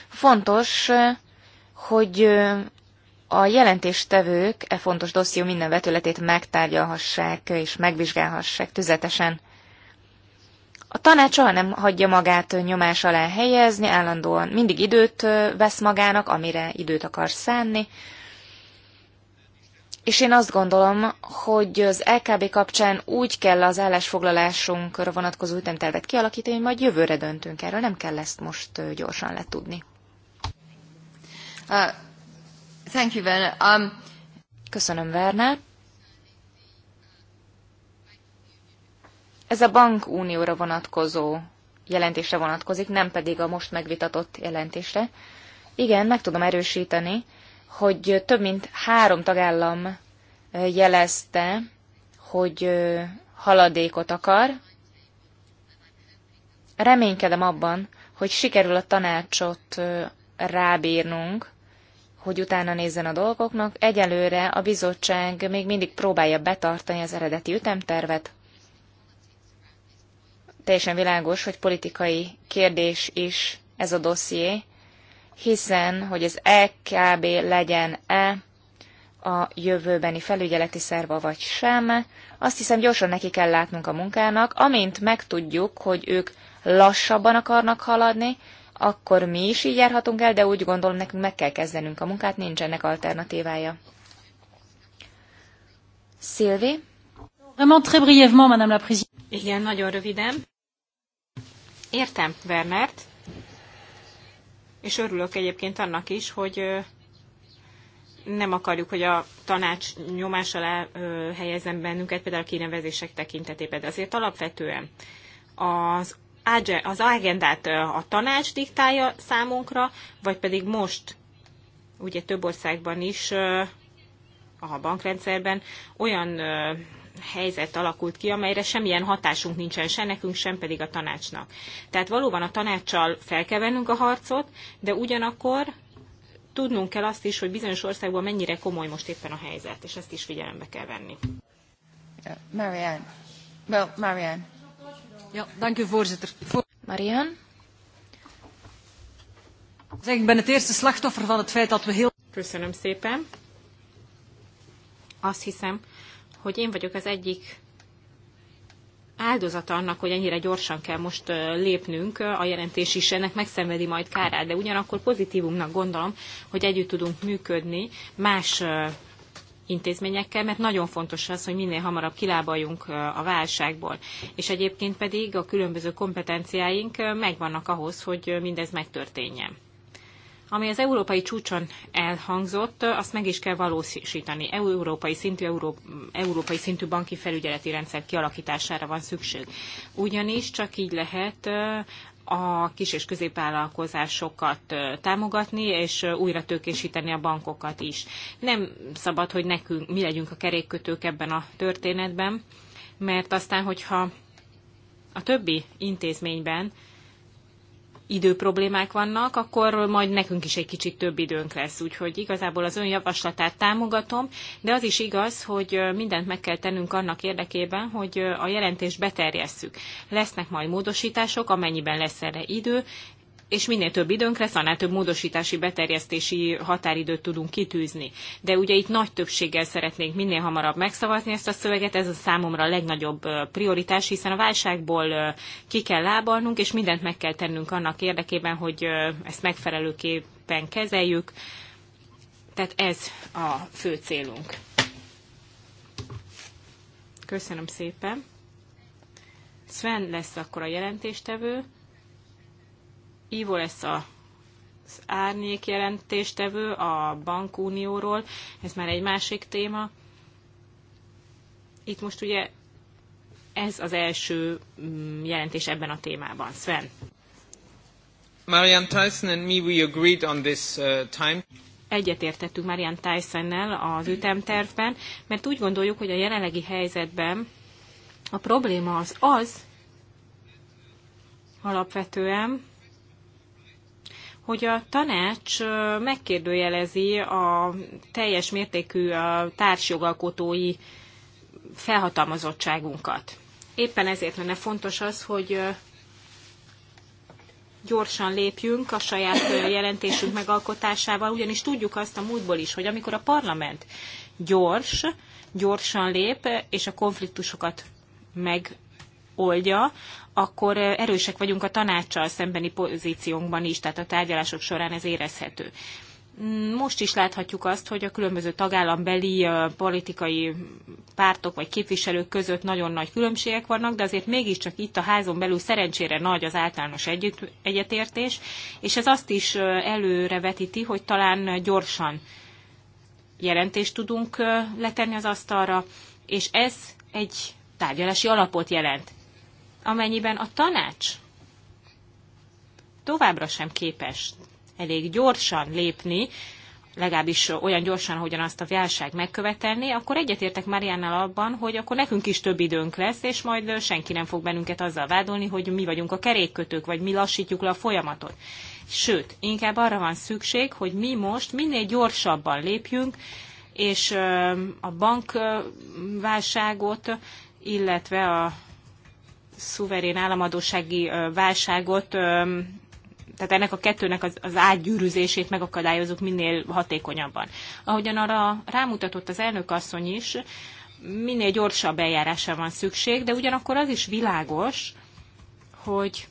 Fontos hogy a jelentéstevők e fontos dosszió minden vetületét megtárgyalhassák és megvizsgálhassák tüzetesen. A tanács soha nem hagyja magát nyomás alá helyezni, állandóan mindig időt vesz magának, amire időt akar szánni. És én azt gondolom, hogy az LKB kapcsán úgy kell az állásfoglalásunkra vonatkozó ütemtervet kialakítani, hogy majd jövőre döntünk erről, nem kell ezt most gyorsan letudni. Uh, thank you, Werner. Um, Köszönöm, Werner. Ez a bankunióra vonatkozó jelentésre vonatkozik, nem pedig a most megvitatott jelentésre. Igen, meg tudom erősíteni, hogy több mint három tagállam eh, jelezte, hogy eh, haladékot akar. Reménykedem abban, hogy sikerül a tanácsot eh, rábírnunk hogy utána nézzen a dolgoknak. Egyelőre a bizottság még mindig próbálja betartani az eredeti ütemtervet. Teljesen világos, hogy politikai kérdés is ez a dosszié, hiszen, hogy az EKB legyen-e a jövőbeni felügyeleti szerva vagy sem, azt hiszem gyorsan neki kell látnunk a munkának, amint megtudjuk, hogy ők lassabban akarnak haladni, akkor mi is így járhatunk el, de úgy gondolom, nekünk meg kell kezdenünk a munkát, nincs ennek alternatívája. Szilvi? Vraiment très brièvement, Madame la Présidente. Igen, nagyon röviden. Értem Wernert, és örülök egyébként annak is, hogy nem akarjuk, hogy a tanács nyomás alá helyezzen bennünket, például a kinevezések tekintetében, de azért alapvetően az az agendát a tanács diktálja számunkra, vagy pedig most, ugye több országban is a bankrendszerben olyan helyzet alakult ki, amelyre semmilyen hatásunk nincsen se nekünk, sem pedig a tanácsnak. Tehát valóban a tanácssal fel kell vennünk a harcot, de ugyanakkor tudnunk kell azt is, hogy bizonyos országban mennyire komoly most éppen a helyzet, és ezt is figyelembe kell venni. Marianne. Well, Marianne. Ja, dank u voorzitter. Zeg, ik ben het eerste slachtoffer van het feit dat we heel... Köszönöm szépen. Azt hiszem, hogy én vagyok az egyik áldozata annak, hogy ennyire gyorsan kell most lépnünk, a jelentés is ennek megszenvedi majd kárát, de ugyanakkor pozitívumnak gondolom, hogy együtt tudunk működni más intézményekkel, mert nagyon fontos az, hogy minél hamarabb kilábaljunk a válságból. És egyébként pedig a különböző kompetenciáink megvannak ahhoz, hogy mindez megtörténjen. Ami az európai csúcson elhangzott, azt meg is kell valósítani. Európai szintű, Euró, európai szintű banki felügyeleti rendszer kialakítására van szükség. Ugyanis csak így lehet a kis és középvállalkozásokat támogatni, és újra tőkésíteni a bankokat is. Nem szabad, hogy nekünk mi legyünk a kerékkötők ebben a történetben, mert aztán, hogyha a többi intézményben időproblémák vannak, akkor majd nekünk is egy kicsit több időnk lesz. Úgyhogy igazából az ön javaslatát támogatom, de az is igaz, hogy mindent meg kell tennünk annak érdekében, hogy a jelentést beterjesszük. Lesznek majd módosítások, amennyiben lesz erre idő, és minél több időnkre, annál több módosítási, beterjesztési határidőt tudunk kitűzni. De ugye itt nagy többséggel szeretnénk minél hamarabb megszavazni ezt a szöveget, ez a számomra a legnagyobb prioritás, hiszen a válságból ki kell lábalnunk, és mindent meg kell tennünk annak érdekében, hogy ezt megfelelőképpen kezeljük. Tehát ez a fő célunk. Köszönöm szépen. Sven lesz akkor a jelentéstevő. Ivo lesz a az árnyék jelentéstevő a bankunióról, ez már egy másik téma. Itt most ugye ez az első mm, jelentés ebben a témában. Sven. Marian Tyson and me, we agreed on this uh, time. Egyetértettük Marian Tyson-nel az ütemtervben, mert úgy gondoljuk, hogy a jelenlegi helyzetben a probléma az az, alapvetően, hogy a tanács megkérdőjelezi a teljes mértékű társjogalkotói felhatalmazottságunkat. Éppen ezért lenne fontos az, hogy gyorsan lépjünk a saját jelentésünk megalkotásával, ugyanis tudjuk azt a múltból is, hogy amikor a parlament gyors, gyorsan lép, és a konfliktusokat megoldja, akkor erősek vagyunk a tanácssal szembeni pozíciónkban is, tehát a tárgyalások során ez érezhető. Mm, most is láthatjuk azt, hogy a különböző tagállambeli politikai pártok vagy képviselők között nagyon nagy különbségek vannak, de azért mégiscsak itt a házon belül szerencsére nagy az általános együtt, egyetértés, és ez azt is előrevetíti, hogy talán gyorsan jelentést tudunk letenni az asztalra, és ez egy tárgyalási alapot jelent amennyiben a tanács továbbra sem képes elég gyorsan lépni, legalábbis olyan gyorsan, ahogyan azt a válság megkövetelné, akkor egyetértek Mariannal abban, hogy akkor nekünk is több időnk lesz, és majd senki nem fog bennünket azzal vádolni, hogy mi vagyunk a kerékkötők, vagy mi lassítjuk le a folyamatot. Sőt, inkább arra van szükség, hogy mi most minél gyorsabban lépjünk, és a bankválságot, illetve a szuverén államadósági válságot, tehát ennek a kettőnek az, az átgyűrűzését megakadályozunk minél hatékonyabban. Ahogyan arra rámutatott az elnök asszony is, minél gyorsabb eljárásra van szükség, de ugyanakkor az is világos, hogy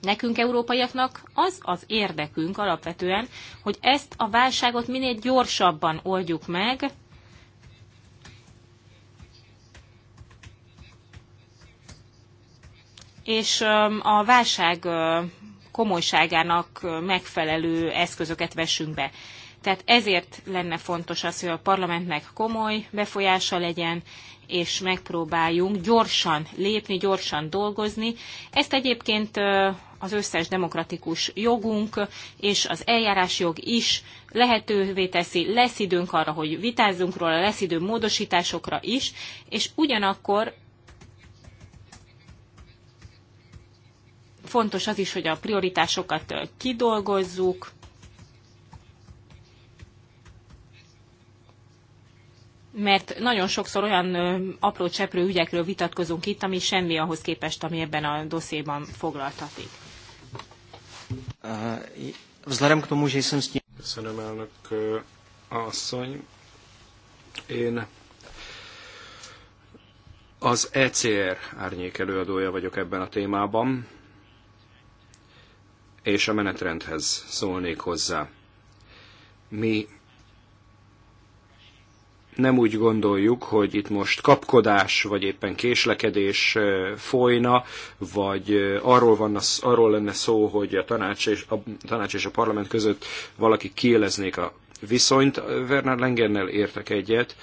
Nekünk, európaiaknak az az érdekünk alapvetően, hogy ezt a válságot minél gyorsabban oldjuk meg, és a válság komolyságának megfelelő eszközöket vessünk be. Tehát ezért lenne fontos az, hogy a parlamentnek komoly befolyása legyen, és megpróbáljunk gyorsan lépni, gyorsan dolgozni. Ezt egyébként az összes demokratikus jogunk és az eljárásjog is lehetővé teszi, lesz időnk arra, hogy vitázzunk róla, lesz idő módosításokra is, és ugyanakkor Fontos az is, hogy a prioritásokat kidolgozzuk, mert nagyon sokszor olyan apró cseprő ügyekről vitatkozunk itt, ami semmi ahhoz képest, ami ebben a dosszéban foglaltatik. Uh, Köszönöm elnök asszony. Én az ECR árnyék előadója vagyok ebben a témában és a menetrendhez szólnék hozzá. Mi nem úgy gondoljuk, hogy itt most kapkodás, vagy éppen késlekedés folyna, vagy arról, van, arról lenne szó, hogy a tanács, és, a tanács és a parlament között valaki kieleznék a viszonyt. Werner Langennel értek egyet,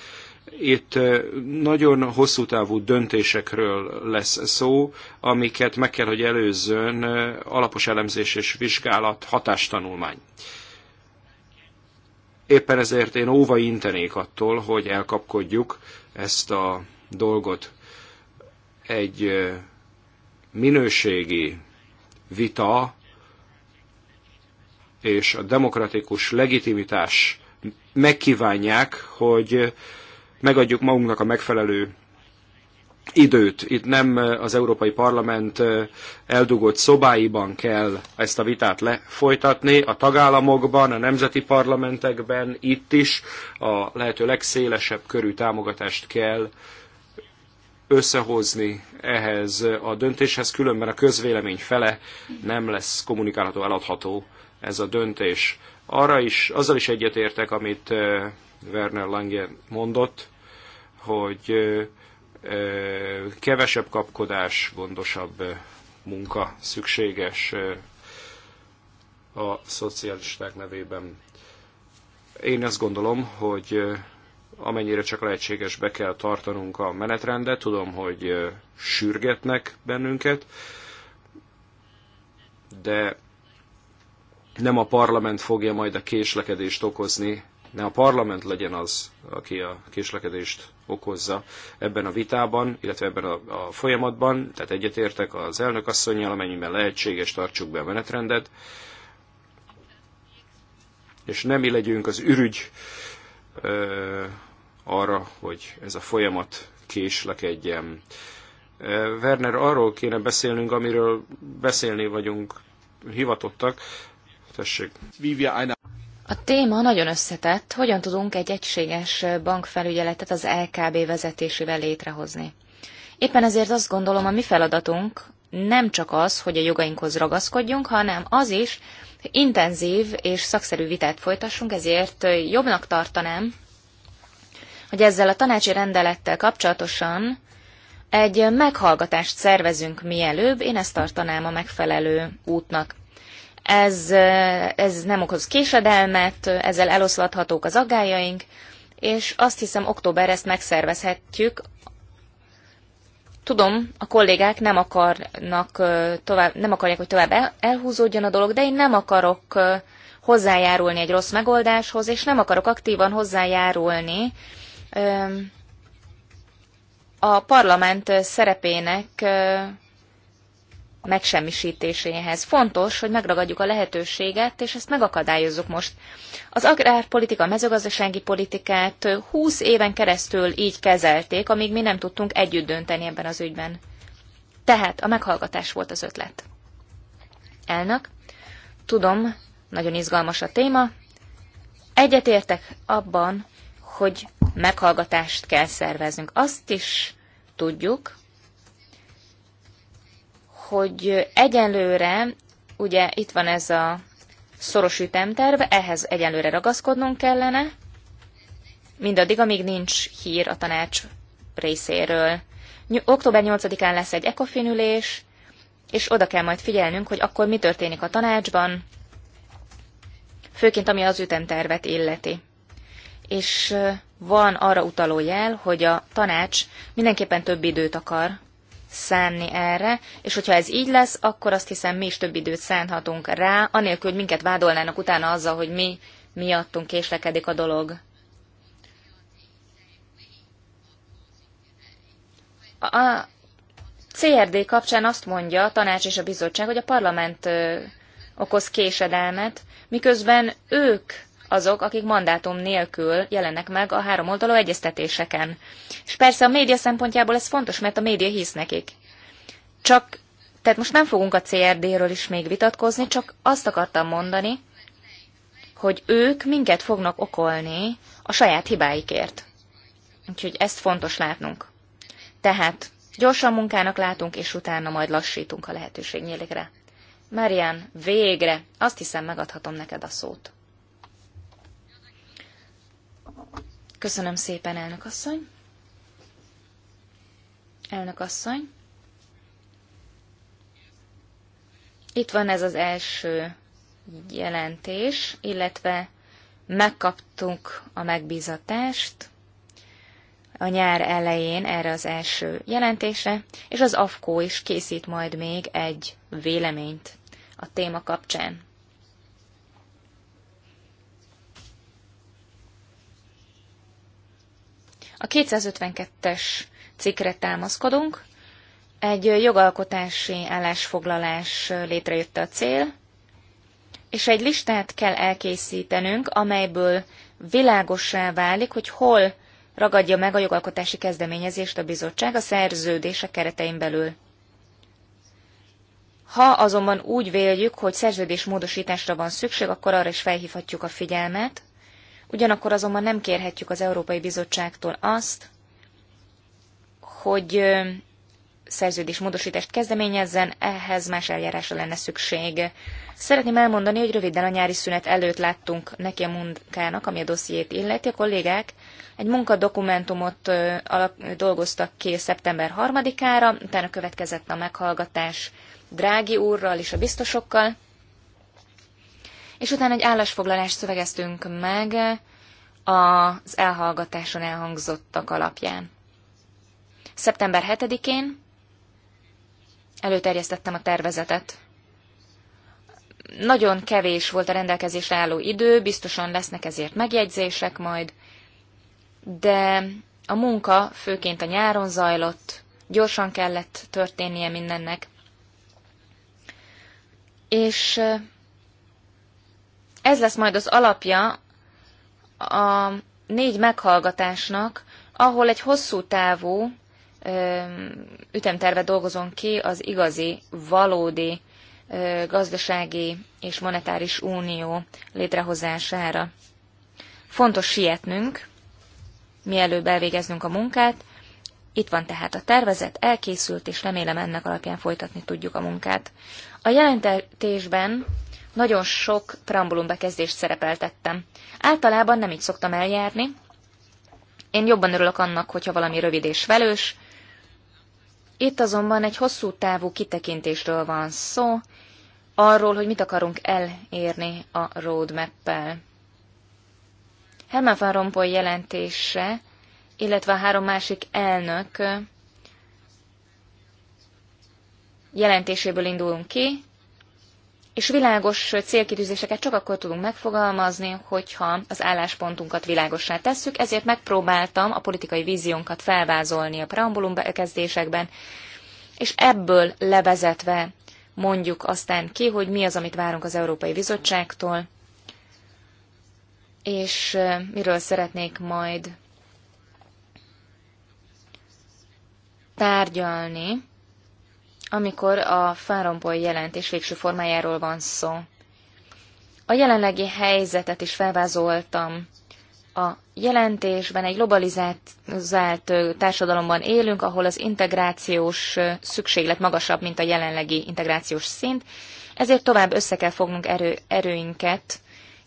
itt nagyon hosszú távú döntésekről lesz szó, amiket meg kell, hogy előzzön alapos elemzés és vizsgálat, hatástanulmány. Éppen ezért én óva intenék attól, hogy elkapkodjuk ezt a dolgot. Egy minőségi vita és a demokratikus legitimitás megkívánják, hogy megadjuk magunknak a megfelelő időt. Itt nem az Európai Parlament eldugott szobáiban kell ezt a vitát lefolytatni, a tagállamokban, a nemzeti parlamentekben, itt is a lehető legszélesebb körű támogatást kell összehozni ehhez a döntéshez, különben a közvélemény fele nem lesz kommunikálható, eladható ez a döntés. Arra is, azzal is egyetértek, amit Werner Lange mondott, hogy kevesebb kapkodás, gondosabb munka szükséges a szocialisták nevében. Én azt gondolom, hogy amennyire csak lehetséges be kell tartanunk a menetrendet. Tudom, hogy sürgetnek bennünket, de nem a parlament fogja majd a késlekedést okozni ne a parlament legyen az, aki a késlekedést okozza ebben a vitában, illetve ebben a, a folyamatban, tehát egyetértek az elnökasszonynal, amennyiben lehetséges, tartsuk be a menetrendet, és nem legyünk az ürügy ö, arra, hogy ez a folyamat késlekedjen. Werner, arról kéne beszélnünk, amiről beszélni vagyunk hivatottak. Tessék. A téma nagyon összetett, hogyan tudunk egy egységes bankfelügyeletet az LKB vezetésével létrehozni. Éppen ezért azt gondolom, a mi feladatunk nem csak az, hogy a jogainkhoz ragaszkodjunk, hanem az is, hogy intenzív és szakszerű vitát folytassunk, ezért jobbnak tartanám, hogy ezzel a tanácsi rendelettel kapcsolatosan egy meghallgatást szervezünk mielőbb, én ezt tartanám a megfelelő útnak ez, ez nem okoz késedelmet, ezzel eloszlathatók az aggájaink, és azt hiszem október ezt megszervezhetjük. Tudom, a kollégák nem akarnak tovább, nem akarják, hogy tovább elhúzódjon a dolog, de én nem akarok hozzájárulni egy rossz megoldáshoz, és nem akarok aktívan hozzájárulni a parlament szerepének megsemmisítéséhez. Fontos, hogy megragadjuk a lehetőséget, és ezt megakadályozzuk most. Az agrárpolitika, a mezőgazdasági politikát 20 éven keresztül így kezelték, amíg mi nem tudtunk együtt dönteni ebben az ügyben. Tehát a meghallgatás volt az ötlet. Elnök, tudom, nagyon izgalmas a téma. Egyetértek abban, hogy meghallgatást kell szerveznünk. Azt is tudjuk, hogy egyenlőre, ugye itt van ez a szoros ütemterve, ehhez egyenlőre ragaszkodnunk kellene, mindaddig, amíg nincs hír a tanács részéről. Október 8-án lesz egy ekofinülés, és oda kell majd figyelnünk, hogy akkor mi történik a tanácsban, főként ami az ütemtervet illeti. És van arra utaló jel, hogy a tanács mindenképpen több időt akar szánni erre, és hogyha ez így lesz, akkor azt hiszem mi is több időt szánhatunk rá, anélkül, hogy minket vádolnának utána azzal, hogy mi miattunk késlekedik a dolog. A CRD kapcsán azt mondja a tanács és a bizottság, hogy a parlament okoz késedelmet, miközben ők azok, akik mandátum nélkül jelennek meg a három oldalú egyeztetéseken. És persze a média szempontjából ez fontos, mert a média hisz nekik. Csak, tehát most nem fogunk a CRD-ről is még vitatkozni, csak azt akartam mondani, hogy ők minket fognak okolni a saját hibáikért. Úgyhogy ezt fontos látnunk. Tehát gyorsan munkának látunk, és utána majd lassítunk, a lehetőség nyílik rá. Marian, végre! Azt hiszem, megadhatom neked a szót. Köszönöm szépen, elnök asszony. Elnök asszony. Itt van ez az első jelentés, illetve megkaptunk a megbízatást a nyár elején erre az első jelentésre, és az AFKO is készít majd még egy véleményt a téma kapcsán. A 252-es cikkre támaszkodunk. Egy jogalkotási állásfoglalás létrejött a cél, és egy listát kell elkészítenünk, amelyből világosá válik, hogy hol ragadja meg a jogalkotási kezdeményezést a bizottság a szerződése keretein belül. Ha azonban úgy véljük, hogy szerződés módosításra van szükség, akkor arra is felhívhatjuk a figyelmet, Ugyanakkor azonban nem kérhetjük az Európai Bizottságtól azt, hogy szerződés módosítást kezdeményezzen, ehhez más eljárásra lenne szükség. Szeretném elmondani, hogy röviddel a nyári szünet előtt láttunk neki a munkának, ami a dossziét illeti. A kollégák egy munkadokumentumot dolgoztak ki szeptember 3-ára, utána következett a meghallgatás Drági úrral és a biztosokkal, és utána egy állásfoglalást szövegeztünk meg az elhallgatáson elhangzottak alapján. Szeptember 7-én előterjesztettem a tervezetet. Nagyon kevés volt a rendelkezésre álló idő, biztosan lesznek ezért megjegyzések majd, de a munka főként a nyáron zajlott, gyorsan kellett történnie mindennek. És ez lesz majd az alapja a négy meghallgatásnak, ahol egy hosszú távú ütemterve dolgozunk ki az igazi, valódi gazdasági és monetáris unió létrehozására. Fontos sietnünk, mielőbb elvégeznünk a munkát. Itt van tehát a tervezet, elkészült, és remélem ennek alapján folytatni tudjuk a munkát. A jelentésben nagyon sok preambulum bekezdést szerepeltettem. Általában nem így szoktam eljárni. Én jobban örülök annak, hogyha valami rövid és velős. Itt azonban egy hosszú távú kitekintésről van szó, arról, hogy mit akarunk elérni a roadmap-pel. Herman van Rompuy jelentése, illetve a három másik elnök jelentéséből indulunk ki, és világos célkitűzéseket csak akkor tudunk megfogalmazni, hogyha az álláspontunkat világossá tesszük, ezért megpróbáltam a politikai víziónkat felvázolni a preambulum bekezdésekben, és ebből levezetve mondjuk aztán ki, hogy mi az, amit várunk az Európai Bizottságtól, és miről szeretnék majd tárgyalni amikor a Fáronból jelentés végső formájáról van szó. A jelenlegi helyzetet is felvázoltam. A jelentésben egy globalizált társadalomban élünk, ahol az integrációs szükséglet magasabb, mint a jelenlegi integrációs szint, ezért tovább össze kell fognunk erő, erőinket,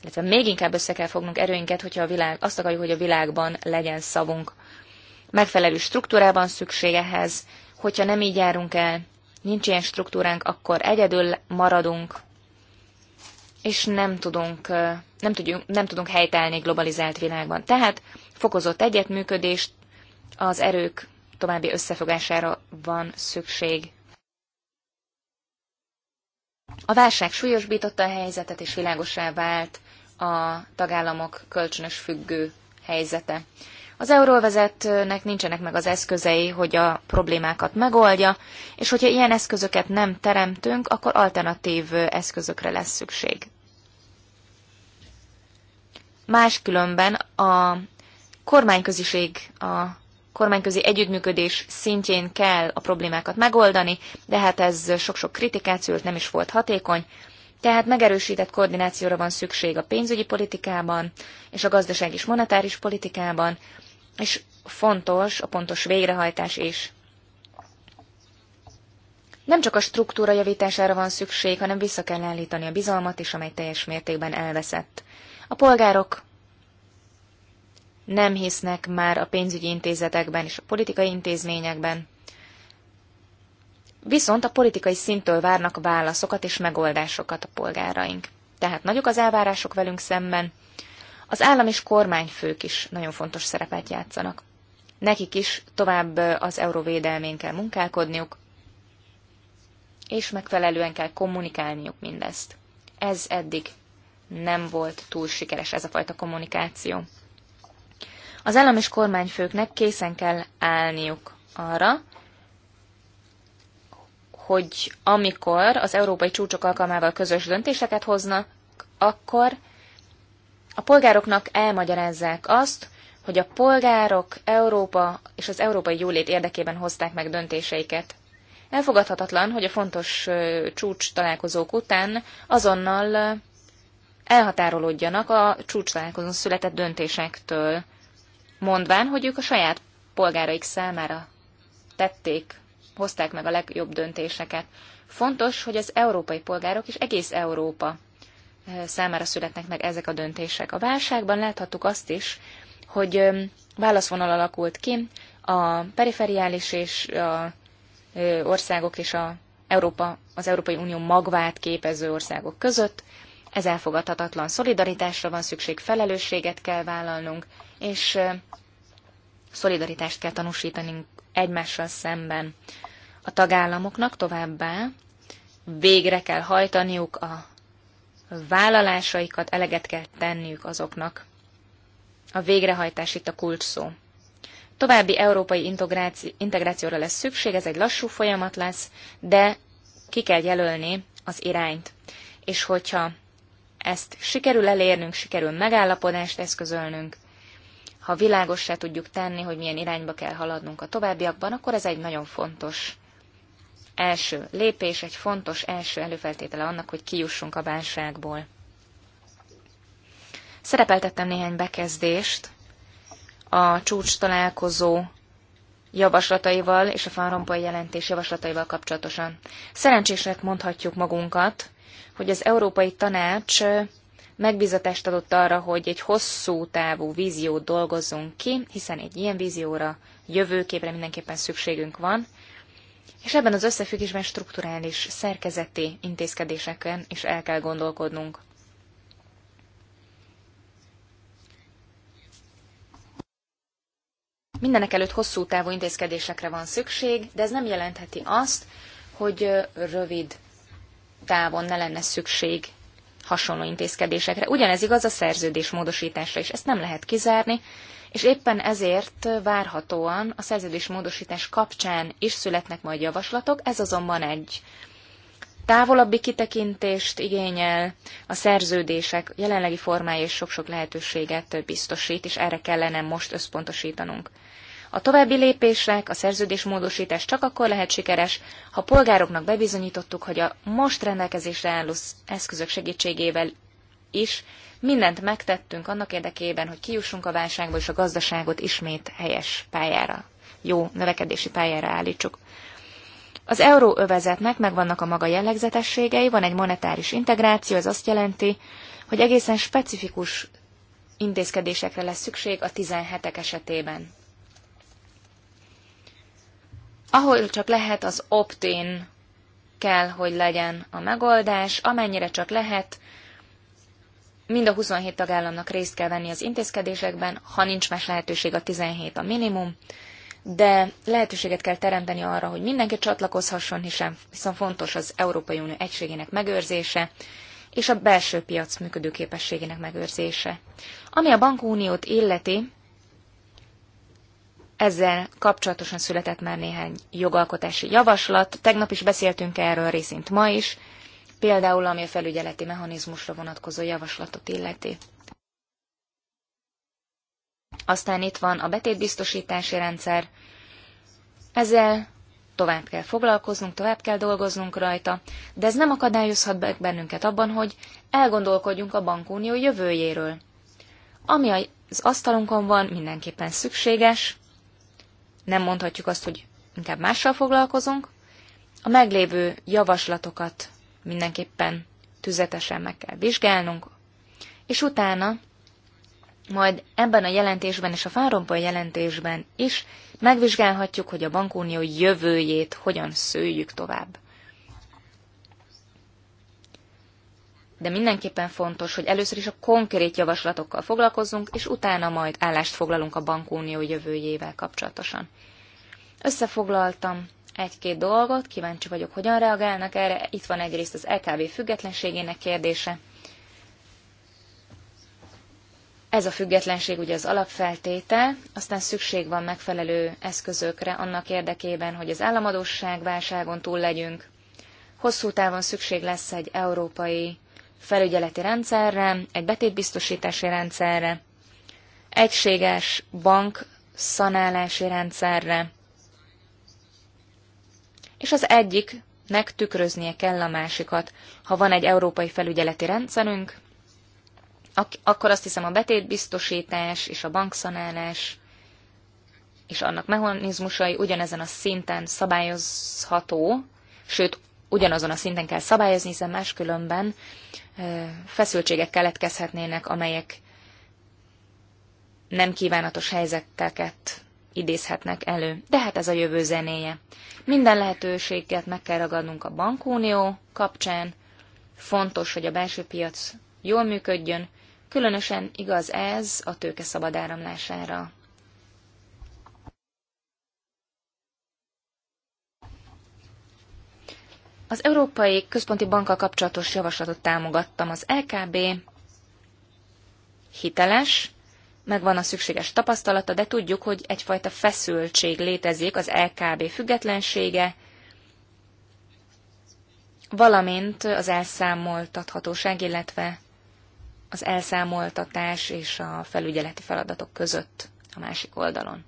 illetve még inkább össze kell fognunk erőinket, hogyha a világ, azt akarjuk, hogy a világban legyen szavunk. Megfelelő struktúrában szükségehez, hogyha nem így járunk el, nincs ilyen struktúránk, akkor egyedül maradunk, és nem tudunk, nem tudjunk, nem tudunk helytelni globalizált világban. Tehát fokozott egyetműködést az erők további összefogására van szükség. A válság súlyosbította a helyzetet, és világosá vált a tagállamok kölcsönös függő helyzete. Az euróvezetnek nincsenek meg az eszközei, hogy a problémákat megoldja, és hogyha ilyen eszközöket nem teremtünk, akkor alternatív eszközökre lesz szükség. Máskülönben a kormányköziség, a kormányközi együttműködés szintjén kell a problémákat megoldani, de hát ez sok-sok kritikát szült, nem is volt hatékony, tehát megerősített koordinációra van szükség a pénzügyi politikában és a gazdaság és monetáris politikában, és fontos a pontos végrehajtás is. Nem csak a struktúra javítására van szükség, hanem vissza kell állítani a bizalmat is, amely teljes mértékben elveszett. A polgárok nem hisznek már a pénzügyi intézetekben és a politikai intézményekben, viszont a politikai szintől várnak válaszokat és megoldásokat a polgáraink. Tehát nagyok az elvárások velünk szemben, az állam és kormányfők is nagyon fontos szerepet játszanak. Nekik is tovább az euróvédelmén kell munkálkodniuk, és megfelelően kell kommunikálniuk mindezt. Ez eddig nem volt túl sikeres ez a fajta kommunikáció. Az állam és kormányfőknek készen kell állniuk arra, hogy amikor az európai csúcsok alkalmával közös döntéseket hoznak, akkor a polgároknak elmagyarázzák azt, hogy a polgárok Európa és az európai jólét érdekében hozták meg döntéseiket. Elfogadhatatlan, hogy a fontos csúcs találkozók után azonnal elhatárolódjanak a csúcs találkozón született döntésektől, mondván, hogy ők a saját polgáraik számára tették, hozták meg a legjobb döntéseket. Fontos, hogy az európai polgárok és egész Európa számára születnek meg ezek a döntések. A válságban láthattuk azt is, hogy válaszvonal alakult ki a periferiális és a országok és a Európa, az Európai Unió magvát képező országok között. Ez elfogadhatatlan szolidaritásra van szükség, felelősséget kell vállalnunk, és szolidaritást kell tanúsítanunk egymással szemben. A tagállamoknak továbbá végre kell hajtaniuk a vállalásaikat eleget kell tenniük azoknak. A végrehajtás itt a kulcs szó. További európai integráci- integrációra lesz szükség, ez egy lassú folyamat lesz, de ki kell jelölni az irányt. És hogyha ezt sikerül elérnünk, sikerül megállapodást eszközölnünk, ha világossá tudjuk tenni, hogy milyen irányba kell haladnunk a továbbiakban, akkor ez egy nagyon fontos első lépés, egy fontos első előfeltétele annak, hogy kijussunk a válságból. Szerepeltettem néhány bekezdést a csúcs találkozó javaslataival és a fanrompai jelentés javaslataival kapcsolatosan. Szerencsésnek mondhatjuk magunkat, hogy az Európai Tanács megbizatást adott arra, hogy egy hosszú távú víziót dolgozzunk ki, hiszen egy ilyen vízióra jövőképre mindenképpen szükségünk van, és ebben az összefüggésben strukturális, szerkezeti intézkedéseken is el kell gondolkodnunk. Mindenek előtt hosszú távú intézkedésekre van szükség, de ez nem jelentheti azt, hogy rövid távon ne lenne szükség hasonló intézkedésekre. Ugyanez igaz a szerződés módosításra is, ezt nem lehet kizárni, és éppen ezért várhatóan a szerződés módosítás kapcsán is születnek majd javaslatok, ez azonban egy távolabbi kitekintést igényel, a szerződések jelenlegi formája és sok-sok lehetőséget biztosít, és erre kellene most összpontosítanunk. A további lépések, a szerződésmódosítás csak akkor lehet sikeres, ha polgároknak bebizonyítottuk, hogy a most rendelkezésre álló eszközök segítségével is Mindent megtettünk annak érdekében, hogy kijussunk a válságból, és a gazdaságot ismét helyes pályára, jó növekedési pályára állítsuk. Az euróövezetnek megvannak a maga jellegzetességei, van egy monetáris integráció, ez azt jelenti, hogy egészen specifikus intézkedésekre lesz szükség a 17-ek esetében. Ahol csak lehet, az opt-in kell, hogy legyen a megoldás, amennyire csak lehet, mind a 27 tagállamnak részt kell venni az intézkedésekben, ha nincs más lehetőség, a 17 a minimum, de lehetőséget kell teremteni arra, hogy mindenki csatlakozhasson, hiszen, hiszen fontos az Európai Unió egységének megőrzése, és a belső piac működőképességének megőrzése. Ami a bankuniót illeti, ezzel kapcsolatosan született már néhány jogalkotási javaslat. Tegnap is beszéltünk erről részint ma is például ami a felügyeleti mechanizmusra vonatkozó javaslatot illeti. Aztán itt van a betétbiztosítási rendszer. Ezzel tovább kell foglalkoznunk, tovább kell dolgoznunk rajta, de ez nem akadályozhat be bennünket abban, hogy elgondolkodjunk a bankunió jövőjéről. Ami az asztalunkon van, mindenképpen szükséges, nem mondhatjuk azt, hogy inkább mással foglalkozunk, a meglévő javaslatokat mindenképpen tüzetesen meg kell vizsgálnunk, és utána majd ebben a jelentésben és a Fáronpoly jelentésben is megvizsgálhatjuk, hogy a bankunió jövőjét hogyan szőjük tovább. De mindenképpen fontos, hogy először is a konkrét javaslatokkal foglalkozzunk, és utána majd állást foglalunk a bankunió jövőjével kapcsolatosan. Összefoglaltam egy-két dolgot, kíváncsi vagyok, hogyan reagálnak erre. Itt van egyrészt az LKB e függetlenségének kérdése. Ez a függetlenség ugye az alapfeltétel, aztán szükség van megfelelő eszközökre annak érdekében, hogy az államadóság válságon túl legyünk. Hosszú távon szükség lesz egy európai felügyeleti rendszerre, egy betétbiztosítási rendszerre, egységes bank szanálási rendszerre, és az egyiknek tükröznie kell a másikat. Ha van egy európai felügyeleti rendszerünk, ak- akkor azt hiszem a betétbiztosítás és a bankszanálás és annak mechanizmusai ugyanezen a szinten szabályozható, sőt, ugyanazon a szinten kell szabályozni, hiszen máskülönben feszültségek keletkezhetnének, amelyek nem kívánatos helyzeteket idézhetnek elő. De hát ez a jövő zenéje. Minden lehetőséget meg kell ragadnunk a bankunió kapcsán. Fontos, hogy a belső piac jól működjön. Különösen igaz ez a tőke szabad áramlására. Az Európai Központi Bankkal kapcsolatos javaslatot támogattam. Az LKB hiteles, megvan a szükséges tapasztalata, de tudjuk, hogy egyfajta feszültség létezik az LKB függetlensége, valamint az elszámoltathatóság, illetve az elszámoltatás és a felügyeleti feladatok között a másik oldalon.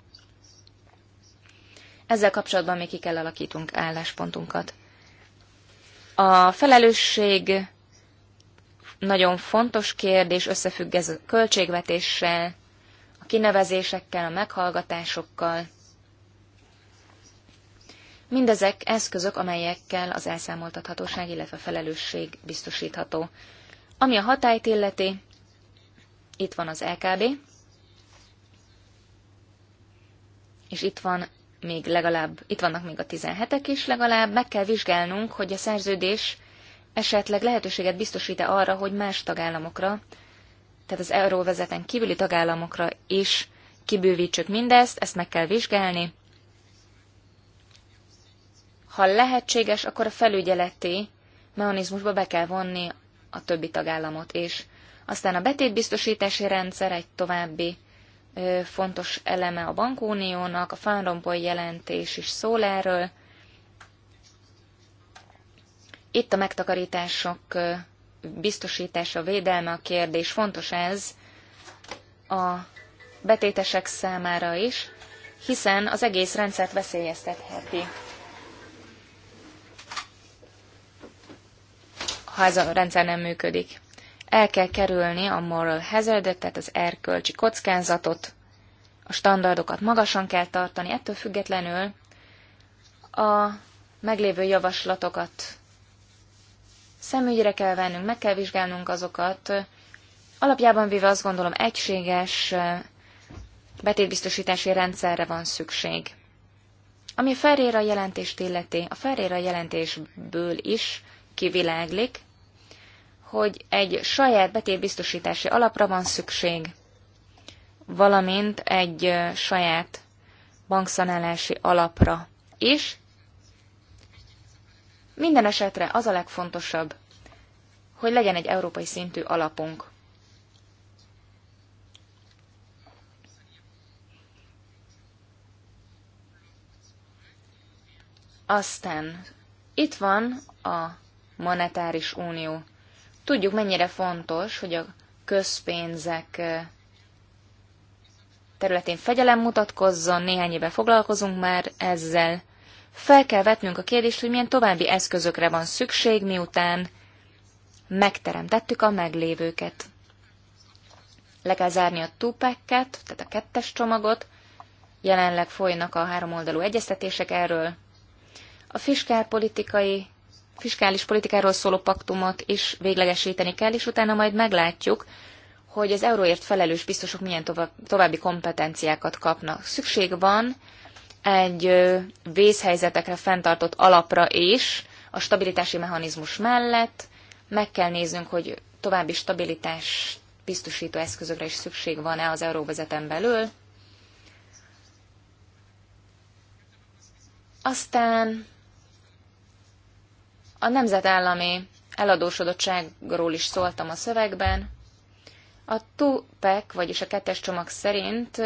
Ezzel kapcsolatban még ki kell alakítunk álláspontunkat. A felelősség nagyon fontos kérdés, összefügg ez a költségvetéssel, kinevezésekkel, a meghallgatásokkal. Mindezek eszközök, amelyekkel az elszámoltathatóság, illetve felelősség biztosítható. Ami a hatályt illeti, itt van az LKB, és itt van még legalább, itt vannak még a 17-ek is legalább, meg kell vizsgálnunk, hogy a szerződés esetleg lehetőséget biztosít-e arra, hogy más tagállamokra tehát az euróvezeten kívüli tagállamokra is kibővítsük mindezt, ezt meg kell vizsgálni. Ha lehetséges, akkor a felügyeleti mechanizmusba be kell vonni a többi tagállamot is. Aztán a betétbiztosítási rendszer egy további ö, fontos eleme a bankuniónak, a Fánrompoly jelentés is szól erről. Itt a megtakarítások biztosítása, védelme a kérdés. Fontos ez a betétesek számára is, hiszen az egész rendszert veszélyeztetheti. ha ez a rendszer nem működik. El kell kerülni a moral hazardet, tehát az erkölcsi kockázatot, a standardokat magasan kell tartani, ettől függetlenül a meglévő javaslatokat szemügyre kell vennünk, meg kell vizsgálnunk azokat. Alapjában véve azt gondolom, egységes betétbiztosítási rendszerre van szükség. Ami Ferreira jelentést illeti, a Ferreira jelentésből is kiviláglik, hogy egy saját betétbiztosítási alapra van szükség, valamint egy saját bankszanálási alapra is, minden esetre az a legfontosabb, hogy legyen egy európai szintű alapunk. Aztán itt van a monetáris unió. Tudjuk, mennyire fontos, hogy a közpénzek területén fegyelem mutatkozzon, néhány éve foglalkozunk már ezzel, fel kell vetnünk a kérdést, hogy milyen további eszközökre van szükség, miután megteremtettük a meglévőket. Le kell zárni a tupekket, tehát a kettes csomagot, jelenleg folynak a háromoldalú egyeztetések erről. A fiskálpolitikai, fiskális politikáról szóló paktumot is véglegesíteni kell, és utána majd meglátjuk, hogy az euróért felelős biztosok milyen további kompetenciákat kapnak. Szükség van egy vészhelyzetekre fenntartott alapra és a stabilitási mechanizmus mellett meg kell néznünk, hogy további stabilitás biztosító eszközökre is szükség van-e az euróvezeten belül. Aztán a nemzetállami eladósodottságról is szóltam a szövegben. A TUPEC, vagyis a kettes csomag szerint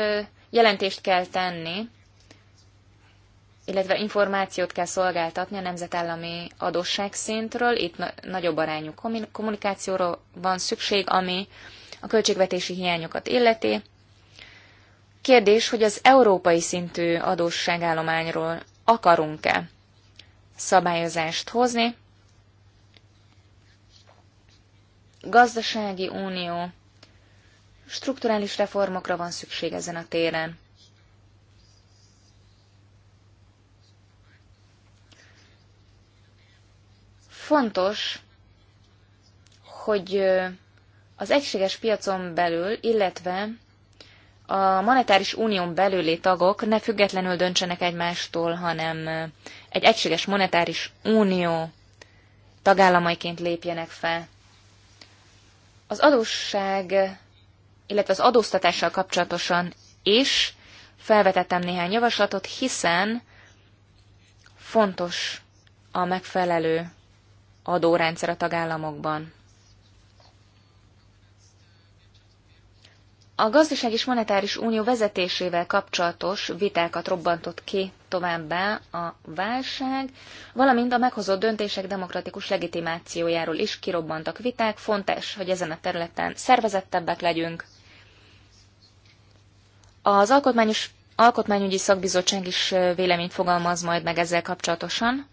jelentést kell tenni illetve információt kell szolgáltatni a nemzetállami adósságszintről. Itt na- nagyobb arányú kommunikációra van szükség, ami a költségvetési hiányokat illeti. Kérdés, hogy az európai szintű adósságállományról akarunk-e szabályozást hozni. Gazdasági unió, strukturális reformokra van szükség ezen a téren. Fontos, hogy az egységes piacon belül, illetve a monetáris unión belüli tagok ne függetlenül döntsenek egymástól, hanem egy egységes monetáris unió tagállamaiként lépjenek fel. Az adósság, illetve az adóztatással kapcsolatosan is felvetettem néhány javaslatot, hiszen fontos a megfelelő adórendszer a tagállamokban. A gazdaság és monetáris unió vezetésével kapcsolatos vitákat robbantott ki továbbá a válság, valamint a meghozott döntések demokratikus legitimációjáról is kirobbantak viták. Fontos, hogy ezen a területen szervezettebbek legyünk. Az alkotmányos, alkotmányügyi szakbizottság is véleményt fogalmaz majd meg ezzel kapcsolatosan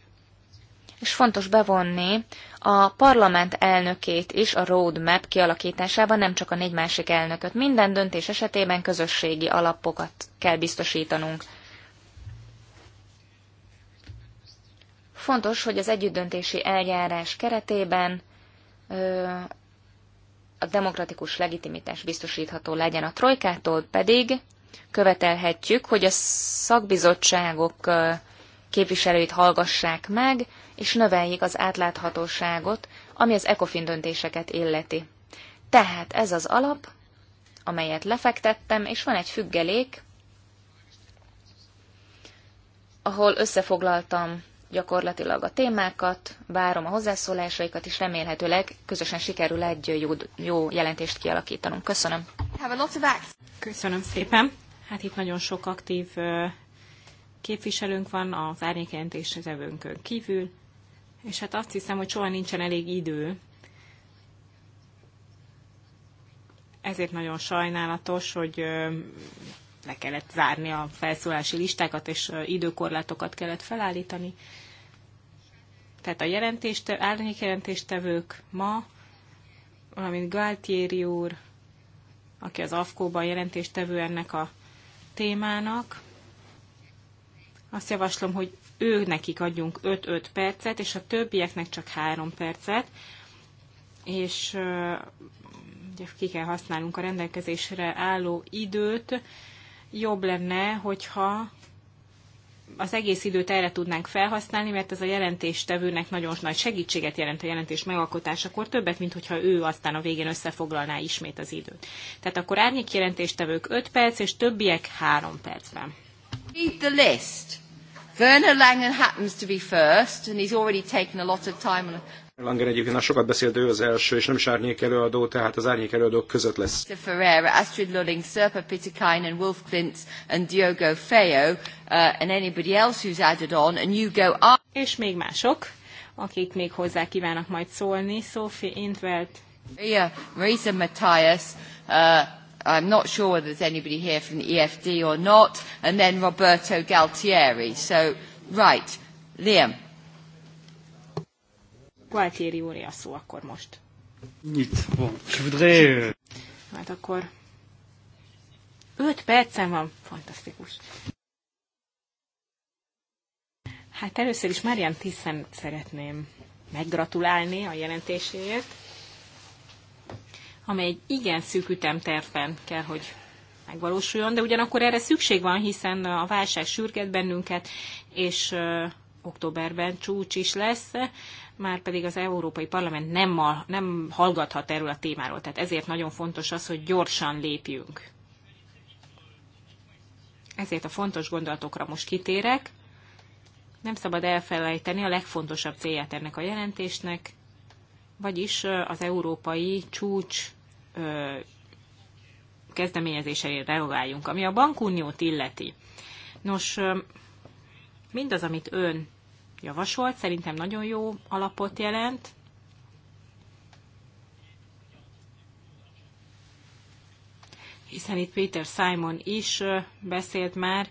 és fontos bevonni a parlament elnökét is a roadmap kialakításában, nem csak a négy másik elnököt. Minden döntés esetében közösségi alapokat kell biztosítanunk. Fontos, hogy az együttdöntési eljárás keretében ö, a demokratikus legitimitás biztosítható legyen. A trojkától pedig követelhetjük, hogy a szakbizottságok képviselőit hallgassák meg, és növeljék az átláthatóságot, ami az ECOFIN döntéseket illeti. Tehát ez az alap, amelyet lefektettem, és van egy függelék, ahol összefoglaltam gyakorlatilag a témákat, várom a hozzászólásaikat, és remélhetőleg közösen sikerül egy jó, jó jelentést kialakítanunk. Köszönöm. Köszönöm szépen. Hát itt nagyon sok aktív képviselőnk van az árnyékjelentés evőnkön kívül és hát azt hiszem, hogy soha nincsen elég idő. Ezért nagyon sajnálatos, hogy le kellett zárni a felszólási listákat, és időkorlátokat kellett felállítani. Tehát a jelentést, jelentéstevők ma, valamint Galtieri úr, aki az AFKO-ban jelentéstevő ennek a témának, azt javaslom, hogy ő nekik adjunk 5-5 percet, és a többieknek csak 3 percet, és ugye ki kell használnunk a rendelkezésre álló időt, jobb lenne, hogyha az egész időt erre tudnánk felhasználni, mert ez a jelentéstevőnek nagyon nagy segítséget jelent a jelentés megalkotásakor, többet, mint hogyha ő aztán a végén összefoglalná ismét az időt. Tehát akkor árnyék jelentéstevők 5 perc, és többiek 3 percben. Read the list. Werner Langen happens to be first, and he's already taken a lot of time on Langen egyébként már sokat beszélt, ő az első, és nem is árnyék előadó, tehát az árnyék előadók között lesz. Ferreira, Astrid Lulling, Serpa and Wolf Klintz and Diogo Feo, uh, and anybody else who's added on, and you go up. És még mások, akik még hozzá kívánnak majd szólni, Sophie Intveld. Yeah, Marisa Matthias, uh, I'm not sure whether there's anybody here from the EFD or not, and then Roberto Galtieri. So, right, Liam. Galtieri, úr a szó akkor most. Nyit, bon. Je voudrais... Hát akkor... Öt percen van. Fantasztikus. Hát először is Marian Tiszen szeretném meggratulálni a jelentéséért amely egy igen szűk ütemterven kell, hogy megvalósuljon, de ugyanakkor erre szükség van, hiszen a válság sürget bennünket, és októberben csúcs is lesz, már pedig az Európai Parlament nem, a, nem hallgathat erről a témáról, tehát ezért nagyon fontos az, hogy gyorsan lépjünk. Ezért a fontos gondolatokra most kitérek. Nem szabad elfelejteni a legfontosabb célját ennek a jelentésnek, vagyis az európai csúcs kezdeményezésére reagáljunk. Ami a bankuniót illeti. Nos, mindaz, amit ön javasolt, szerintem nagyon jó alapot jelent. Hiszen itt Peter Simon is beszélt már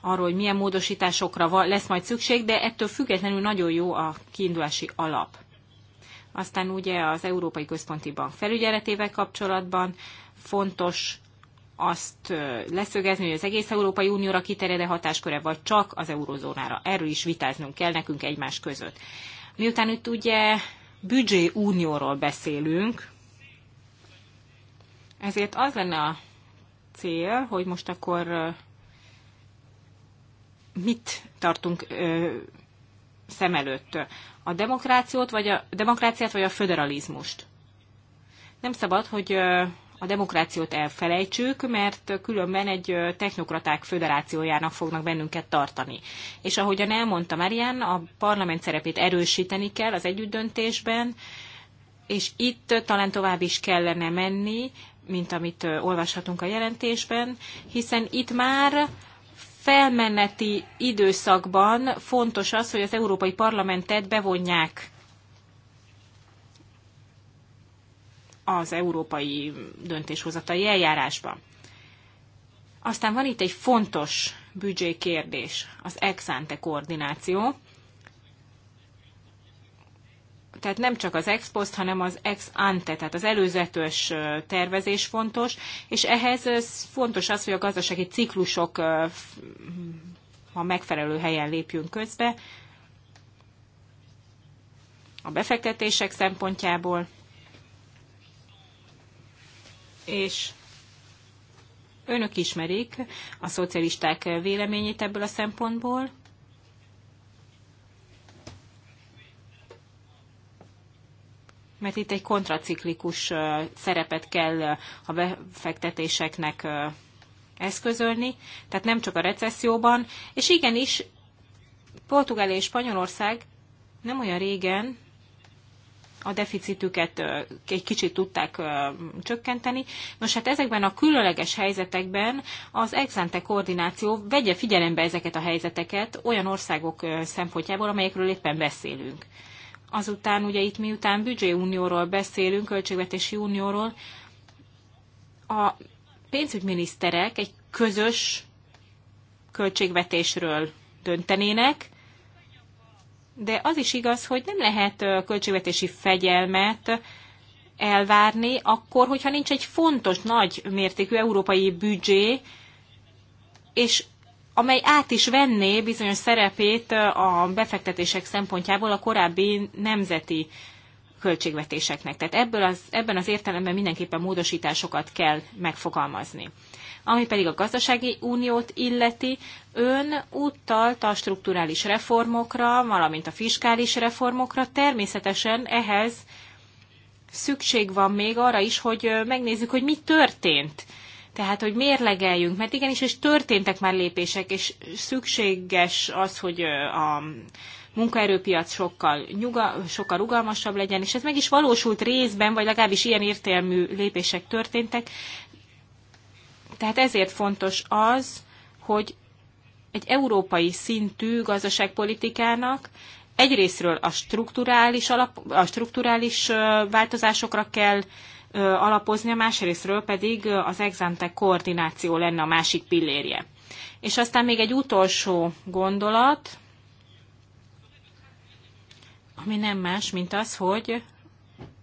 arról, hogy milyen módosításokra lesz majd szükség, de ettől függetlenül nagyon jó a kiindulási alap. Aztán ugye az Európai Központi Bank felügyeletével kapcsolatban fontos azt leszögezni, hogy az egész Európai Unióra kiterjed hatásköre, vagy csak az eurozónára. Erről is vitáznunk kell nekünk egymás között. Miután itt ugye büdzsé unióról beszélünk, ezért az lenne a cél, hogy most akkor mit tartunk szem előtt. A demokrációt, vagy a, demokráciát, vagy a föderalizmust. Nem szabad, hogy a demokrációt elfelejtsük, mert különben egy technokraták föderációjának fognak bennünket tartani. És ahogyan elmondta Marian, a parlament szerepét erősíteni kell az együttdöntésben, és itt talán tovább is kellene menni, mint amit olvashatunk a jelentésben, hiszen itt már felmeneti időszakban fontos az, hogy az Európai Parlamentet bevonják az európai döntéshozatai eljárásba. Aztán van itt egy fontos büdzsé kérdés, az ex ante koordináció tehát nem csak az ex post, hanem az ex ante, tehát az előzetes tervezés fontos, és ehhez fontos az, hogy a gazdasági ciklusok a megfelelő helyen lépjünk közbe, a befektetések szempontjából, és önök ismerik a szocialisták véleményét ebből a szempontból, mert itt egy kontraciklikus szerepet kell a befektetéseknek eszközölni, tehát nem csak a recesszióban, és igenis Portugália és Spanyolország nem olyan régen a deficitüket egy kicsit tudták csökkenteni. Nos, hát ezekben a különleges helyzetekben az exante koordináció vegye figyelembe ezeket a helyzeteket olyan országok szempontjából, amelyekről éppen beszélünk azután ugye itt miután büdzséunióról beszélünk, költségvetési unióról, a pénzügyminiszterek egy közös költségvetésről döntenének, de az is igaz, hogy nem lehet költségvetési fegyelmet elvárni akkor, hogyha nincs egy fontos, nagy mértékű európai büdzsé, és amely át is venné bizonyos szerepét a befektetések szempontjából a korábbi nemzeti költségvetéseknek. Tehát ebből az, ebben az értelemben mindenképpen módosításokat kell megfogalmazni. Ami pedig a gazdasági uniót illeti, ön utalt a strukturális reformokra, valamint a fiskális reformokra. Természetesen ehhez szükség van még arra is, hogy megnézzük, hogy mi történt tehát, hogy mérlegeljünk, mert igenis, és történtek már lépések, és szükséges az, hogy a munkaerőpiac sokkal, nyuga, sokkal rugalmasabb legyen, és ez meg is valósult részben, vagy legalábbis ilyen értelmű lépések történtek. Tehát ezért fontos az, hogy egy európai szintű gazdaságpolitikának egyrésztről a strukturális, alap, a strukturális változásokra kell alapozni, a másrésztről pedig az exante koordináció lenne a másik pillérje. És aztán még egy utolsó gondolat, ami nem más, mint az, hogy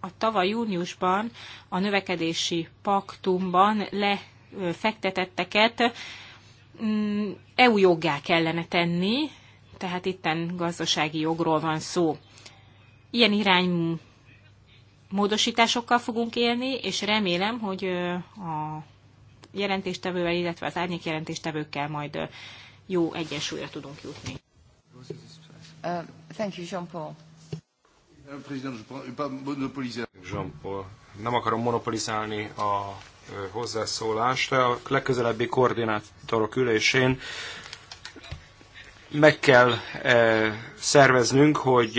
a tavaly júniusban a növekedési paktumban lefektetetteket mm, EU joggá kellene tenni, tehát itten gazdasági jogról van szó. Ilyen irányú módosításokkal fogunk élni, és remélem, hogy a jelentéstevővel, illetve az árnyék jelentéstevőkkel majd jó egyensúlyra tudunk jutni. thank you, Jean-Paul. Jean-Paul, nem akarom monopolizálni a hozzászólást. A legközelebbi koordinátorok ülésén meg kell szerveznünk, hogy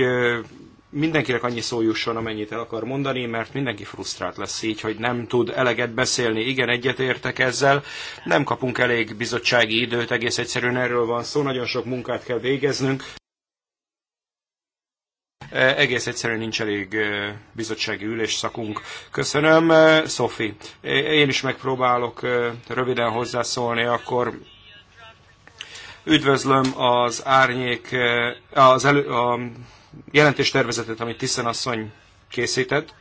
mindenkinek annyi szó jusson, amennyit el akar mondani, mert mindenki frusztrált lesz így, hogy nem tud eleget beszélni. Igen, egyetértek ezzel, nem kapunk elég bizottsági időt, egész egyszerűen erről van szó, nagyon sok munkát kell végeznünk. E, egész egyszerűen nincs elég e, bizottsági ülésszakunk. Köszönöm, e, Szofi. Én is megpróbálok röviden hozzászólni, akkor üdvözlöm az árnyék, az elő, a jelentéstervezetet, amit Tiszen asszony készített.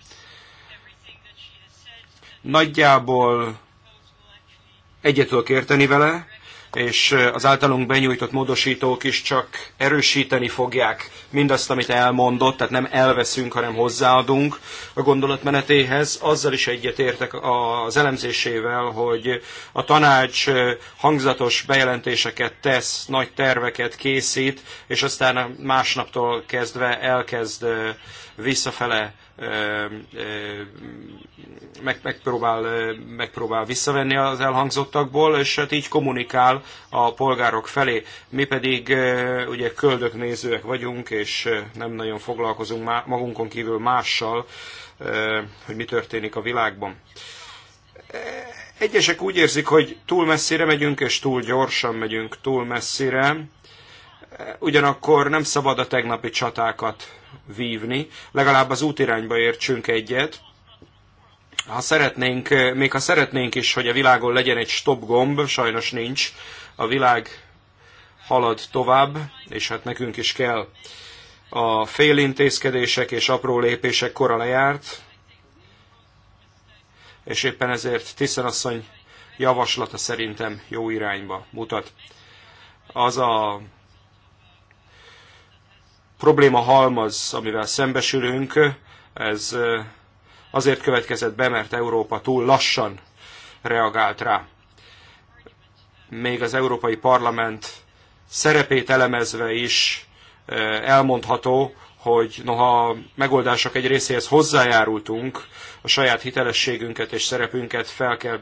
Nagyjából egyet tudok érteni vele, és az általunk benyújtott módosítók is csak erősíteni fogják mindazt, amit elmondott, tehát nem elveszünk, hanem hozzáadunk a gondolatmenetéhez. Azzal is egyetértek az elemzésével, hogy a tanács hangzatos bejelentéseket tesz, nagy terveket készít, és aztán másnaptól kezdve elkezd visszafele meg, megpróbál, megpróbál visszavenni az elhangzottakból, és hát így kommunikál a polgárok felé. Mi pedig ugye köldöknézőek vagyunk, és nem nagyon foglalkozunk magunkon kívül mással, hogy mi történik a világban. Egyesek úgy érzik, hogy túl messzire megyünk, és túl gyorsan megyünk túl messzire, ugyanakkor nem szabad a tegnapi csatákat vívni, legalább az útirányba értsünk egyet. Ha szeretnénk, még ha szeretnénk is, hogy a világon legyen egy stop gomb, sajnos nincs, a világ halad tovább, és hát nekünk is kell. A félintézkedések és apró lépések kora lejárt, és éppen ezért Tiszenasszony javaslata szerintem jó irányba mutat. Az a probléma halmaz, amivel szembesülünk, ez azért következett be, mert Európa túl lassan reagált rá. Még az Európai Parlament szerepét elemezve is elmondható, hogy noha megoldások egy részéhez hozzájárultunk, a saját hitelességünket és szerepünket fel kell,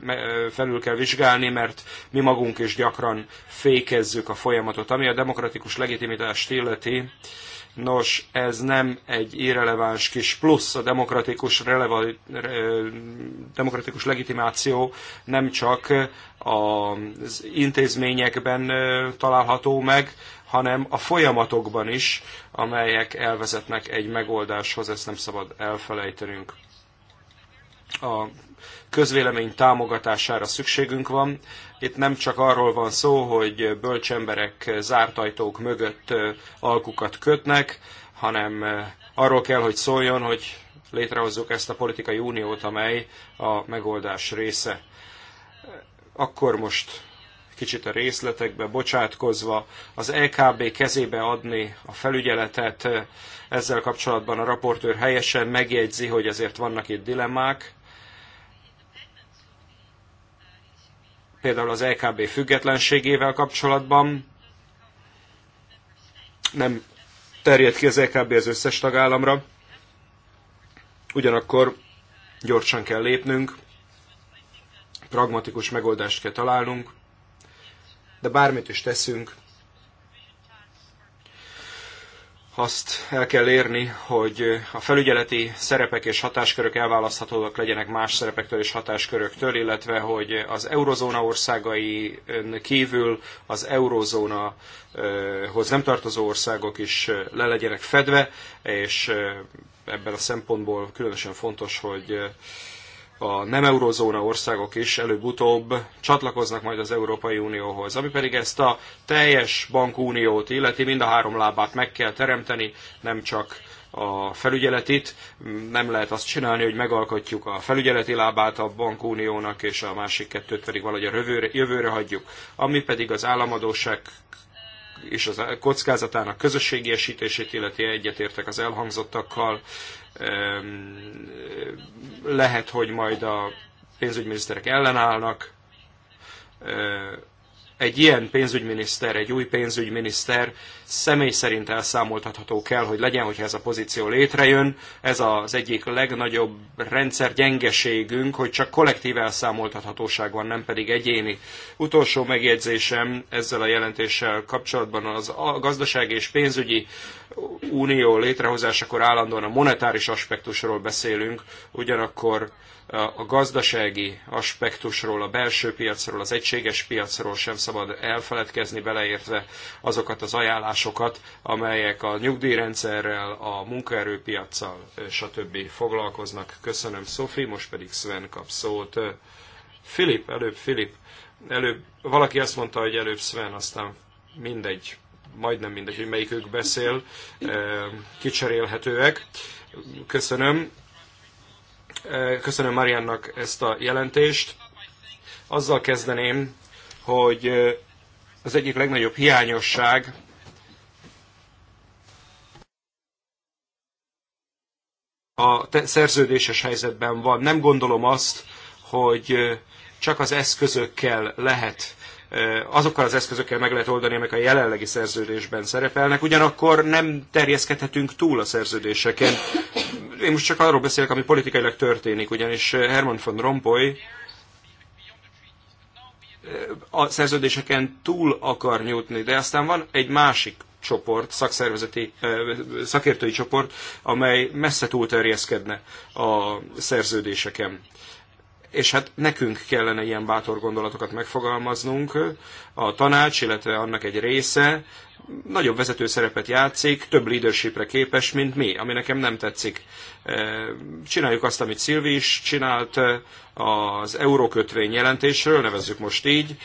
felül kell vizsgálni, mert mi magunk is gyakran fékezzük a folyamatot. Ami a demokratikus legitimitást illeti, Nos, ez nem egy irreleváns kis plusz, a demokratikus, releva, demokratikus legitimáció nem csak az intézményekben található meg, hanem a folyamatokban is, amelyek elvezetnek egy megoldáshoz, ezt nem szabad elfelejtenünk. A közvélemény támogatására szükségünk van, itt nem csak arról van szó, hogy bölcsemberek zárt ajtók mögött alkukat kötnek, hanem arról kell, hogy szóljon, hogy létrehozzuk ezt a politikai uniót, amely a megoldás része. Akkor most kicsit a részletekbe bocsátkozva, az LKB kezébe adni a felügyeletet, ezzel kapcsolatban a raportőr helyesen megjegyzi, hogy azért vannak itt dilemmák, például az EKB függetlenségével kapcsolatban. Nem terjed ki az EKB az összes tagállamra. Ugyanakkor gyorsan kell lépnünk, pragmatikus megoldást kell találnunk, de bármit is teszünk, azt el kell érni, hogy a felügyeleti szerepek és hatáskörök elválaszthatóak legyenek más szerepektől és hatásköröktől, illetve hogy az eurozóna országai kívül az eurozónahoz nem tartozó országok is le legyenek fedve, és ebben a szempontból különösen fontos, hogy a nem eurozóna országok is előbb-utóbb csatlakoznak majd az Európai Unióhoz. Ami pedig ezt a teljes bankuniót illeti, mind a három lábát meg kell teremteni, nem csak a felügyeletit. Nem lehet azt csinálni, hogy megalkotjuk a felügyeleti lábát a bankuniónak, és a másik kettőt pedig valahogy a jövőre, jövőre hagyjuk. Ami pedig az államadóság és az kockázatának közösségiesítését illeti egyetértek az elhangzottakkal. Lehet, hogy majd a pénzügyminiszterek ellenállnak, egy ilyen pénzügyminiszter, egy új pénzügyminiszter személy szerint elszámoltatható kell, hogy legyen, hogyha ez a pozíció létrejön. Ez az egyik legnagyobb rendszer gyengeségünk, hogy csak kollektív elszámoltathatóság van, nem pedig egyéni. Utolsó megjegyzésem ezzel a jelentéssel kapcsolatban az a gazdasági és pénzügyi unió létrehozásakor állandóan a monetáris aspektusról beszélünk, ugyanakkor a gazdasági aspektusról, a belső piacról, az egységes piacról sem szabad elfeledkezni, beleértve azokat az ajánlásokat, amelyek a nyugdíjrendszerrel, a munkaerőpiacsal, stb. foglalkoznak. Köszönöm, Szofi, most pedig Sven kap szót. Filip, előbb Filip, előbb, valaki azt mondta, hogy előbb Sven, aztán mindegy, majdnem mindegy, hogy melyikük beszél, eh, kicserélhetőek. Köszönöm Köszönöm Mariannak ezt a jelentést. Azzal kezdeném, hogy az egyik legnagyobb hiányosság a szerződéses helyzetben van. Nem gondolom azt, hogy csak az eszközökkel lehet azokkal az eszközökkel meg lehet oldani, amelyek a jelenlegi szerződésben szerepelnek, ugyanakkor nem terjeszkedhetünk túl a szerződéseken. Én most csak arról beszélek, ami politikailag történik, ugyanis Herman von Rompuy a szerződéseken túl akar nyújtni, de aztán van egy másik csoport, szakszervezeti, szakértői csoport, amely messze túl terjeszkedne a szerződéseken és hát nekünk kellene ilyen bátor gondolatokat megfogalmaznunk. A tanács, illetve annak egy része nagyobb vezető szerepet játszik, több leadershipre képes, mint mi, ami nekem nem tetszik. Csináljuk azt, amit Szilvi is csinált, az eurókötvény jelentésről, nevezzük most így,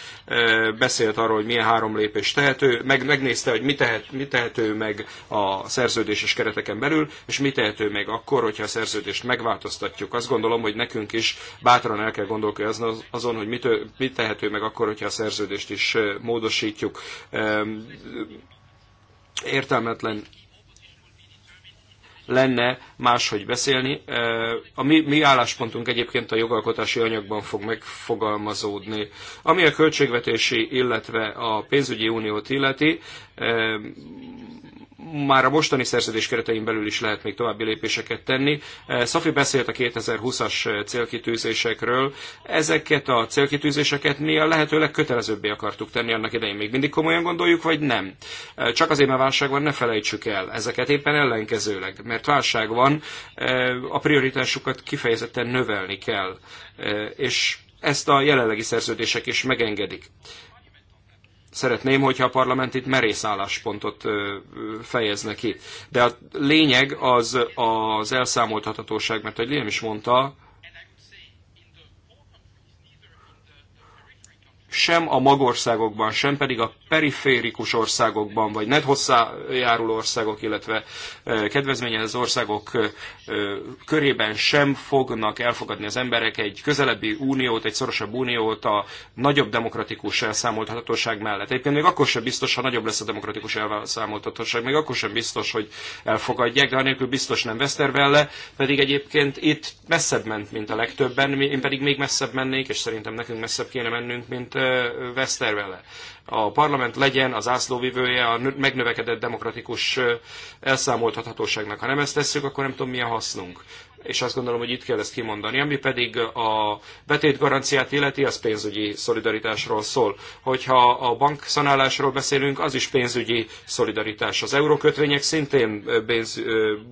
beszélt arról, hogy milyen három lépés tehető, meg, megnézte, hogy mi, tehet, mi tehető meg a szerződéses kereteken belül, és mi tehető meg akkor, hogyha a szerződést megváltoztatjuk. Azt gondolom, hogy nekünk is bátran el kell gondolkodni azon, hogy mit, mit tehető meg akkor, hogyha a szerződést is módosítjuk értelmetlen lenne máshogy beszélni. A mi, mi álláspontunk egyébként a jogalkotási anyagban fog megfogalmazódni. Ami a költségvetési, illetve a pénzügyi uniót illeti, már a mostani szerződés keretein belül is lehet még további lépéseket tenni. Eh, Szafi beszélt a 2020-as célkitűzésekről. Ezeket a célkitűzéseket mi a lehető legkötelezőbbé akartuk tenni annak idején. Még mindig komolyan gondoljuk, vagy nem? Eh, Csak azért, mert válság van, ne felejtsük el. Ezeket éppen ellenkezőleg, mert válság van, eh, a prioritásukat kifejezetten növelni kell. És ezt a jelenlegi szerződések is megengedik. Szeretném, hogyha a parlament itt merész álláspontot fejezne ki. De a lényeg az az elszámoltathatóság, mert ahogy Liam is mondta, sem a magországokban, sem pedig a periférikus országokban, vagy net országok, illetve e, kedvezményezett országok e, e, körében sem fognak elfogadni az emberek egy közelebbi uniót, egy szorosabb uniót a nagyobb demokratikus elszámoltathatóság mellett. Egyébként még akkor sem biztos, ha nagyobb lesz a demokratikus elszámoltathatóság, még akkor sem biztos, hogy elfogadják, de anélkül biztos nem Westerwelle, pedig egyébként itt messzebb ment, mint a legtöbben, én pedig még messzebb mennék, és szerintem nekünk messzebb kéne mennünk, mint veszter A parlament legyen az ászlóvivője a megnövekedett demokratikus elszámoltathatóságnak. Ha nem ezt tesszük, akkor nem tudom, mi a hasznunk és azt gondolom, hogy itt kell ezt kimondani. Ami pedig a betét garanciát illeti, az pénzügyi szolidaritásról szól. Hogyha a bankszanálásról beszélünk, az is pénzügyi szolidaritás. Az eurókötvények szintén pénz,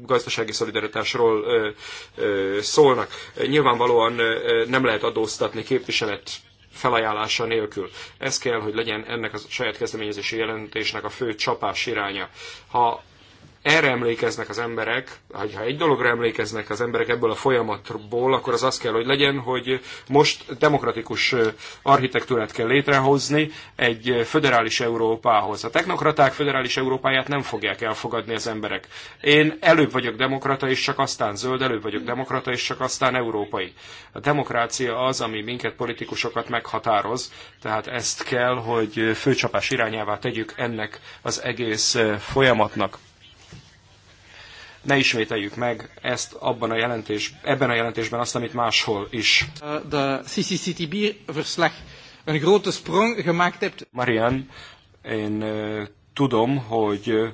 gazdasági szolidaritásról szólnak. Nyilvánvalóan nem lehet adóztatni képviselet felajánlása nélkül. Ez kell, hogy legyen ennek a saját kezdeményezési jelentésnek a fő csapás iránya. Ha erre emlékeznek az emberek, ha egy dologra emlékeznek az emberek ebből a folyamatból, akkor az az kell, hogy legyen, hogy most demokratikus architektúrát kell létrehozni egy föderális Európához. A technokraták föderális Európáját nem fogják elfogadni az emberek. Én előbb vagyok demokrata, és csak aztán zöld, előbb vagyok demokrata, és csak aztán európai. A demokrácia az, ami minket politikusokat meghatároz, tehát ezt kell, hogy főcsapás irányává tegyük ennek az egész folyamatnak ne ismételjük meg ezt abban a jelentés, ebben a jelentésben azt, amit máshol is. Eh, de CCCTB verslag een grote sprong gemaakt hebt. Marian, én uh, tudom, hogy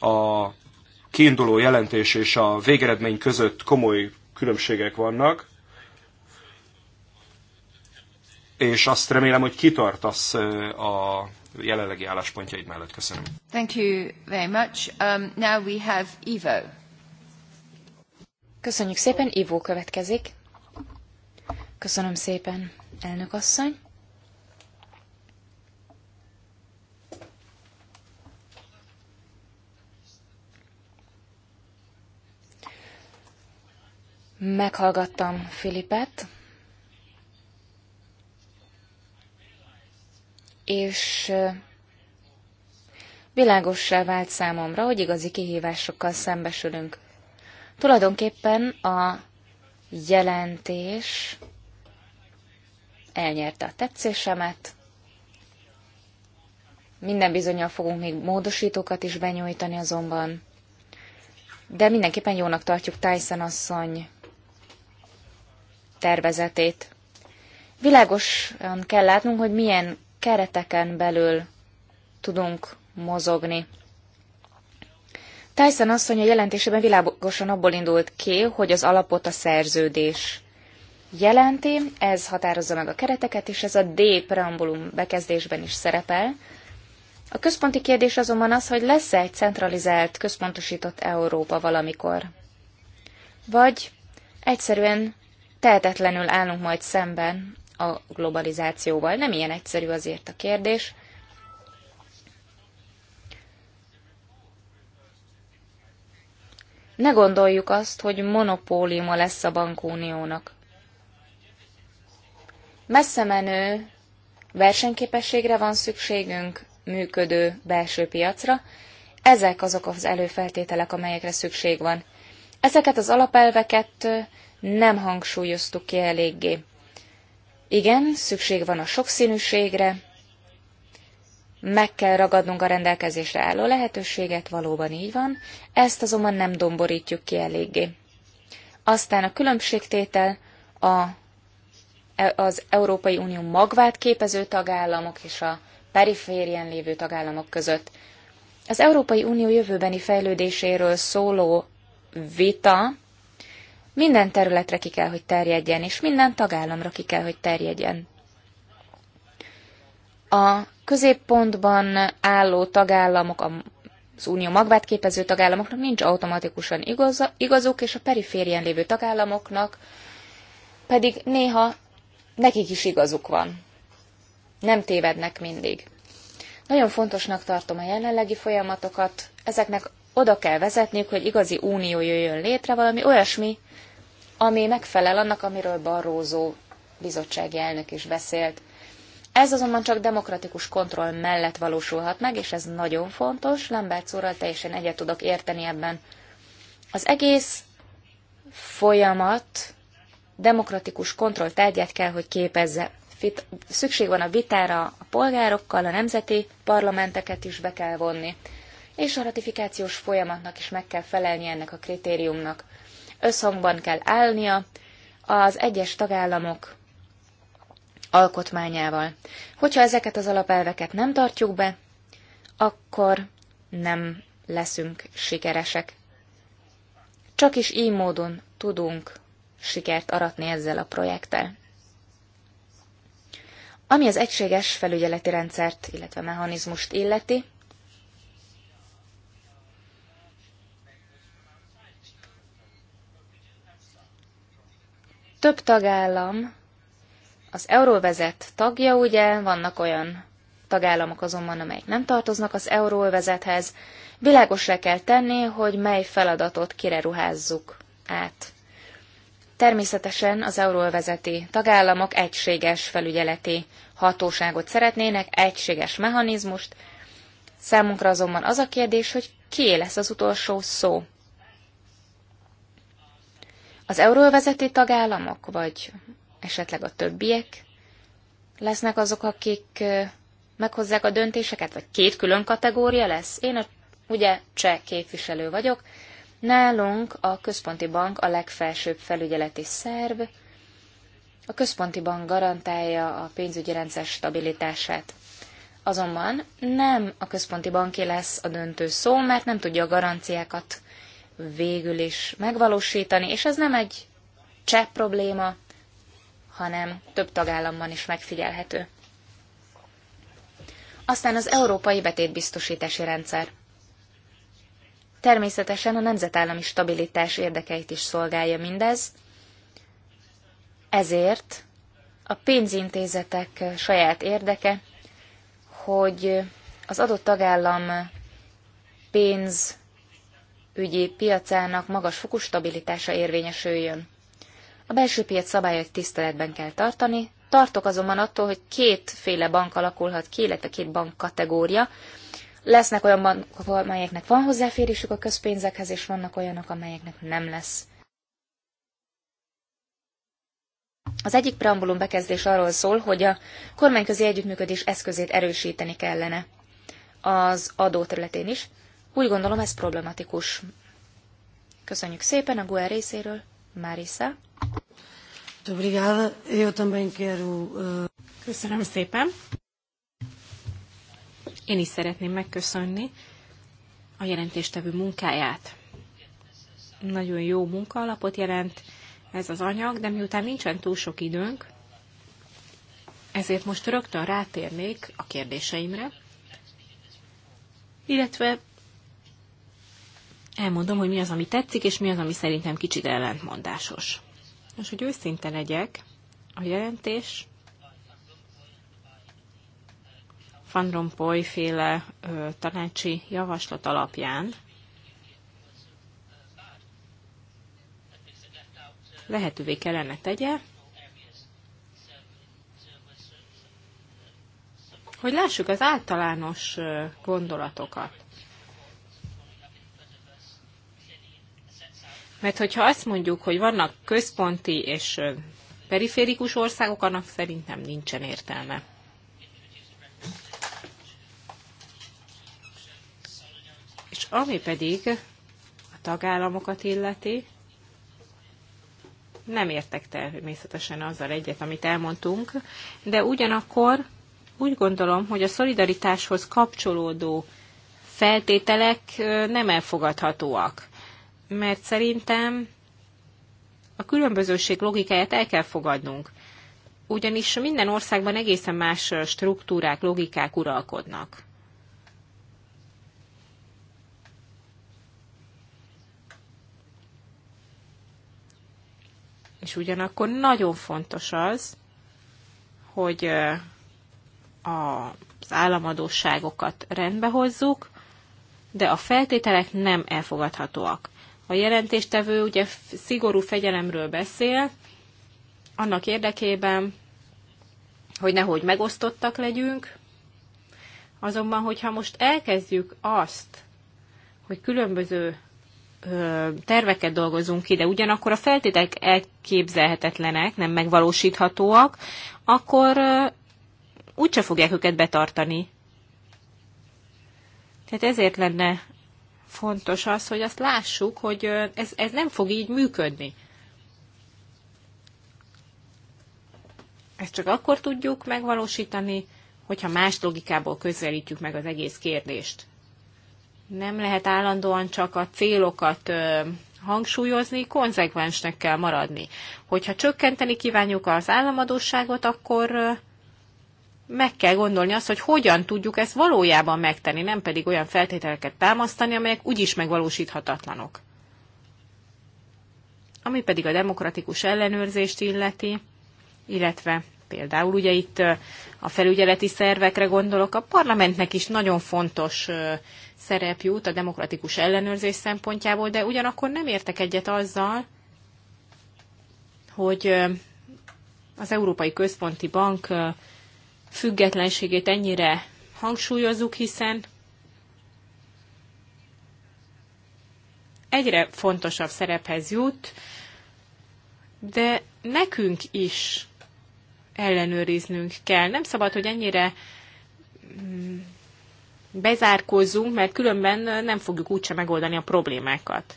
eh, a kiinduló jelentés és a végeredmény között komoly különbségek vannak, és azt remélem, hogy kitartasz a jelenlegi álláspontjaid mellett. Köszönöm. Thank you very much. Um, now we have Ivo. Köszönjük szépen, Ivo következik. Köszönöm szépen, elnök asszony. Meghallgattam Filipet, és világossá vált számomra, hogy igazi kihívásokkal szembesülünk. Tulajdonképpen a jelentés elnyerte a tetszésemet, minden bizonyal fogunk még módosítókat is benyújtani azonban. De mindenképpen jónak tartjuk Tyson asszony tervezetét. Világosan kell látnunk, hogy milyen kereteken belül tudunk mozogni. Tyson asszony a jelentésében világosan abból indult ki, hogy az alapot a szerződés jelenti, ez határozza meg a kereteket, és ez a D preambulum bekezdésben is szerepel. A központi kérdés azonban az, hogy lesz-e egy centralizált, központosított Európa valamikor? Vagy egyszerűen tehetetlenül állunk majd szemben a globalizációval. Nem ilyen egyszerű azért a kérdés. Ne gondoljuk azt, hogy monopóliuma lesz a bankuniónak. Messze menő versenyképességre van szükségünk, működő belső piacra. Ezek azok az előfeltételek, amelyekre szükség van. Ezeket az alapelveket nem hangsúlyoztuk ki eléggé. Igen, szükség van a sokszínűségre, meg kell ragadnunk a rendelkezésre álló lehetőséget, valóban így van, ezt azonban nem domborítjuk ki eléggé. Aztán a különbségtétel a, az Európai Unió magvát képező tagállamok és a periférien lévő tagállamok között. Az Európai Unió jövőbeni fejlődéséről szóló vita minden területre ki kell, hogy terjedjen, és minden tagállamra ki kell, hogy terjedjen. A középpontban álló tagállamok, az unió magvát képező tagállamoknak nincs automatikusan igazuk, és a periférien lévő tagállamoknak pedig néha nekik is igazuk van. Nem tévednek mindig. Nagyon fontosnak tartom a jelenlegi folyamatokat, ezeknek oda kell vezetniük, hogy igazi unió jöjjön létre, valami olyasmi, ami megfelel annak, amiről Barrózó bizottsági elnök is beszélt. Ez azonban csak demokratikus kontroll mellett valósulhat meg, és ez nagyon fontos, Lambert úrral teljesen egyet tudok érteni ebben. Az egész folyamat demokratikus kontroll tárgyát kell, hogy képezze. Fit, szükség van a vitára a polgárokkal, a nemzeti parlamenteket is be kell vonni, és a ratifikációs folyamatnak is meg kell felelni ennek a kritériumnak összhangban kell állnia az egyes tagállamok alkotmányával. Hogyha ezeket az alapelveket nem tartjuk be, akkor nem leszünk sikeresek. Csak is így módon tudunk sikert aratni ezzel a projekttel. Ami az egységes felügyeleti rendszert, illetve mechanizmust illeti, Több tagállam az euróvezet tagja, ugye, vannak olyan tagállamok azonban, amelyek nem tartoznak az euróvezethez. Világosra kell tenni, hogy mely feladatot kire ruházzuk át. Természetesen az euróvezeti tagállamok egységes felügyeleti hatóságot szeretnének, egységes mechanizmust. Számunkra azonban az a kérdés, hogy ki lesz az utolsó szó. Az euróvezeti tagállamok, vagy esetleg a többiek lesznek azok, akik meghozzák a döntéseket, vagy két külön kategória lesz? Én a, ugye cseh képviselő vagyok, nálunk a központi bank a legfelsőbb felügyeleti szerv, a központi bank garantálja a pénzügyi rendszer stabilitását. Azonban nem a központi banki lesz a döntő szó, mert nem tudja a garanciákat végül is megvalósítani, és ez nem egy csepp probléma, hanem több tagállamban is megfigyelhető. Aztán az európai betétbiztosítási rendszer. Természetesen a nemzetállami stabilitás érdekeit is szolgálja mindez, ezért a pénzintézetek saját érdeke, hogy az adott tagállam pénz ügyi piacának magas fokú stabilitása érvényesüljön. A belső piac szabályait tiszteletben kell tartani, tartok azonban attól, hogy kétféle bank alakulhat ki, illetve két bank kategória. Lesznek olyan bankok, amelyeknek van hozzáférésük a közpénzekhez, és vannak olyanok, amelyeknek nem lesz. Az egyik preambulum bekezdés arról szól, hogy a kormányközi együttműködés eszközét erősíteni kellene az adóterületén is, úgy gondolom, ez problematikus. Köszönjük szépen a GUE részéről. Marisa. Köszönöm szépen. Én is szeretném megköszönni a jelentéstevő munkáját. Nagyon jó munkaalapot jelent ez az anyag, de miután nincsen túl sok időnk, ezért most rögtön rátérnék a kérdéseimre, illetve elmondom, hogy mi az, ami tetszik, és mi az, ami szerintem kicsit ellentmondásos. Most, hogy őszinte legyek, a jelentés Van Rompuy féle ö, tanácsi javaslat alapján lehetővé kellene tegye, hogy lássuk az általános gondolatokat. Mert hogyha azt mondjuk, hogy vannak központi és periférikus országok, annak szerintem nincsen értelme. És ami pedig a tagállamokat illeti, nem értek természetesen azzal egyet, amit elmondtunk, de ugyanakkor úgy gondolom, hogy a szolidaritáshoz kapcsolódó feltételek nem elfogadhatóak mert szerintem a különbözőség logikáját el kell fogadnunk. Ugyanis minden országban egészen más struktúrák, logikák uralkodnak. És ugyanakkor nagyon fontos az, hogy az államadóságokat rendbe hozzuk, de a feltételek nem elfogadhatóak. A jelentéstevő ugye szigorú fegyelemről beszél, annak érdekében, hogy nehogy megosztottak legyünk, azonban, hogyha most elkezdjük azt, hogy különböző ö, terveket dolgozunk ki, de ugyanakkor a feltételek elképzelhetetlenek, nem megvalósíthatóak, akkor ö, úgyse fogják őket betartani. Tehát ezért lenne fontos az, hogy azt lássuk, hogy ez, ez nem fog így működni. Ezt csak akkor tudjuk megvalósítani, hogyha más logikából közelítjük meg az egész kérdést. Nem lehet állandóan csak a célokat hangsúlyozni, konzekvensnek kell maradni. Hogyha csökkenteni kívánjuk az államadóságot, akkor meg kell gondolni azt, hogy hogyan tudjuk ezt valójában megtenni, nem pedig olyan feltételeket támasztani, amelyek úgyis megvalósíthatatlanok. Ami pedig a demokratikus ellenőrzést illeti, illetve például ugye itt a felügyeleti szervekre gondolok, a parlamentnek is nagyon fontos szerep jut a demokratikus ellenőrzés szempontjából, de ugyanakkor nem értek egyet azzal, hogy az Európai Központi Bank függetlenségét ennyire hangsúlyozzuk, hiszen egyre fontosabb szerephez jut, de nekünk is ellenőriznünk kell. Nem szabad, hogy ennyire mm, bezárkózzunk, mert különben nem fogjuk úgyse megoldani a problémákat.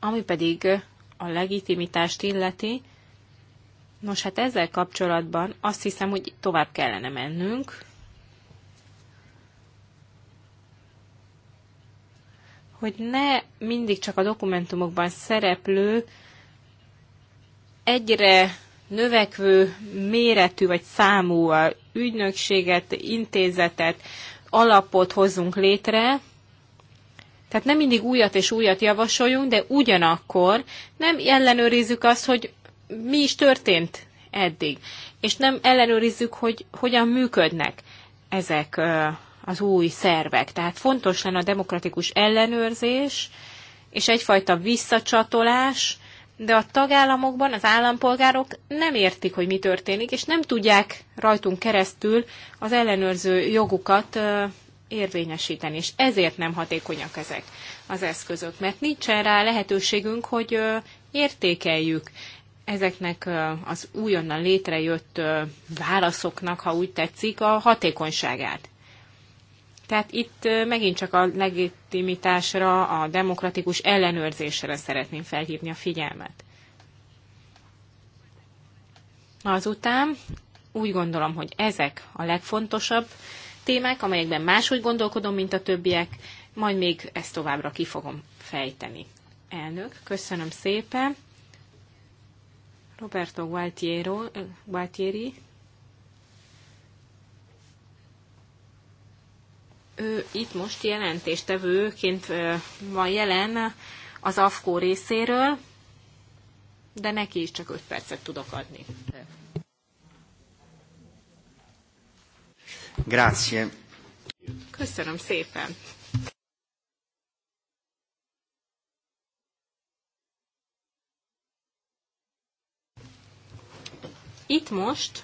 Ami pedig a legitimitást illeti, Nos, hát ezzel kapcsolatban azt hiszem, hogy tovább kellene mennünk. Hogy ne mindig csak a dokumentumokban szereplő, egyre növekvő méretű vagy számú ügynökséget, intézetet, alapot hozzunk létre, tehát nem mindig újat és újat javasoljunk, de ugyanakkor nem ellenőrizzük azt, hogy mi is történt eddig, és nem ellenőrizzük, hogy hogyan működnek ezek az új szervek. Tehát fontos lenne a demokratikus ellenőrzés, és egyfajta visszacsatolás, de a tagállamokban az állampolgárok nem értik, hogy mi történik, és nem tudják rajtunk keresztül az ellenőrző jogukat érvényesíteni, és ezért nem hatékonyak ezek az eszközök, mert nincsen rá lehetőségünk, hogy értékeljük, ezeknek az újonnan létrejött válaszoknak, ha úgy tetszik, a hatékonyságát. Tehát itt megint csak a legitimitásra, a demokratikus ellenőrzésre szeretném felhívni a figyelmet. Azután úgy gondolom, hogy ezek a legfontosabb témák, amelyekben máshogy gondolkodom, mint a többiek, majd még ezt továbbra ki fogom fejteni. Elnök, köszönöm szépen! Roberto Gualtiero, Gualtieri. Ő itt most jelentéstevőként van jelen az AFKO részéről, de neki is csak 5 percet tudok adni. Grazie. Köszönöm szépen. Itt most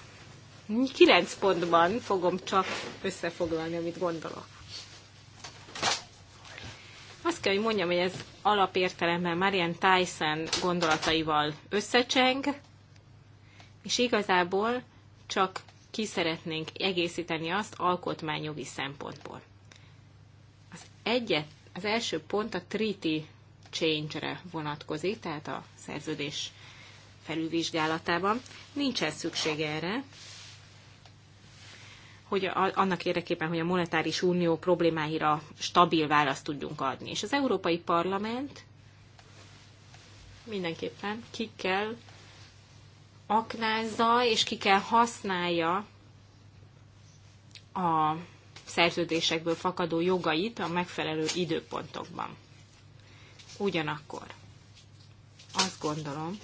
9 pontban fogom csak összefoglalni, amit gondolok. Azt kell, hogy mondjam, hogy ez alapértelemben Marian Tyson gondolataival összecseng, és igazából csak ki szeretnénk egészíteni azt alkotmányjogi szempontból. Az, egyet, az első pont a treaty change-re vonatkozik, tehát a szerződés felülvizsgálatában. Nincs szükség erre, hogy annak érdekében, hogy a monetáris unió problémáira stabil választ tudjunk adni. És az Európai Parlament mindenképpen ki kell aknázza és ki kell használja a szerződésekből fakadó jogait a megfelelő időpontokban. Ugyanakkor azt gondolom,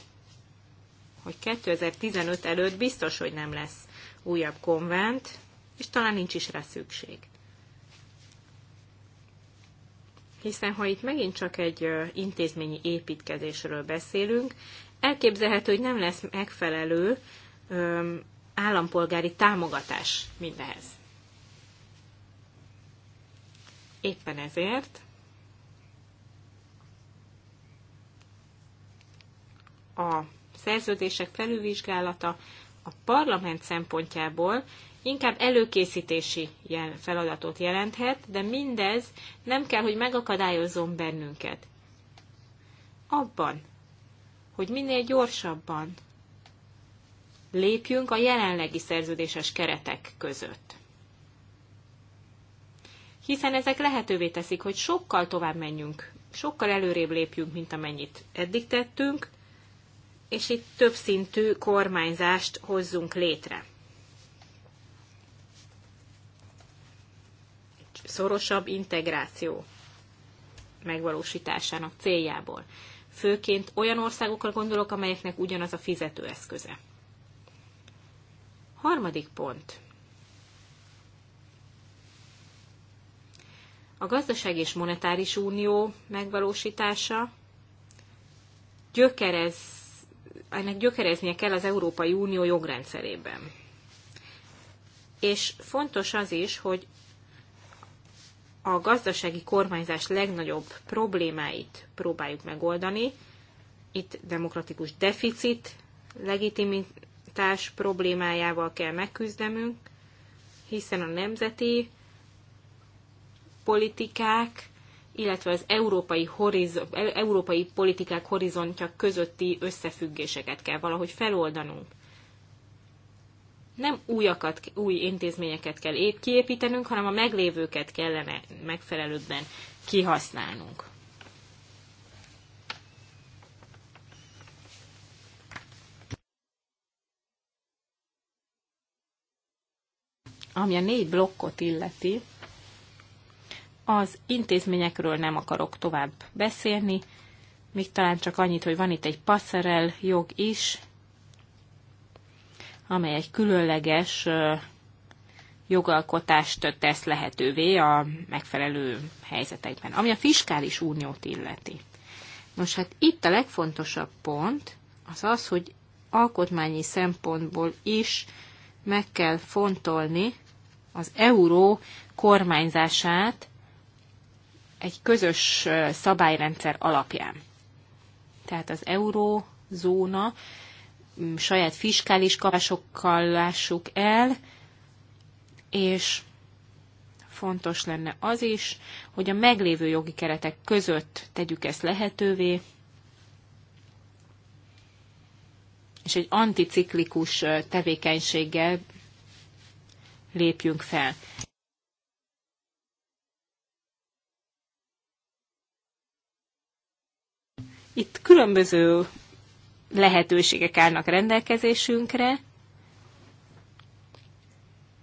hogy 2015 előtt biztos, hogy nem lesz újabb konvent, és talán nincs is rá szükség. Hiszen ha itt megint csak egy intézményi építkezésről beszélünk, elképzelhető, hogy nem lesz megfelelő állampolgári támogatás mindehez. Éppen ezért a szerződések felülvizsgálata a parlament szempontjából inkább előkészítési feladatot jelenthet, de mindez nem kell, hogy megakadályozzon bennünket. Abban, hogy minél gyorsabban lépjünk a jelenlegi szerződéses keretek között. Hiszen ezek lehetővé teszik, hogy sokkal tovább menjünk, sokkal előrébb lépjünk, mint amennyit eddig tettünk, és itt többszintű kormányzást hozzunk létre. Szorosabb integráció megvalósításának céljából. Főként olyan országokra gondolok, amelyeknek ugyanaz a fizetőeszköze. Harmadik pont. A gazdaság és monetáris unió megvalósítása gyökerez ennek gyökereznie kell az Európai Unió jogrendszerében. És fontos az is, hogy a gazdasági kormányzás legnagyobb problémáit próbáljuk megoldani. Itt demokratikus deficit, legitimitás problémájával kell megküzdenünk, hiszen a nemzeti politikák illetve az európai, horiz, európai politikák horizontja közötti összefüggéseket kell valahogy feloldanunk. Nem újakat, új intézményeket kell épp kiépítenünk, hanem a meglévőket kellene megfelelőbben kihasználnunk. Ami a négy blokkot illeti, az intézményekről nem akarok tovább beszélni, még talán csak annyit, hogy van itt egy passzerel jog is, amely egy különleges jogalkotást tesz lehetővé a megfelelő helyzetekben, ami a fiskális uniót illeti. Nos, hát itt a legfontosabb pont az az, hogy alkotmányi szempontból is meg kell fontolni az euró kormányzását, egy közös szabályrendszer alapján. Tehát az eurózóna saját fiskális kapásokkal lássuk el, és fontos lenne az is, hogy a meglévő jogi keretek között tegyük ezt lehetővé, és egy anticiklikus tevékenységgel lépjünk fel. Itt különböző lehetőségek állnak rendelkezésünkre,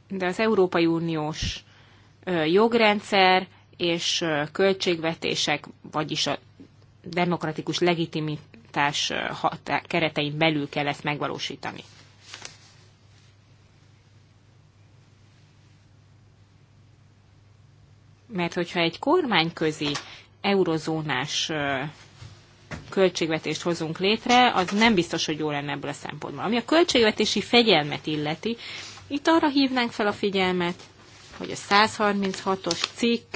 de az Európai Uniós jogrendszer és költségvetések, vagyis a demokratikus legitimitás keretein belül kell ezt megvalósítani. Mert hogyha egy kormányközi eurozónás költségvetést hozunk létre, az nem biztos, hogy jó lenne ebből a szempontból. Ami a költségvetési fegyelmet illeti, itt arra hívnánk fel a figyelmet, hogy a 136-os cikk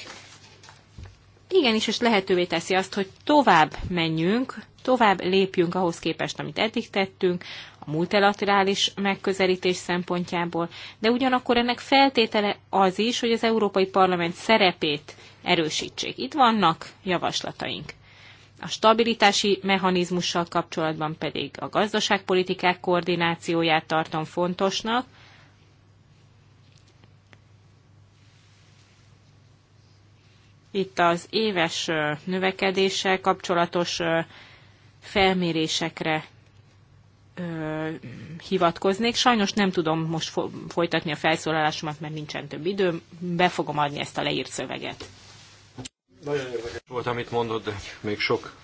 igenis és lehetővé teszi azt, hogy tovább menjünk, tovább lépjünk ahhoz képest, amit eddig tettünk, a multilaterális megközelítés szempontjából, de ugyanakkor ennek feltétele az is, hogy az Európai Parlament szerepét erősítsék. Itt vannak javaslataink. A stabilitási mechanizmussal kapcsolatban pedig a gazdaságpolitikák koordinációját tartom fontosnak, itt az éves növekedéssel kapcsolatos felmérésekre hivatkoznék. Sajnos nem tudom most folytatni a felszólalásomat, mert nincsen több időm. Be fogom adni ezt a leírt szöveget. Nagyon érdekes volt, amit mondod, de még sok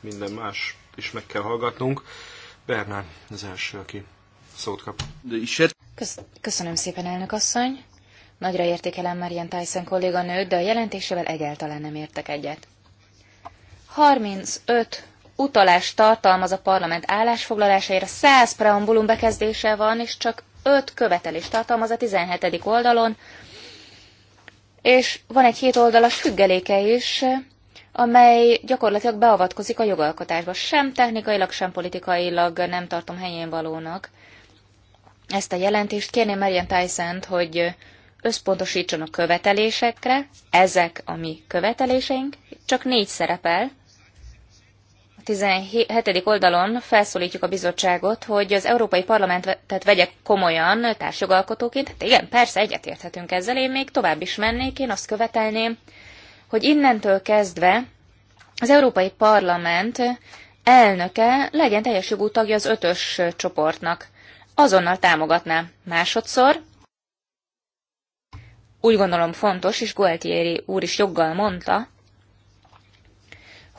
minden más is meg kell hallgatnunk. Bernán az első, aki szót kap. De Köszönöm szépen, elnök asszony. Nagyra értékelem Marian Tyson kolléganőt, de a jelentésével egyáltalán nem értek egyet. 35 utalás tartalmaz a parlament állásfoglalásaira, 100 preambulum bekezdése van, és csak 5 követelés tartalmaz a 17. oldalon, és van egy hétoldalas oldalas függeléke is, amely gyakorlatilag beavatkozik a jogalkotásba. Sem technikailag, sem politikailag nem tartom helyén valónak ezt a jelentést. Kérném Marian tyson hogy összpontosítson a követelésekre, ezek a mi követeléseink, csak négy szerepel, 17. oldalon felszólítjuk a bizottságot, hogy az Európai Parlamentet vegye komolyan társjogalkotóként. Hát igen, persze egyetérthetünk ezzel, én még tovább is mennék, én azt követelném, hogy innentől kezdve az Európai Parlament elnöke legyen teljes jogú tagja az ötös csoportnak. Azonnal támogatná. Másodszor, úgy gondolom fontos, és Gualtieri úr is joggal mondta,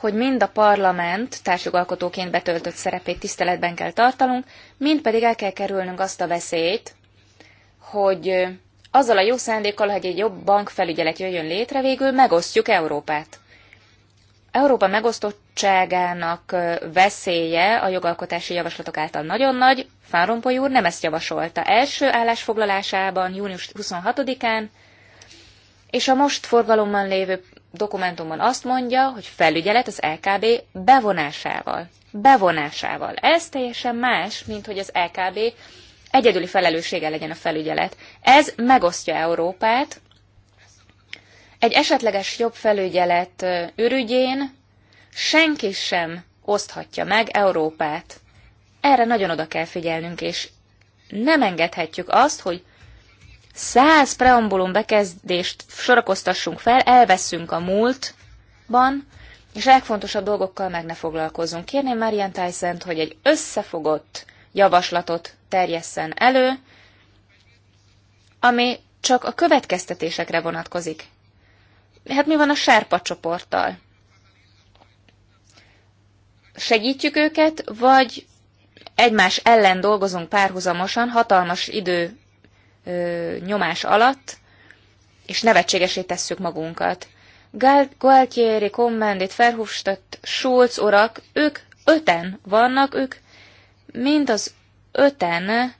hogy mind a parlament társjogalkotóként betöltött szerepét tiszteletben kell tartanunk, mind pedig el kell kerülnünk azt a veszélyt, hogy azzal a jó szándékkal, hogy egy jobb bankfelügyelet jöjjön létre, végül megosztjuk Európát. Európa megosztottságának veszélye a jogalkotási javaslatok által nagyon nagy, Van Rompuy úr nem ezt javasolta. Első állásfoglalásában, június 26-án, és a most forgalomban lévő dokumentumban azt mondja, hogy felügyelet az LKB bevonásával. Bevonásával. Ez teljesen más, mint hogy az LKB egyedüli felelőssége legyen a felügyelet. Ez megosztja Európát. Egy esetleges jobb felügyelet ürügyén senki sem oszthatja meg Európát. Erre nagyon oda kell figyelnünk, és nem engedhetjük azt, hogy száz preambulum bekezdést sorakoztassunk fel, elveszünk a múltban, és legfontosabb dolgokkal meg ne foglalkozzunk. Kérném Marian tyson hogy egy összefogott javaslatot terjesszen elő, ami csak a következtetésekre vonatkozik. Hát mi van a Sárpa csoporttal? Segítjük őket, vagy egymás ellen dolgozunk párhuzamosan, hatalmas idő nyomás alatt, és nevetségesé tesszük magunkat. Gualtieri, Commandit, Verhofstadt, Schulz, Orak, ők öten vannak, ők mind az öten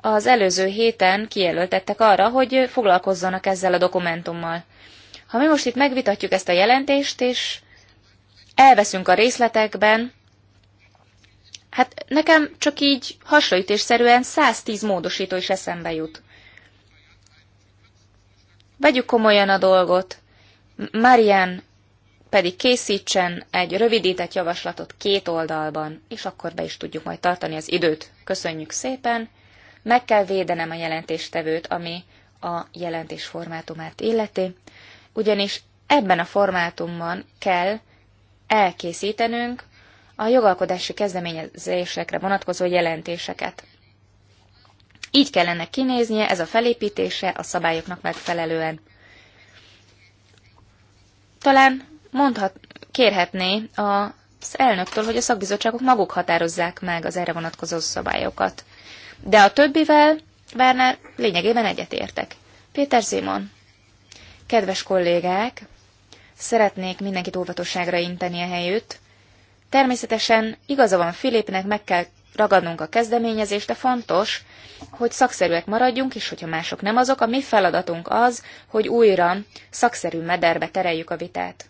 az előző héten kijelöltettek arra, hogy foglalkozzanak ezzel a dokumentummal. Ha mi most itt megvitatjuk ezt a jelentést, és elveszünk a részletekben, hát nekem csak így hasonlítésszerűen 110 módosító is eszembe jut. Vegyük komolyan a dolgot. Marian pedig készítsen egy rövidített javaslatot két oldalban, és akkor be is tudjuk majd tartani az időt. Köszönjük szépen! Meg kell védenem a jelentéstevőt, ami a jelentés formátumát illeti, ugyanis ebben a formátumban kell elkészítenünk a jogalkodási kezdeményezésekre vonatkozó jelentéseket. Így kellene kinéznie ez a felépítése a szabályoknak megfelelően. Talán mondhat, kérhetné az elnöktől, hogy a szakbizottságok maguk határozzák meg az erre vonatkozó szabályokat. De a többivel, Werner, lényegében egyetértek. Péter Simon. Kedves kollégák, szeretnék mindenkit óvatosságra inteni a helyütt. Természetesen igaza van Filipnek, meg kell ragadnunk a kezdeményezést, de fontos, hogy szakszerűek maradjunk, és hogyha mások nem azok, a mi feladatunk az, hogy újra szakszerű mederbe tereljük a vitát.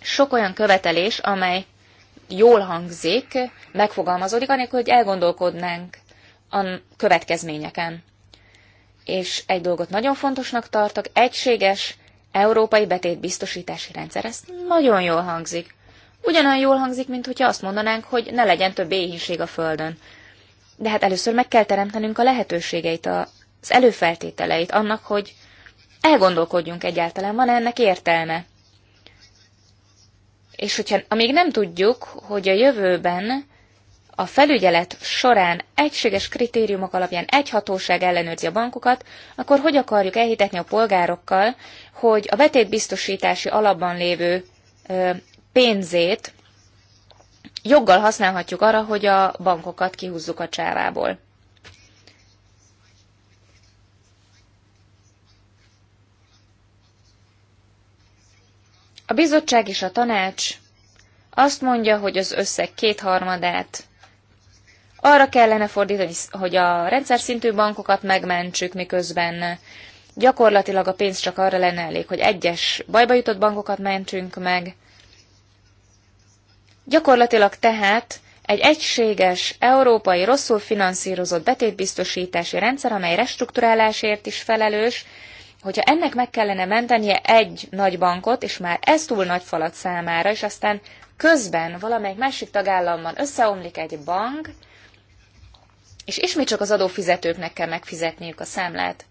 Sok olyan követelés, amely jól hangzik, megfogalmazódik, anélkül, hogy elgondolkodnánk a következményeken. És egy dolgot nagyon fontosnak tartok, egységes európai betétbiztosítási rendszer. Ez nagyon jól hangzik ugyanolyan jól hangzik, mint hogyha azt mondanánk, hogy ne legyen több éhínség a Földön. De hát először meg kell teremtenünk a lehetőségeit, az előfeltételeit annak, hogy elgondolkodjunk egyáltalán, van -e ennek értelme. És hogyha amíg nem tudjuk, hogy a jövőben a felügyelet során egységes kritériumok alapján egy hatóság ellenőrzi a bankokat, akkor hogy akarjuk elhitetni a polgárokkal, hogy a betétbiztosítási alapban lévő pénzét joggal használhatjuk arra, hogy a bankokat kihúzzuk a csávából. A bizottság és a tanács azt mondja, hogy az összeg kétharmadát arra kellene fordítani, hogy a rendszer szintű bankokat megmentsük, miközben gyakorlatilag a pénz csak arra lenne elég, hogy egyes bajba jutott bankokat mentsünk meg, Gyakorlatilag tehát egy egységes, európai, rosszul finanszírozott betétbiztosítási rendszer, amely restrukturálásért is felelős, hogyha ennek meg kellene mentenie egy nagy bankot, és már ez túl nagy falat számára, és aztán közben valamelyik másik tagállamban összeomlik egy bank, és ismét csak az adófizetőknek kell megfizetniük a számlát.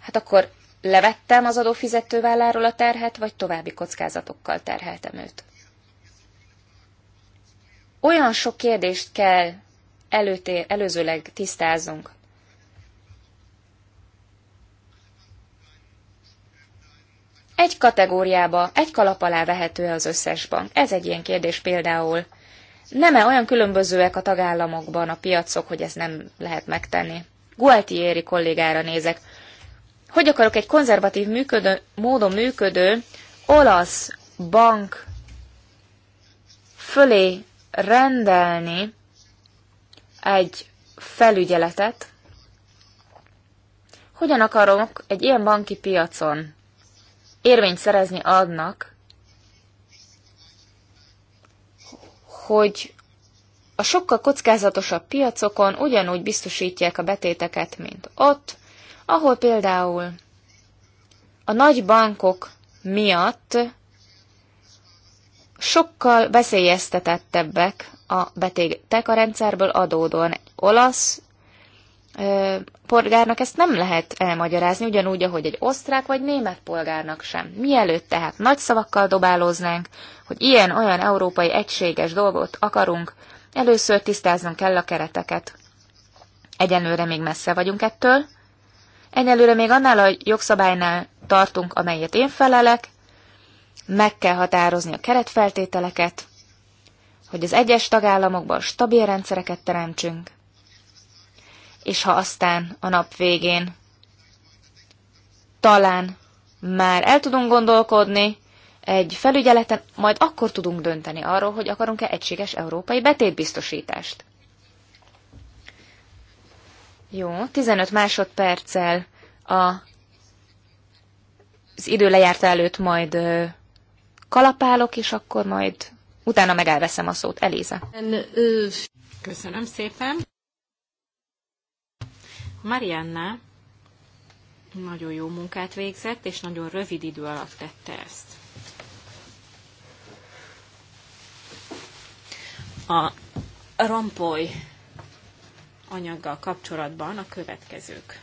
Hát akkor levettem az adófizető válláról a terhet, vagy további kockázatokkal terheltem őt olyan sok kérdést kell előté, előzőleg tisztázunk. Egy kategóriába, egy kalap alá vehető az összes bank? Ez egy ilyen kérdés például. Nem-e olyan különbözőek a tagállamokban a piacok, hogy ez nem lehet megtenni? Gualtieri kollégára nézek. Hogy akarok egy konzervatív működő, módon működő olasz bank fölé rendelni egy felügyeletet, hogyan akarok egy ilyen banki piacon érvényt szerezni adnak, hogy a sokkal kockázatosabb piacokon ugyanúgy biztosítják a betéteket, mint ott, ahol például a nagy bankok miatt sokkal veszélyeztetettebbek a betegek a rendszerből adódóan. Egy olasz ö, polgárnak ezt nem lehet elmagyarázni, ugyanúgy, ahogy egy osztrák vagy német polgárnak sem. Mielőtt tehát nagy szavakkal dobálóznánk, hogy ilyen-olyan európai egységes dolgot akarunk, először tisztáznunk kell a kereteket. Egyelőre még messze vagyunk ettől. Egyelőre még annál a jogszabálynál tartunk, amelyet én felelek, meg kell határozni a keretfeltételeket, hogy az egyes tagállamokban stabil rendszereket teremtsünk, és ha aztán a nap végén talán már el tudunk gondolkodni egy felügyeleten, majd akkor tudunk dönteni arról, hogy akarunk-e egységes európai betétbiztosítást. Jó, 15 másodperccel a, az idő lejárta előtt majd kalapálok, és akkor majd utána megelveszem a szót. Eléze. Köszönöm szépen. Marianna nagyon jó munkát végzett, és nagyon rövid idő alatt tette ezt. A rompoly anyaggal kapcsolatban a következők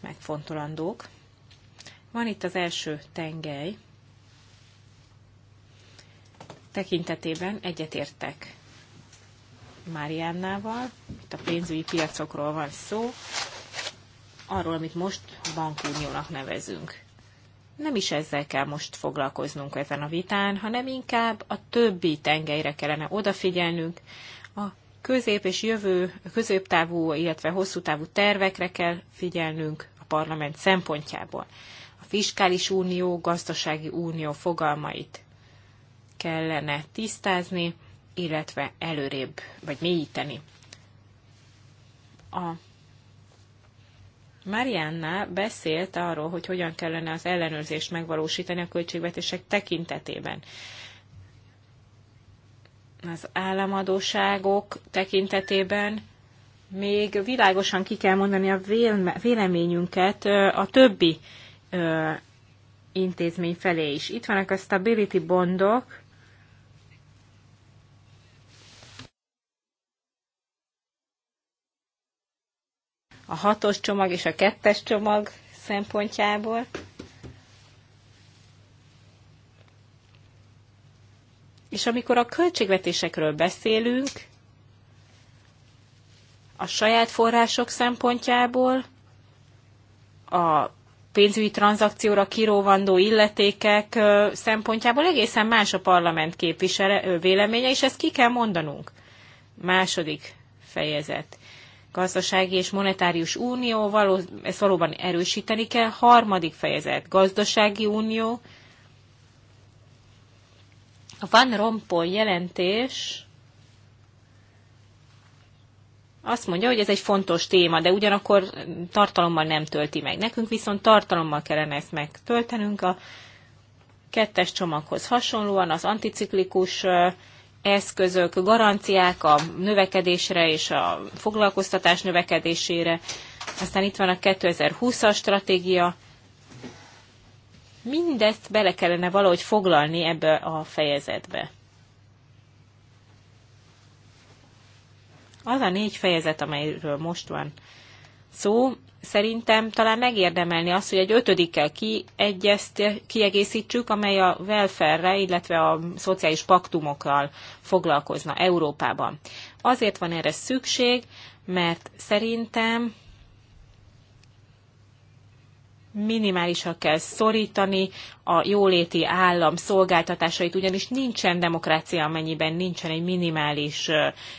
megfontolandók. Van itt az első tengely, tekintetében egyetértek Máriánnával, itt a pénzügyi piacokról van szó, arról, amit most bankuniónak nevezünk. Nem is ezzel kell most foglalkoznunk ezen a vitán, hanem inkább a többi tengelyre kellene odafigyelnünk, a közép és jövő, középtávú, illetve hosszú távú tervekre kell figyelnünk a parlament szempontjából. A fiskális unió, gazdasági unió fogalmait kellene tisztázni, illetve előrébb, vagy mélyíteni. A Marianna beszélt arról, hogy hogyan kellene az ellenőrzést megvalósítani a költségvetések tekintetében. Az államadóságok tekintetében még világosan ki kell mondani a véleményünket a többi intézmény felé is. Itt vannak a stability bondok, a hatos csomag és a kettes csomag szempontjából. És amikor a költségvetésekről beszélünk, a saját források szempontjából, a pénzügyi tranzakcióra kiróvandó illetékek szempontjából egészen más a parlament képviselő véleménye, és ezt ki kell mondanunk. Második fejezet gazdasági és monetárius unió, való, ezt valóban erősíteni kell. Harmadik fejezet, gazdasági unió. A Van Rompuy jelentés azt mondja, hogy ez egy fontos téma, de ugyanakkor tartalommal nem tölti meg. Nekünk viszont tartalommal kellene ezt megtöltenünk. A kettes csomaghoz hasonlóan az anticiklikus eszközök, garanciák a növekedésre és a foglalkoztatás növekedésére. Aztán itt van a 2020-as stratégia. Mindezt bele kellene valahogy foglalni ebbe a fejezetbe. Az a négy fejezet, amelyről most van szó, szerintem talán megérdemelni azt, hogy egy ötödikkel kiegészítsük, amely a welfare illetve a szociális paktumokkal foglalkozna Európában. Azért van erre szükség, mert szerintem minimálisan kell szorítani a jóléti állam szolgáltatásait, ugyanis nincsen demokrácia, amennyiben nincsen egy minimális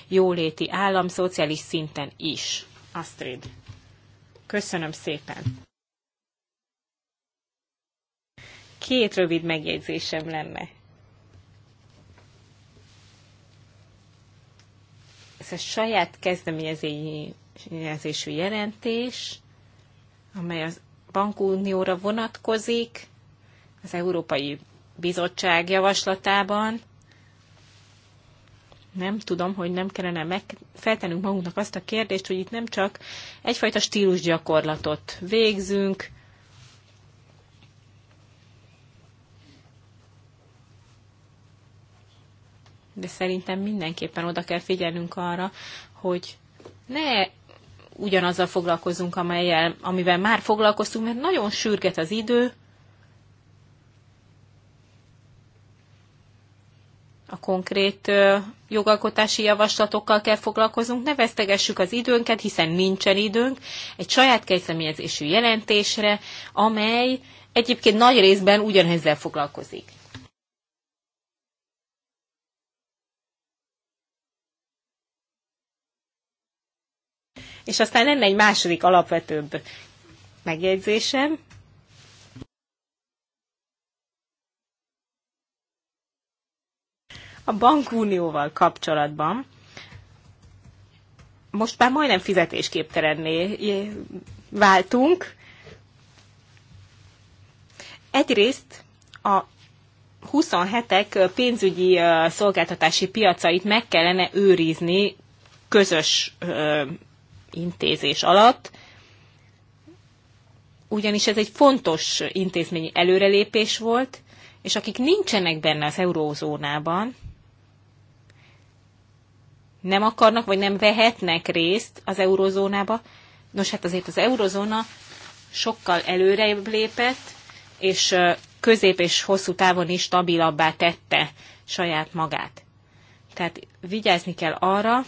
jóléti állam szociális szinten is. Astrid. Köszönöm szépen. Két rövid megjegyzésem lenne. Ez a saját kezdeményezésű jelentés, amely a bankunióra vonatkozik, az Európai Bizottság javaslatában nem tudom, hogy nem kellene meg feltennünk magunknak azt a kérdést, hogy itt nem csak egyfajta stílusgyakorlatot végzünk, de szerintem mindenképpen oda kell figyelnünk arra, hogy ne ugyanazzal foglalkozunk, amelyel, amivel már foglalkoztunk, mert nagyon sürget az idő, a konkrét jogalkotási javaslatokkal kell foglalkoznunk. ne vesztegessük az időnket, hiszen nincsen időnk egy saját kezdeményezésű jelentésre, amely egyébként nagy részben ugyanezzel foglalkozik. És aztán lenne egy második alapvetőbb megjegyzésem, a bankunióval kapcsolatban most már majdnem fizetésképtelenné váltunk. Egyrészt a 27-ek pénzügyi szolgáltatási piacait meg kellene őrizni közös intézés alatt, ugyanis ez egy fontos intézményi előrelépés volt, és akik nincsenek benne az eurózónában, nem akarnak, vagy nem vehetnek részt az eurozónába. Nos, hát azért az eurozóna sokkal előrébb lépett, és közép és hosszú távon is stabilabbá tette saját magát. Tehát vigyázni kell arra,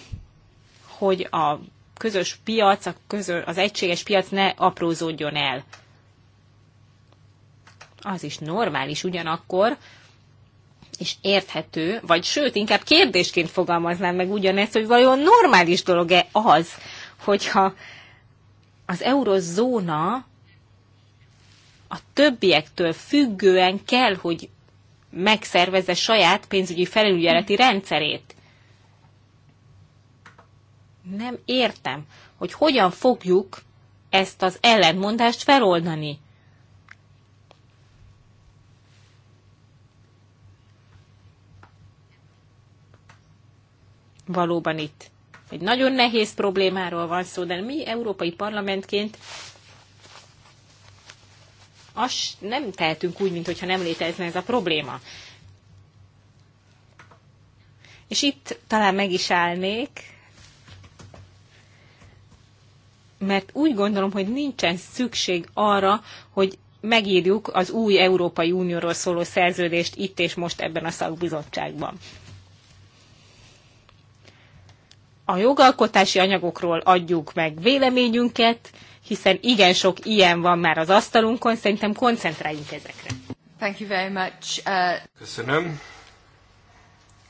hogy a közös piac, a közös, az egységes piac ne aprózódjon el. Az is normális ugyanakkor, és érthető, vagy sőt, inkább kérdésként fogalmaznám meg ugyanezt, hogy vajon normális dolog-e az, hogyha az eurozóna a többiektől függően kell, hogy megszervezze saját pénzügyi felügyeleti rendszerét. Nem értem, hogy hogyan fogjuk ezt az ellentmondást feloldani. Valóban itt egy nagyon nehéz problémáról van szó, de mi európai parlamentként azt nem tehetünk úgy, mintha nem létezne ez a probléma. És itt talán meg is állnék, mert úgy gondolom, hogy nincsen szükség arra, hogy megírjuk az új Európai Unióról szóló szerződést itt és most ebben a szakbizottságban a jogalkotási anyagokról adjuk meg véleményünket, hiszen igen sok ilyen van már az asztalunkon, szerintem koncentráljunk ezekre. Thank you very much. Uh... Köszönöm.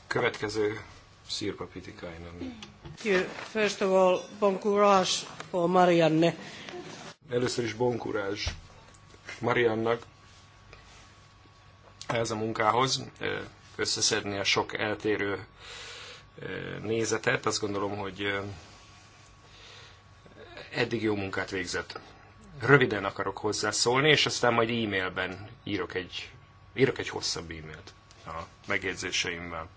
Következő Sirpa Pitikainen. Thank you. First of all, bon courage for Marianne. Először is bon courage Mariannak ehhez a munkához, összeszedni a sok eltérő nézetet. Azt gondolom, hogy eddig jó munkát végzett. Röviden akarok hozzászólni, és aztán majd e-mailben írok egy, írok egy hosszabb e-mailt a megjegyzéseimmel.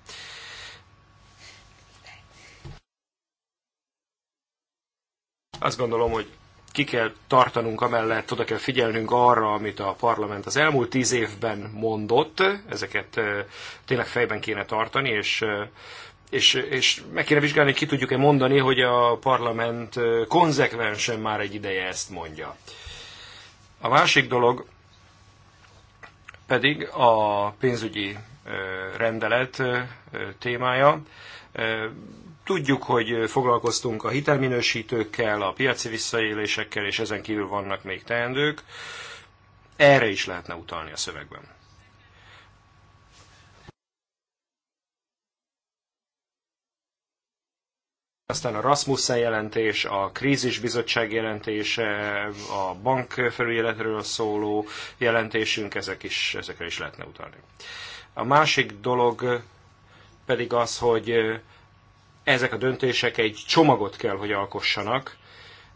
Azt gondolom, hogy ki kell tartanunk amellett, oda kell figyelnünk arra, amit a parlament az elmúlt tíz évben mondott, ezeket tényleg fejben kéne tartani, és és, és meg kéne vizsgálni, ki tudjuk-e mondani, hogy a parlament konzekvensen már egy ideje ezt mondja. A másik dolog pedig a pénzügyi rendelet témája. Tudjuk, hogy foglalkoztunk a hitelminősítőkkel, a piaci visszaélésekkel, és ezen kívül vannak még teendők. Erre is lehetne utalni a szövegben. aztán a Rasmussen jelentés, a krízisbizottság jelentése, a bankfelügyeletről szóló jelentésünk, ezek is, ezekre is lehetne utalni. A másik dolog pedig az, hogy ezek a döntések egy csomagot kell, hogy alkossanak,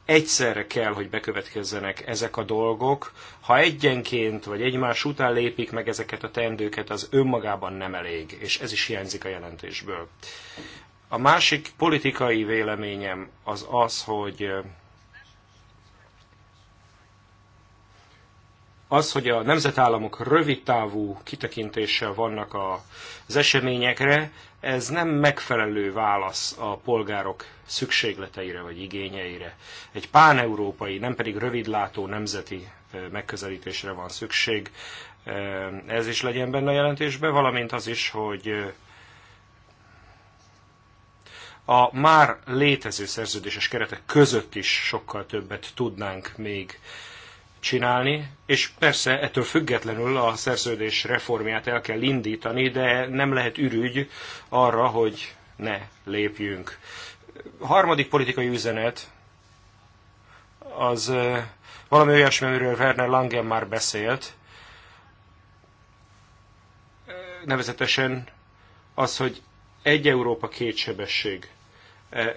egyszerre kell, hogy bekövetkezzenek ezek a dolgok. Ha egyenként vagy egymás után lépik meg ezeket a teendőket, az önmagában nem elég, és ez is hiányzik a jelentésből. A másik politikai véleményem az az, hogy az, hogy a nemzetállamok rövidtávú kitekintéssel vannak az eseményekre, ez nem megfelelő válasz a polgárok szükségleteire vagy igényeire. Egy páneurópai, nem pedig rövidlátó nemzeti megközelítésre van szükség. Ez is legyen benne a jelentésben, valamint az is, hogy a már létező szerződéses keretek között is sokkal többet tudnánk még csinálni, és persze ettől függetlenül a szerződés reformját el kell indítani, de nem lehet ürügy arra, hogy ne lépjünk. A harmadik politikai üzenet az valami olyasmi, amiről Werner Langen már beszélt, nevezetesen az, hogy egy Európa két sebesség. Eh,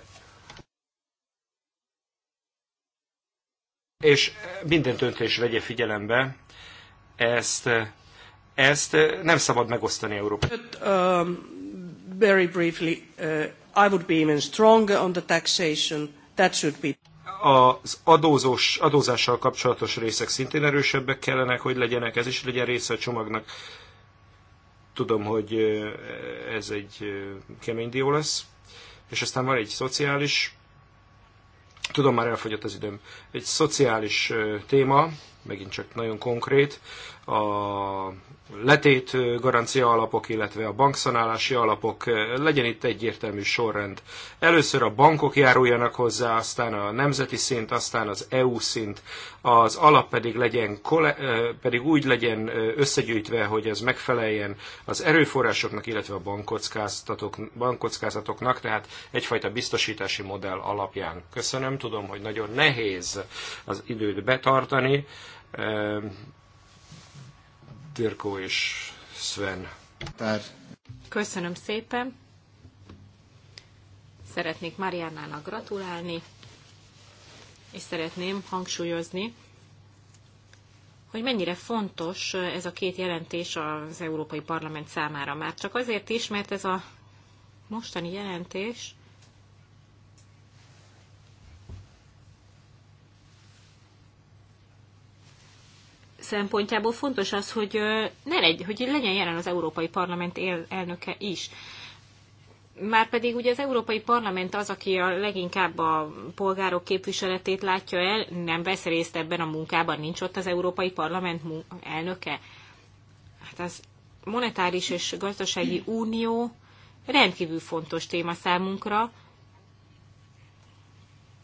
és minden döntés vegye figyelembe ezt, eh, ezt eh, nem szabad megosztani Európát. Um, very briefly, uh, I would be even stronger on the taxation. That should be az adózós, adózással kapcsolatos részek szintén erősebbek kellenek, hogy legyenek, ez is legyen része a csomagnak. Tudom, hogy ez egy kemény dió lesz és aztán van egy szociális, tudom már elfogyott az időm, egy szociális téma, megint csak nagyon konkrét, a letét garancia alapok, illetve a bankszanálási alapok, legyen itt egyértelmű sorrend. Először a bankok járuljanak hozzá, aztán a nemzeti szint, aztán az EU szint, az alap pedig, legyen, pedig úgy legyen összegyűjtve, hogy ez megfeleljen az erőforrásoknak, illetve a bankkockázatok, bankkockázatoknak, tehát egyfajta biztosítási modell alapján. Köszönöm, tudom, hogy nagyon nehéz az időt betartani, Dirko és Sven. Köszönöm szépen. Szeretnék Mariannának gratulálni, és szeretném hangsúlyozni, hogy mennyire fontos ez a két jelentés az Európai Parlament számára már. Csak azért is, mert ez a mostani jelentés szempontjából fontos az, hogy, ne legy, hogy legyen jelen az Európai Parlament elnöke is. Márpedig ugye az Európai Parlament az, aki a leginkább a polgárok képviseletét látja el, nem vesz részt ebben a munkában, nincs ott az Európai Parlament elnöke. Hát az monetáris és gazdasági unió rendkívül fontos téma számunkra,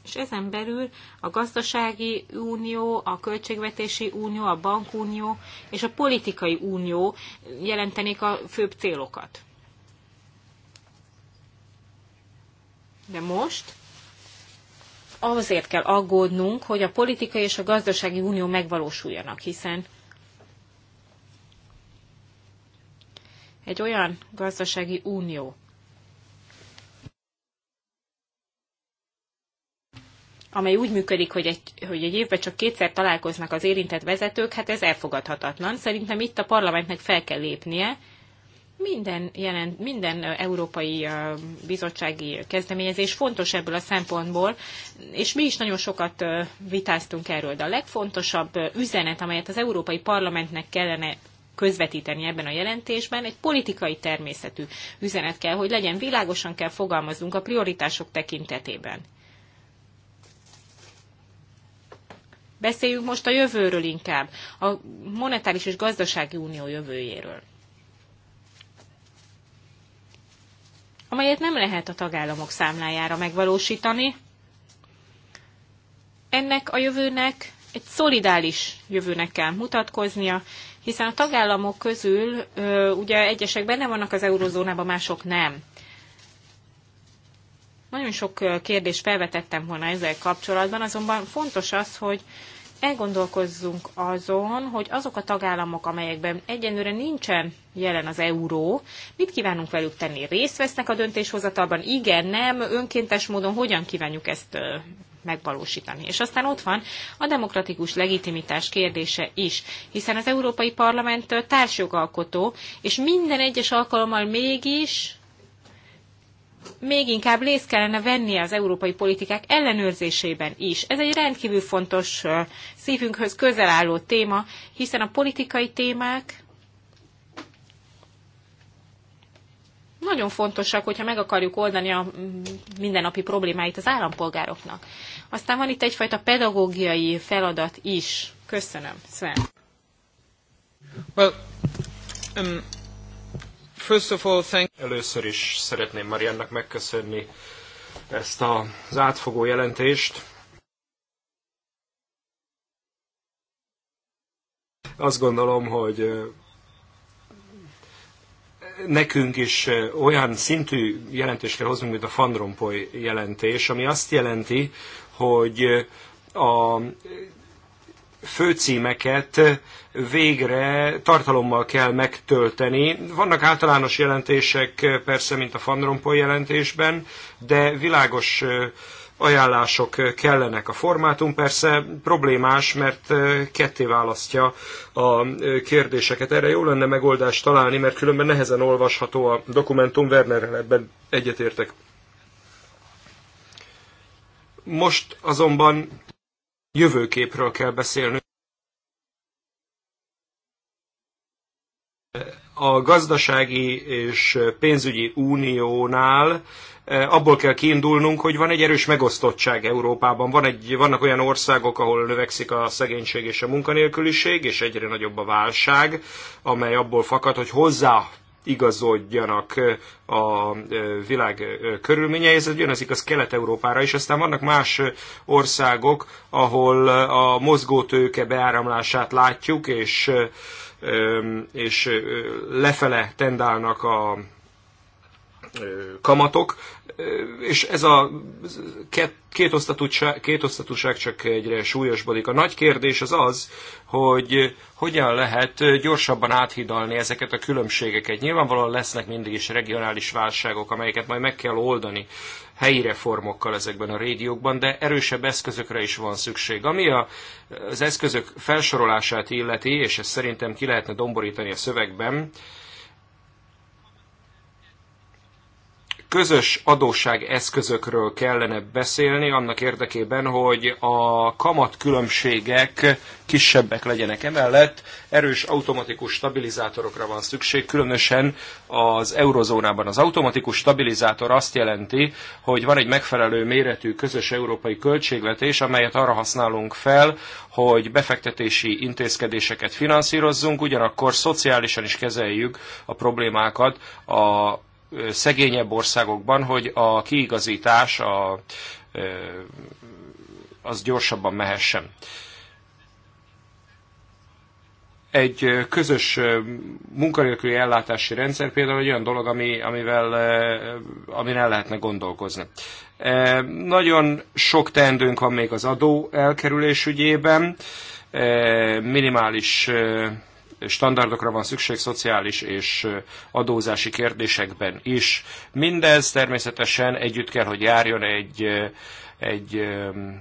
és ezen belül a gazdasági unió, a költségvetési unió, a bankunió és a politikai unió jelentenék a főbb célokat. De most azért kell aggódnunk, hogy a politikai és a gazdasági unió megvalósuljanak, hiszen egy olyan gazdasági unió, amely úgy működik, hogy egy, hogy egy évben csak kétszer találkoznak az érintett vezetők, hát ez elfogadhatatlan. Szerintem itt a parlamentnek fel kell lépnie, minden, jelen minden európai bizottsági kezdeményezés fontos ebből a szempontból, és mi is nagyon sokat vitáztunk erről, de a legfontosabb üzenet, amelyet az Európai Parlamentnek kellene közvetíteni ebben a jelentésben, egy politikai természetű üzenet kell, hogy legyen világosan kell fogalmaznunk a prioritások tekintetében. Beszéljünk most a jövőről inkább, a monetáris és gazdasági unió jövőjéről. amelyet nem lehet a tagállamok számlájára megvalósítani. Ennek a jövőnek egy szolidális jövőnek kell mutatkoznia, hiszen a tagállamok közül ö, ugye egyesek benne vannak az eurozónában, mások nem. Nagyon sok kérdést felvetettem volna ezzel kapcsolatban, azonban fontos az, hogy elgondolkozzunk azon, hogy azok a tagállamok, amelyekben egyenlőre nincsen jelen az euró, mit kívánunk velük tenni? Részt vesznek a döntéshozatalban? Igen, nem, önkéntes módon hogyan kívánjuk ezt megvalósítani. És aztán ott van a demokratikus legitimitás kérdése is, hiszen az Európai Parlament társjogalkotó, és minden egyes alkalommal mégis még inkább részt kellene vennie az európai politikák ellenőrzésében is. Ez egy rendkívül fontos szívünkhöz közel álló téma, hiszen a politikai témák nagyon fontosak, hogyha meg akarjuk oldani a mindennapi problémáit az állampolgároknak. Aztán van itt egyfajta pedagógiai feladat is. Köszönöm, Sven. Well, um, First of all, thank... Először is szeretném Mariannak megköszönni ezt az átfogó jelentést. Azt gondolom, hogy nekünk is olyan szintű jelentést kell hoznunk, mint a Van jelentés, ami azt jelenti, hogy a főcímeket végre tartalommal kell megtölteni. Vannak általános jelentések, persze, mint a Van jelentésben, de világos ajánlások kellenek. A formátum persze problémás, mert ketté választja a kérdéseket. Erre jó lenne megoldást találni, mert különben nehezen olvasható a dokumentum. Wernerrel ebben egyetértek. Most azonban jövőképről kell beszélni A gazdasági és pénzügyi uniónál e, abból kell kiindulnunk, hogy van egy erős megosztottság Európában. Van egy, vannak olyan országok, ahol növekszik a szegénység és a munkanélküliség, és egyre nagyobb a válság, amely abból fakad, hogy hozzá igazodjanak a világ körülményeihez. Ez ugyanaz igaz Kelet-Európára is. Aztán vannak más országok, ahol a mozgótőke beáramlását látjuk, és, és lefele tendálnak a kamatok és ez a kétosztatúság, két csak egyre súlyosbodik. A nagy kérdés az az, hogy hogyan lehet gyorsabban áthidalni ezeket a különbségeket. Nyilvánvalóan lesznek mindig is regionális válságok, amelyeket majd meg kell oldani helyi reformokkal ezekben a régiókban, de erősebb eszközökre is van szükség. Ami a, az eszközök felsorolását illeti, és ezt szerintem ki lehetne domborítani a szövegben, közös adósság eszközökről kellene beszélni annak érdekében, hogy a kamat különbségek kisebbek legyenek. Emellett erős automatikus stabilizátorokra van szükség, különösen az eurozónában. Az automatikus stabilizátor azt jelenti, hogy van egy megfelelő méretű közös európai költségvetés, amelyet arra használunk fel, hogy befektetési intézkedéseket finanszírozzunk, ugyanakkor szociálisan is kezeljük a problémákat a szegényebb országokban, hogy a kiigazítás a, az gyorsabban mehessen. Egy közös munkanélküli ellátási rendszer például egy olyan dolog, ami, amivel, amin el lehetne gondolkozni. Nagyon sok teendőnk van még az adó elkerülés ügyében, minimális standardokra van szükség szociális és adózási kérdésekben is. Mindez természetesen együtt kell, hogy járjon egy egy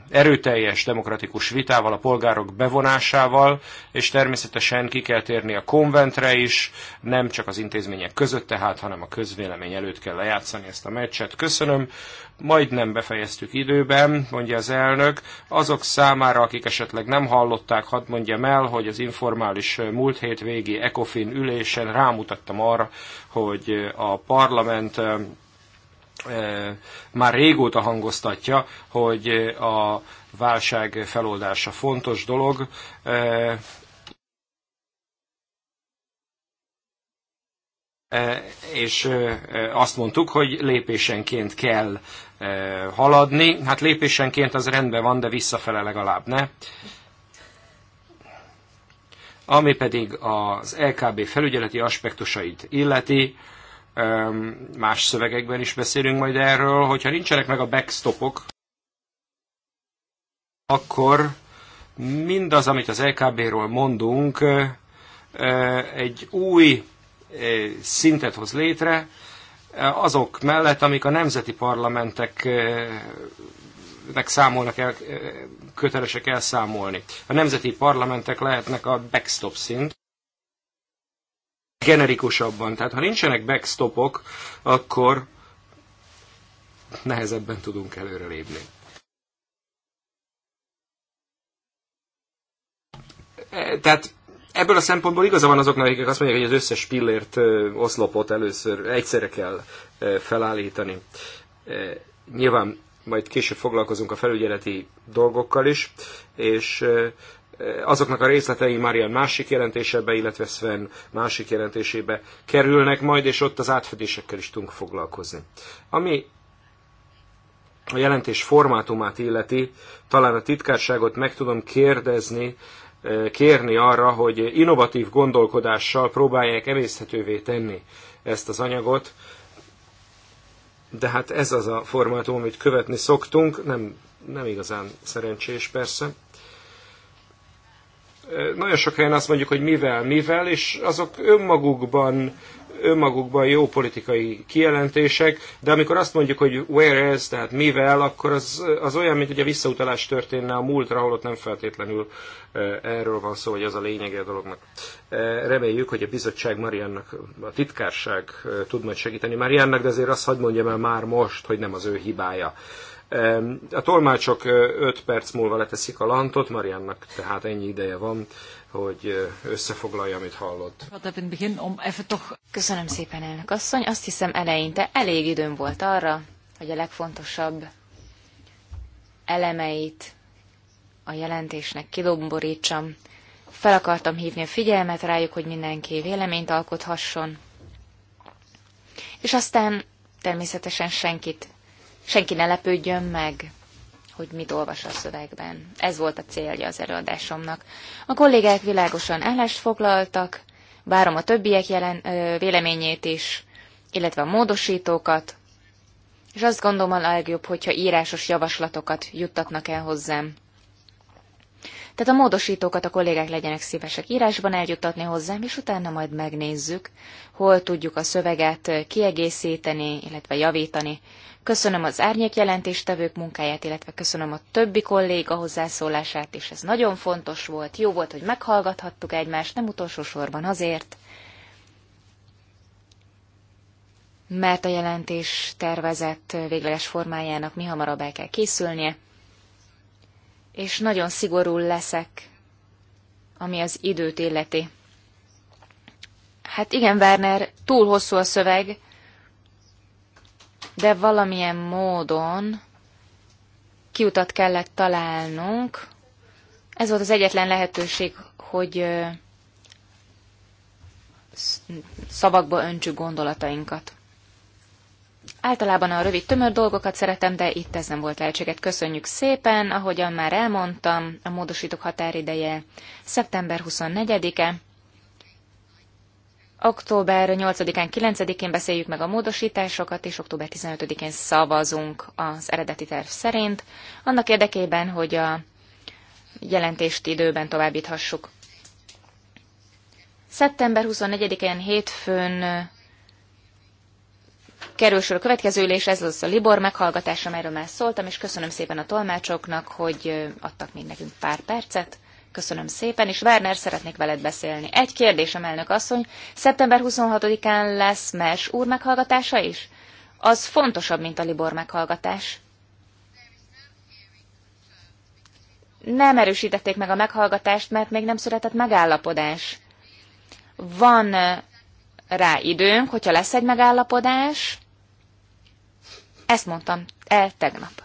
erőteljes demokratikus vitával, a polgárok bevonásával, és természetesen ki kell térni a konventre is, nem csak az intézmények között tehát, hanem a közvélemény előtt kell lejátszani ezt a meccset. Köszönöm, Majd nem befejeztük időben, mondja az elnök. Azok számára, akik esetleg nem hallották, hadd mondjam el, hogy az informális múlt végi ECOFIN ülésen rámutattam arra, hogy a parlament már régóta hangoztatja, hogy a válság feloldása fontos dolog. És azt mondtuk, hogy lépésenként kell haladni. Hát lépésenként az rendben van, de visszafele legalább ne. Ami pedig az LKB felügyeleti aspektusait illeti, más szövegekben is beszélünk majd erről, hogyha nincsenek meg a backstopok, akkor mindaz, amit az LKB-ról mondunk, egy új szintet hoz létre, azok mellett, amik a nemzeti parlamenteknek számolnak el, kötelesek elszámolni. A nemzeti parlamentek lehetnek a backstop szint, generikusabban. Tehát ha nincsenek backstopok, akkor nehezebben tudunk előrelépni. E, tehát ebből a szempontból igaza van azoknak, akik azt mondják, hogy az összes pillért, oszlopot először egyszerre kell felállítani. E, nyilván majd később foglalkozunk a felügyeleti dolgokkal is, és azoknak a részletei Marian másik jelentésebe, illetve Sven másik jelentésébe kerülnek majd, és ott az átfedésekkel is tudunk foglalkozni. Ami a jelentés formátumát illeti, talán a titkárságot meg tudom kérdezni, e, kérni arra, hogy innovatív gondolkodással próbálják emészthetővé tenni ezt az anyagot, de hát ez az a formátum, amit követni szoktunk, nem, nem igazán szerencsés persze nagyon sok helyen azt mondjuk, hogy mivel, mivel, és azok önmagukban önmagukban jó politikai kijelentések, de amikor azt mondjuk, hogy where is, tehát mivel, akkor az, az olyan, mint hogy a visszautalás történne a múltra, ott nem feltétlenül erről van szó, hogy az a lényege a dolognak. Reméljük, hogy a bizottság Mariannak, a titkárság tud majd segíteni Mariannak, de azért azt hagyd mondjam el már most, hogy nem az ő hibája a tolmácsok 5 perc múlva leteszik a lantot, Mariannak tehát ennyi ideje van, hogy összefoglalja, amit hallott. Köszönöm szépen, elnök asszony. Azt hiszem eleinte elég időm volt arra, hogy a legfontosabb elemeit a jelentésnek kilomborítsam. Fel akartam hívni a figyelmet rájuk, hogy mindenki véleményt alkothasson. És aztán természetesen senkit senki ne lepődjön meg, hogy mit olvas a szövegben. Ez volt a célja az előadásomnak. A kollégák világosan állást foglaltak, várom a többiek jelen, ö, véleményét is, illetve a módosítókat, és azt gondolom a legjobb, hogyha írásos javaslatokat juttatnak el hozzám. Tehát a módosítókat a kollégák legyenek szívesek írásban eljuttatni hozzám, és utána majd megnézzük, hol tudjuk a szöveget kiegészíteni, illetve javítani. Köszönöm az árnyék jelentéstevők munkáját, illetve köszönöm a többi kolléga hozzászólását, és ez nagyon fontos volt. Jó volt, hogy meghallgathattuk egymást, nem utolsó sorban azért, mert a jelentés tervezett végleges formájának mi hamarabb el kell készülnie, és nagyon szigorú leszek, ami az időt illeti. Hát igen, Werner, túl hosszú a szöveg, de valamilyen módon kiutat kellett találnunk. Ez volt az egyetlen lehetőség, hogy szavakba öntsük gondolatainkat. Általában a rövid, tömör dolgokat szeretem, de itt ez nem volt lehetséget. Köszönjük szépen, ahogyan már elmondtam, a módosítók határideje szeptember 24-e. Október 8-án, 9-én beszéljük meg a módosításokat, és október 15-én szavazunk az eredeti terv szerint, annak érdekében, hogy a jelentést időben továbbíthassuk. Szeptember 24-én hétfőn kerül sor a következő ülés, ez lesz a Libor meghallgatása, amelyről már szóltam, és köszönöm szépen a tolmácsoknak, hogy adtak még nekünk pár percet. Köszönöm szépen, és Werner, szeretnék veled beszélni. Egy kérdésem, elnök asszony, szeptember 26-án lesz Mers úr meghallgatása is? Az fontosabb, mint a Libor meghallgatás. Nem erősítették meg a meghallgatást, mert még nem született megállapodás. Van rá időnk, hogyha lesz egy megállapodás, ezt mondtam el tegnap.